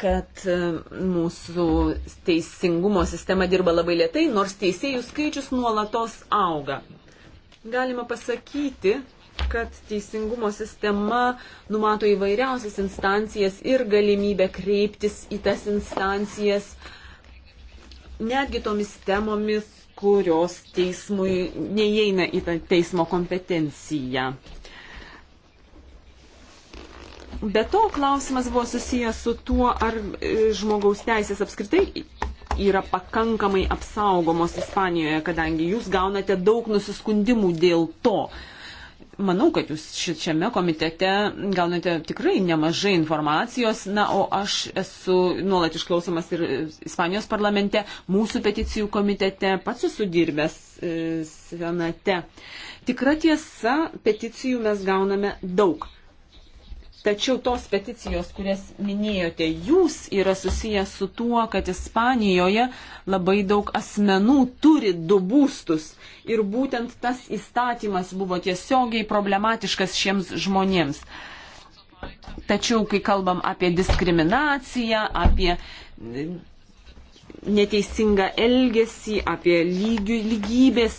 kad e, mūsų teisingumo sistema dirba labai lietai, nors teisėjų skaičius nuolatos auga galima pasakyti, kad teisingumo sistema numato įvairiausias instancijas ir galimybę kreiptis į tas instancijas, netgi tomis temomis, kurios teismui neįeina į tą teismo kompetenciją. Be to, klausimas buvo susijęs su tuo, ar e, žmogaus teisės apskritai yra pakankamai apsaugomos Ispanijoje, kadangi jūs gaunate daug nusiskundimų dėl to. Manau, kad jūs šiame komitete gaunate tikrai nemažai informacijos, na, o aš esu nuolat išklausomas ir Ispanijos parlamente, mūsų peticijų komitete, pats esu dirbęs e, senate. Tikra tiesa, peticijų mes gauname daug. Tačiau tos peticijos, kurias minėjote, jūs yra susijęs su tuo, kad Ispanijoje labai daug asmenų turi du būstus. Ir būtent tas įstatymas buvo tiesiogiai problematiškas šiems žmonėms. Tačiau, kai kalbam apie diskriminaciją, apie neteisingą elgesį, apie lygių, lygybės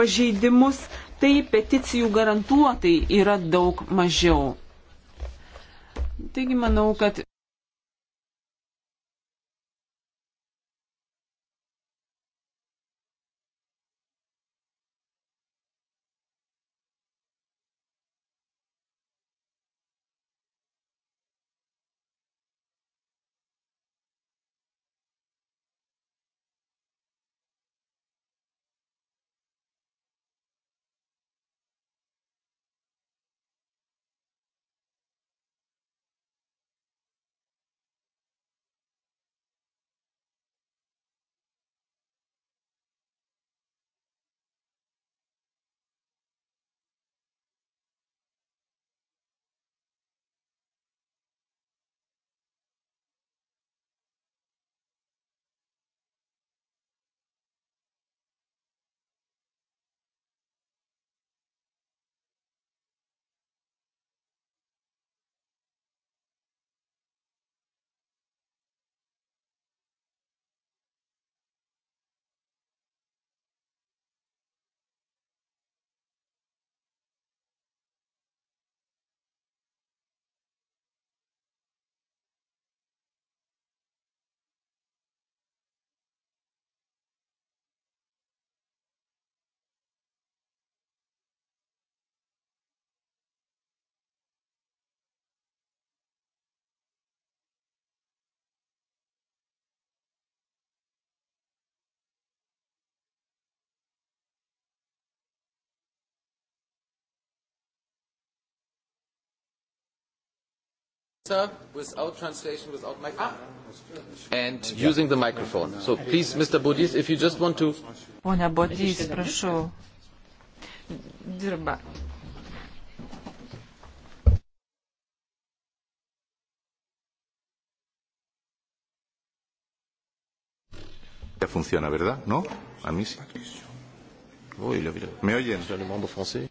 pažeidimus, tai peticijų garantuotai yra daug mažiau. Taigi manau, kad sir, without translation, without microphone. Ah. And using the microphone. So please, Mr. Budis, if you just want to... Pone Budis, prašau. Dirba. Ya funciona, ¿verdad? ¿No? A mí sí. Uy, lo, lo. ¿Me oyen? Le mando francés.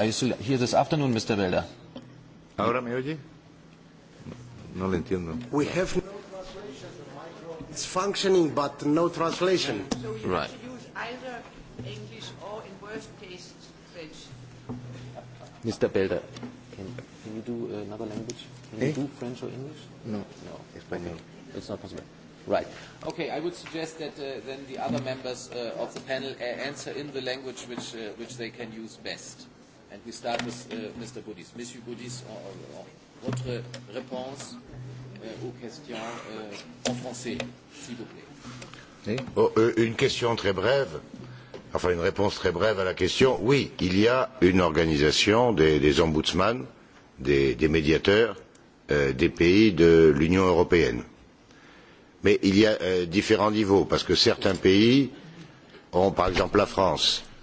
I used to hear this afternoon, Mr. Belda. ¿Ahora me oye? No le entiendo. We have no translation. It's functioning, but no translation. So you right. have to use either English or, in worst case, French. Mr. Belda, can, can you do another language? Can eh? you do French or English? No. No. Español. Okay. It's not possible. Right. Okay, I would suggest that uh, then the other members uh, of the panel uh, answer in the language which, uh, which they can use best. And we start with uh, Mr. Boudis. Monsieur Boudis, on, on, votre réponse euh, aux questions euh, en français, s'il vous plaît. Bon, euh, une question très brève, enfin une réponse très brève à la question. Oui, il y a une organisation des, des ombudsman, des, des médiateurs euh, des pays de l'Union européenne. Mais il y a euh, différents niveaux, parce que certains pays ont, par exemple la France,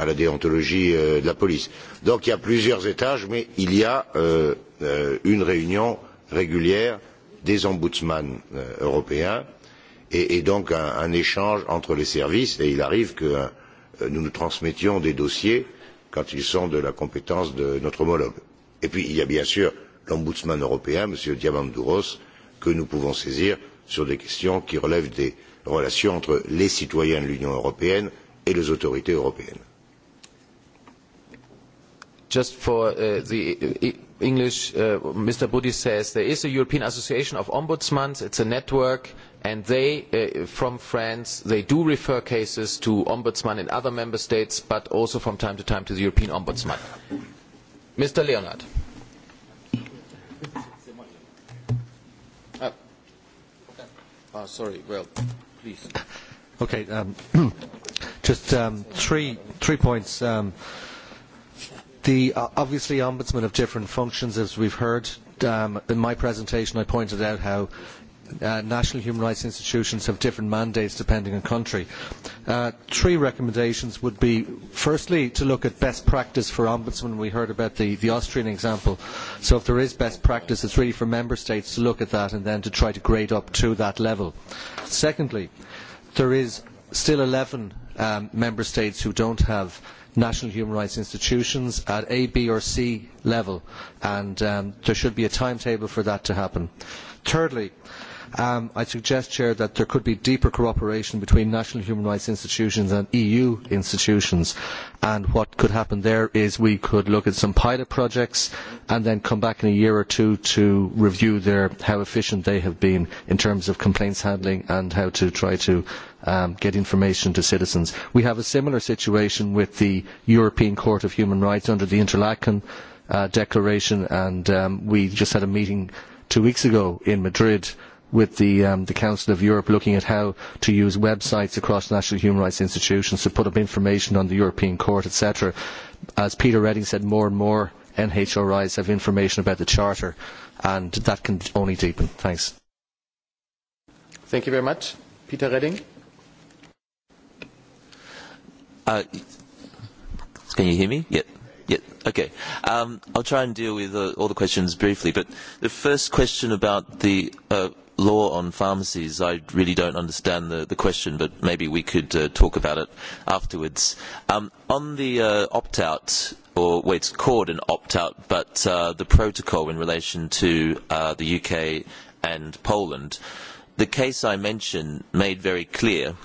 à la déontologie euh, de la police. Donc il y a plusieurs étages, mais il y a euh, euh, une réunion régulière des ombudsman euh, européens et, et donc un, un échange entre les services et il arrive que euh, nous nous transmettions des dossiers quand ils sont de la compétence de notre homologue. Et puis il y a bien sûr l'ombudsman européen, M. Diamandouros, que nous pouvons saisir sur des questions qui relèvent des relations entre les citoyens de l'Union européenne et les autorités européennes just for uh, the e, e, English, uh, Mr. Budi says there is a European Association of Ombudsmen. It's a network, and they, uh, from France, they do refer cases to ombudsman in other member states, but also from time to time to the European Ombudsman. Mr. Leonard. Uh, oh, sorry. Well, please. Okay. Um, (clears throat) just um, three three points. Um, uh, The, uh, obviously, ombudsmen have different functions, as we've heard. Um, in my presentation, I pointed out how uh, national human rights institutions have different mandates depending on country. Uh, three recommendations would be, firstly, to look at best practice for ombudsmen. We heard about the, the Austrian example. So if there is best practice, it's really for member states to look at that and then to try to grade up to that level. Secondly, there is still 11 um, member states who don't have uh, national human rights institutions at A, B or C level and um, there should be a timetable for that to happen. Thirdly, um, I suggest, Chair, that there could be deeper cooperation between national human rights institutions and EU institutions. And what could happen there is we could look at some pilot projects and then come back in a year or two to review their, how efficient they have been in terms of complaints handling and how to try to um, get information to citizens. We have a similar situation with the European Court of Human Rights under the Interlaken uh, Declaration, and um, we just had a meeting two weeks ago in Madrid with the, um, the Council of Europe looking at how to use websites across national human rights institutions to put up information on the European Court, etc. As Peter Redding said, more and more NHRIs have information about the Charter, and that can only deepen. Thanks. Thank you very much. Peter Redding. Uh, can you hear me? Yeah. Yeah. Okay. Um, I'll try and deal with uh, all the questions briefly. But the first question about the uh, law on pharmacies, I really don't understand the, the question, but maybe we could uh, talk about it afterwards. Um, on the uh, opt-out, or well, it's called an opt-out, but uh, the protocol in relation to uh, the UK and Poland, the case I mentioned made very clear –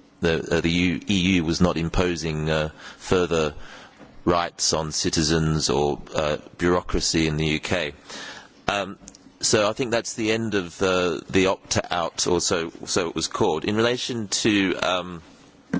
the, uh, the EU, EU was not imposing uh, further rights on citizens or uh, bureaucracy in the UK. Um, so I think that's the end of uh, the opt-out, or so, so it was called. In relation to um, uh,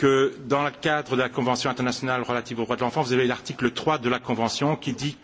que dans le cadre de la Convention internationale relative aux droits de l'enfant, vous avez l'article 3 de la Convention qui dit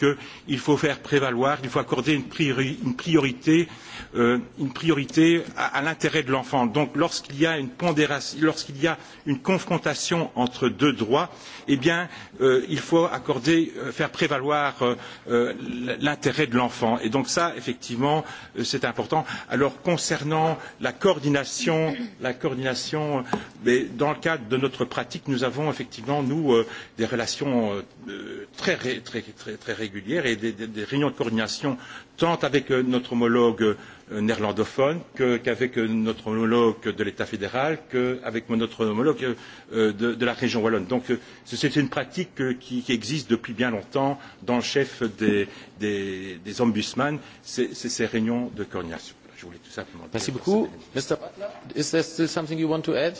qu'il faut faire prévaloir, il faut accorder une, priori, une priorité, euh, une priorité à, à l'intérêt de l'enfant. Donc lorsqu'il y a une pondération, lorsqu'il y a une confrontation entre deux droits, eh bien euh, il faut accorder, euh, faire prévaloir euh, euh, l'intérêt de l'enfant. Et donc ça, effectivement, euh, c'est important. Alors concernant la coordination, la coordination, euh, mais dans le cadre de d'autres pratiques, nous avons effectivement, nous, euh, des relations euh, euh très, très, très, très régulières et des, des, des réunions de coordination tant avec euh, notre homologue euh, néerlandophone qu'avec qu euh, notre homologue de l'État fédéral, qu'avec notre homologue euh, de, de la région wallonne. Donc euh, c'est une pratique euh, qui, qui existe depuis bien longtemps dans le chef des, des, des ombudsman, c'est ces réunions de coordination. Je voulais tout simplement dire. Merci beaucoup. Mr. Butler, is there still something you want to add?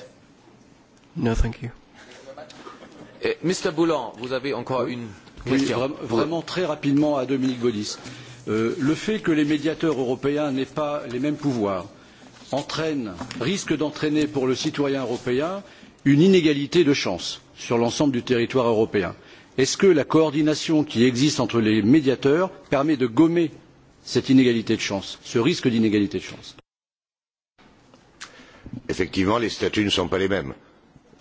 No, thank you. Et, eh, Mr. Boulan, vous avez encore oui. une question. Oui, vra vraiment très rapidement à Dominique Gaudis. Euh, le fait que les médiateurs européens n'aient pas les mêmes pouvoirs entraîne, risque d'entraîner pour le citoyen européen une inégalité de chance sur l'ensemble du territoire européen. Est-ce que la coordination qui existe entre les médiateurs permet de gommer cette inégalité de chance, ce risque d'inégalité de chance Effectivement, les statuts ne sont pas les mêmes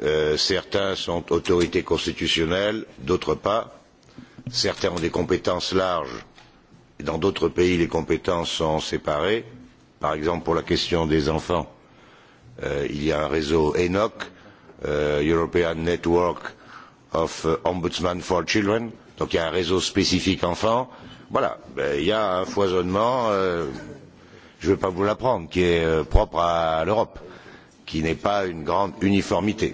Euh, certains sont autorités constitutionnelles, d'autres pas. Certains ont des compétences larges. Et dans d'autres pays, les compétences sont séparées. Par exemple, pour la question des enfants, euh, il y a un réseau ENOC, euh, European Network of euh, Ombudsman for Children. Donc il y a un réseau spécifique enfants. Voilà, ben, il y a un foisonnement, euh, je ne vais pas vous l'apprendre, qui est euh, propre à l'Europe, qui n'est pas une grande uniformité.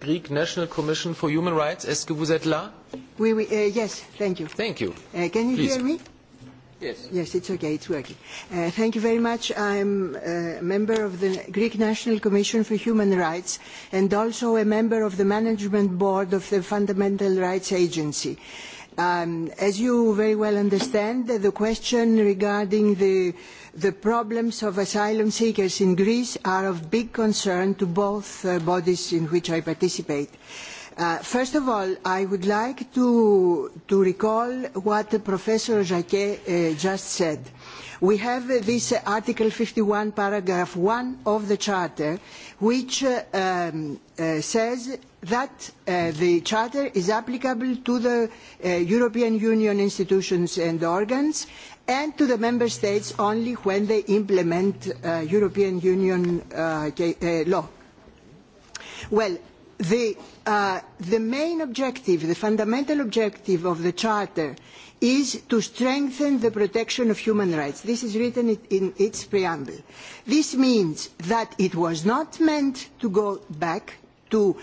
Greek National Commission for Human Rights. Est-ce que vous êtes là? Oui, oui, uh, yes, thank you. Thank you. Uh, can you Please. hear me? Yes. Yes, it's okay, it's working. Uh, thank you very much. I'm a member of the Greek National Commission for Human Rights and also a member of the Management Board of the Fundamental Rights Agency. Um, as you very well understand, the question regarding the uh, the problems of asylum seekers in Greece are of big concern to both uh, bodies in which I participate. Uh, first of all, I would like to, to recall what Professor Jacquet uh, just said. We have uh, this uh, Article 51, paragraph 1 of the Charter, which uh, um, uh, says that uh, the Charter is applicable to the uh, European Union institutions and organs and to the member states only when they implement uh, European Union uh, uh, law. Well, the, uh, the main objective, the fundamental objective of the Charter is to strengthen the protection of human rights. This is written in its preamble. This means that it was not meant to go back to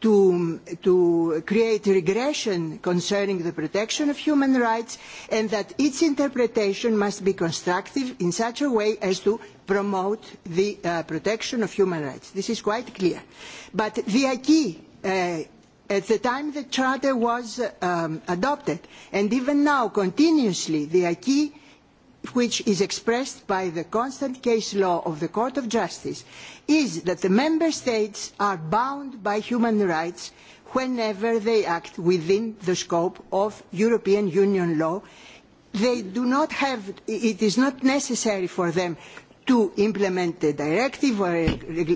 to, to create regression concerning the protection of human rights and that its interpretation must be constructive in such a way as to promote the uh, protection of human rights. This is quite clear. But the acquis uh, at the time the Charter was um, adopted and even now continuously the acquis which is expressed by the constant case law of the Court of Justice is that the member states are bound by human rights whenever they act within the scope of European Union law. They do not have, it is not necessary for them to implement a directive or a,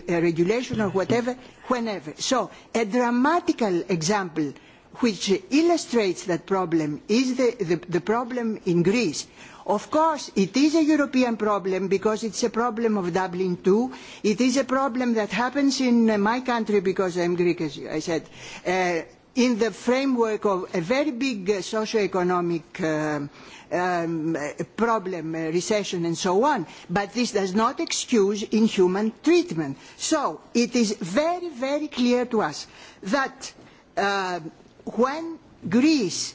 a regulation or whatever, whenever. So a dramatical example which illustrates that problem is the, the, the problem in Greece Of course, it is a European problem because it's a problem of Dublin too. It is a problem that happens in uh, my country because I'm Greek, as I said, uh, in the framework of a very big uh, socio-economic uh, um, uh, problem, uh, recession and so on. But this does not excuse inhuman treatment. So it is very, very clear to us that uh, when Greece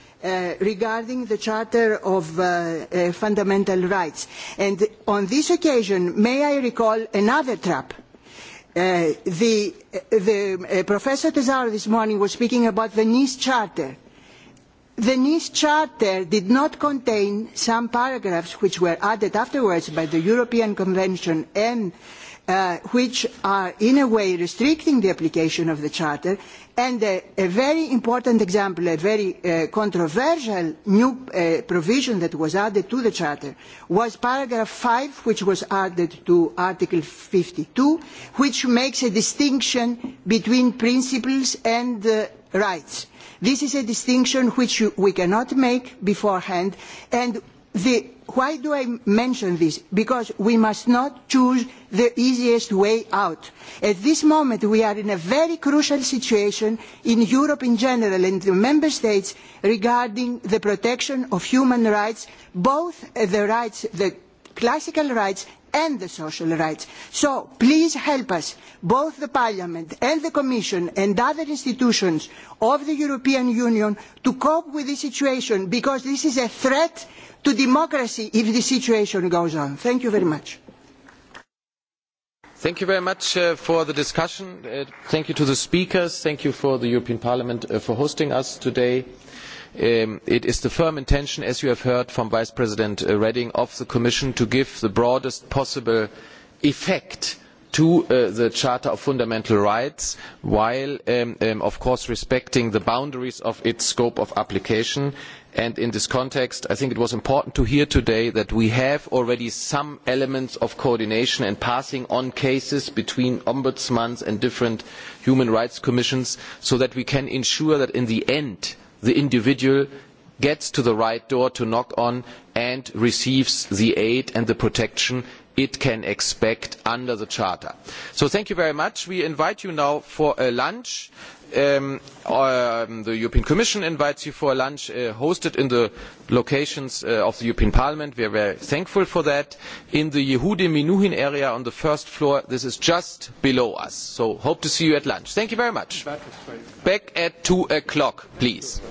uh, regarding the Charter of uh, uh, Fundamental Rights. And on this occasion, may I recall another trap? Uh, the the uh, Professor Tesaro this morning was speaking about the Nice Charter. The Nice Charter did not contain some paragraphs which were added afterwards by the European Convention and uh, which are in a way restricting the application of the Charter And uh, a very important example, a very uh, controversial new uh, provision that was added to the Charter was paragraph 5, which was added to Article 52, which makes a distinction between principles and uh, rights. This is a distinction which we cannot make beforehand, and The, why do I mention this? Because we must not choose the easiest way out. At this moment, we are in a very crucial situation in Europe in general and the Member States regarding the protection of human rights, both the rights, the classical rights and the social rights. So please help us, both the Parliament and the Commission and other institutions of the European Union, to cope with this situation because this is a threat to democracy if the situation goes on. Thank you very much. Thank you very much uh, for the discussion. Uh, thank you to the speakers. Thank you for the European Parliament uh, for hosting us today. Um, it is the firm intention, as you have heard from Vice President uh, Redding, of the Commission to give the broadest possible effect to uh, the Charter of Fundamental Rights while, um, um, of course, respecting the boundaries of its scope of application. And in this context, I think it was important to hear today that we have already some elements of coordination and passing on cases between ombudsmans and different human rights commissions so that we can ensure that in the end the individual gets to the right door to knock on and receives the aid and the protection it can expect under the charter. so thank you very much. we invite you now for a lunch Um, uh, um, the European Commission invites you for lunch uh, hosted in the locations uh, of the European Parliament. We are very thankful for that. In the Yehudi Minuhin area on the first floor, this is just below us. So hope to see you at lunch. Thank you very much. Back at 2 o'clock, please.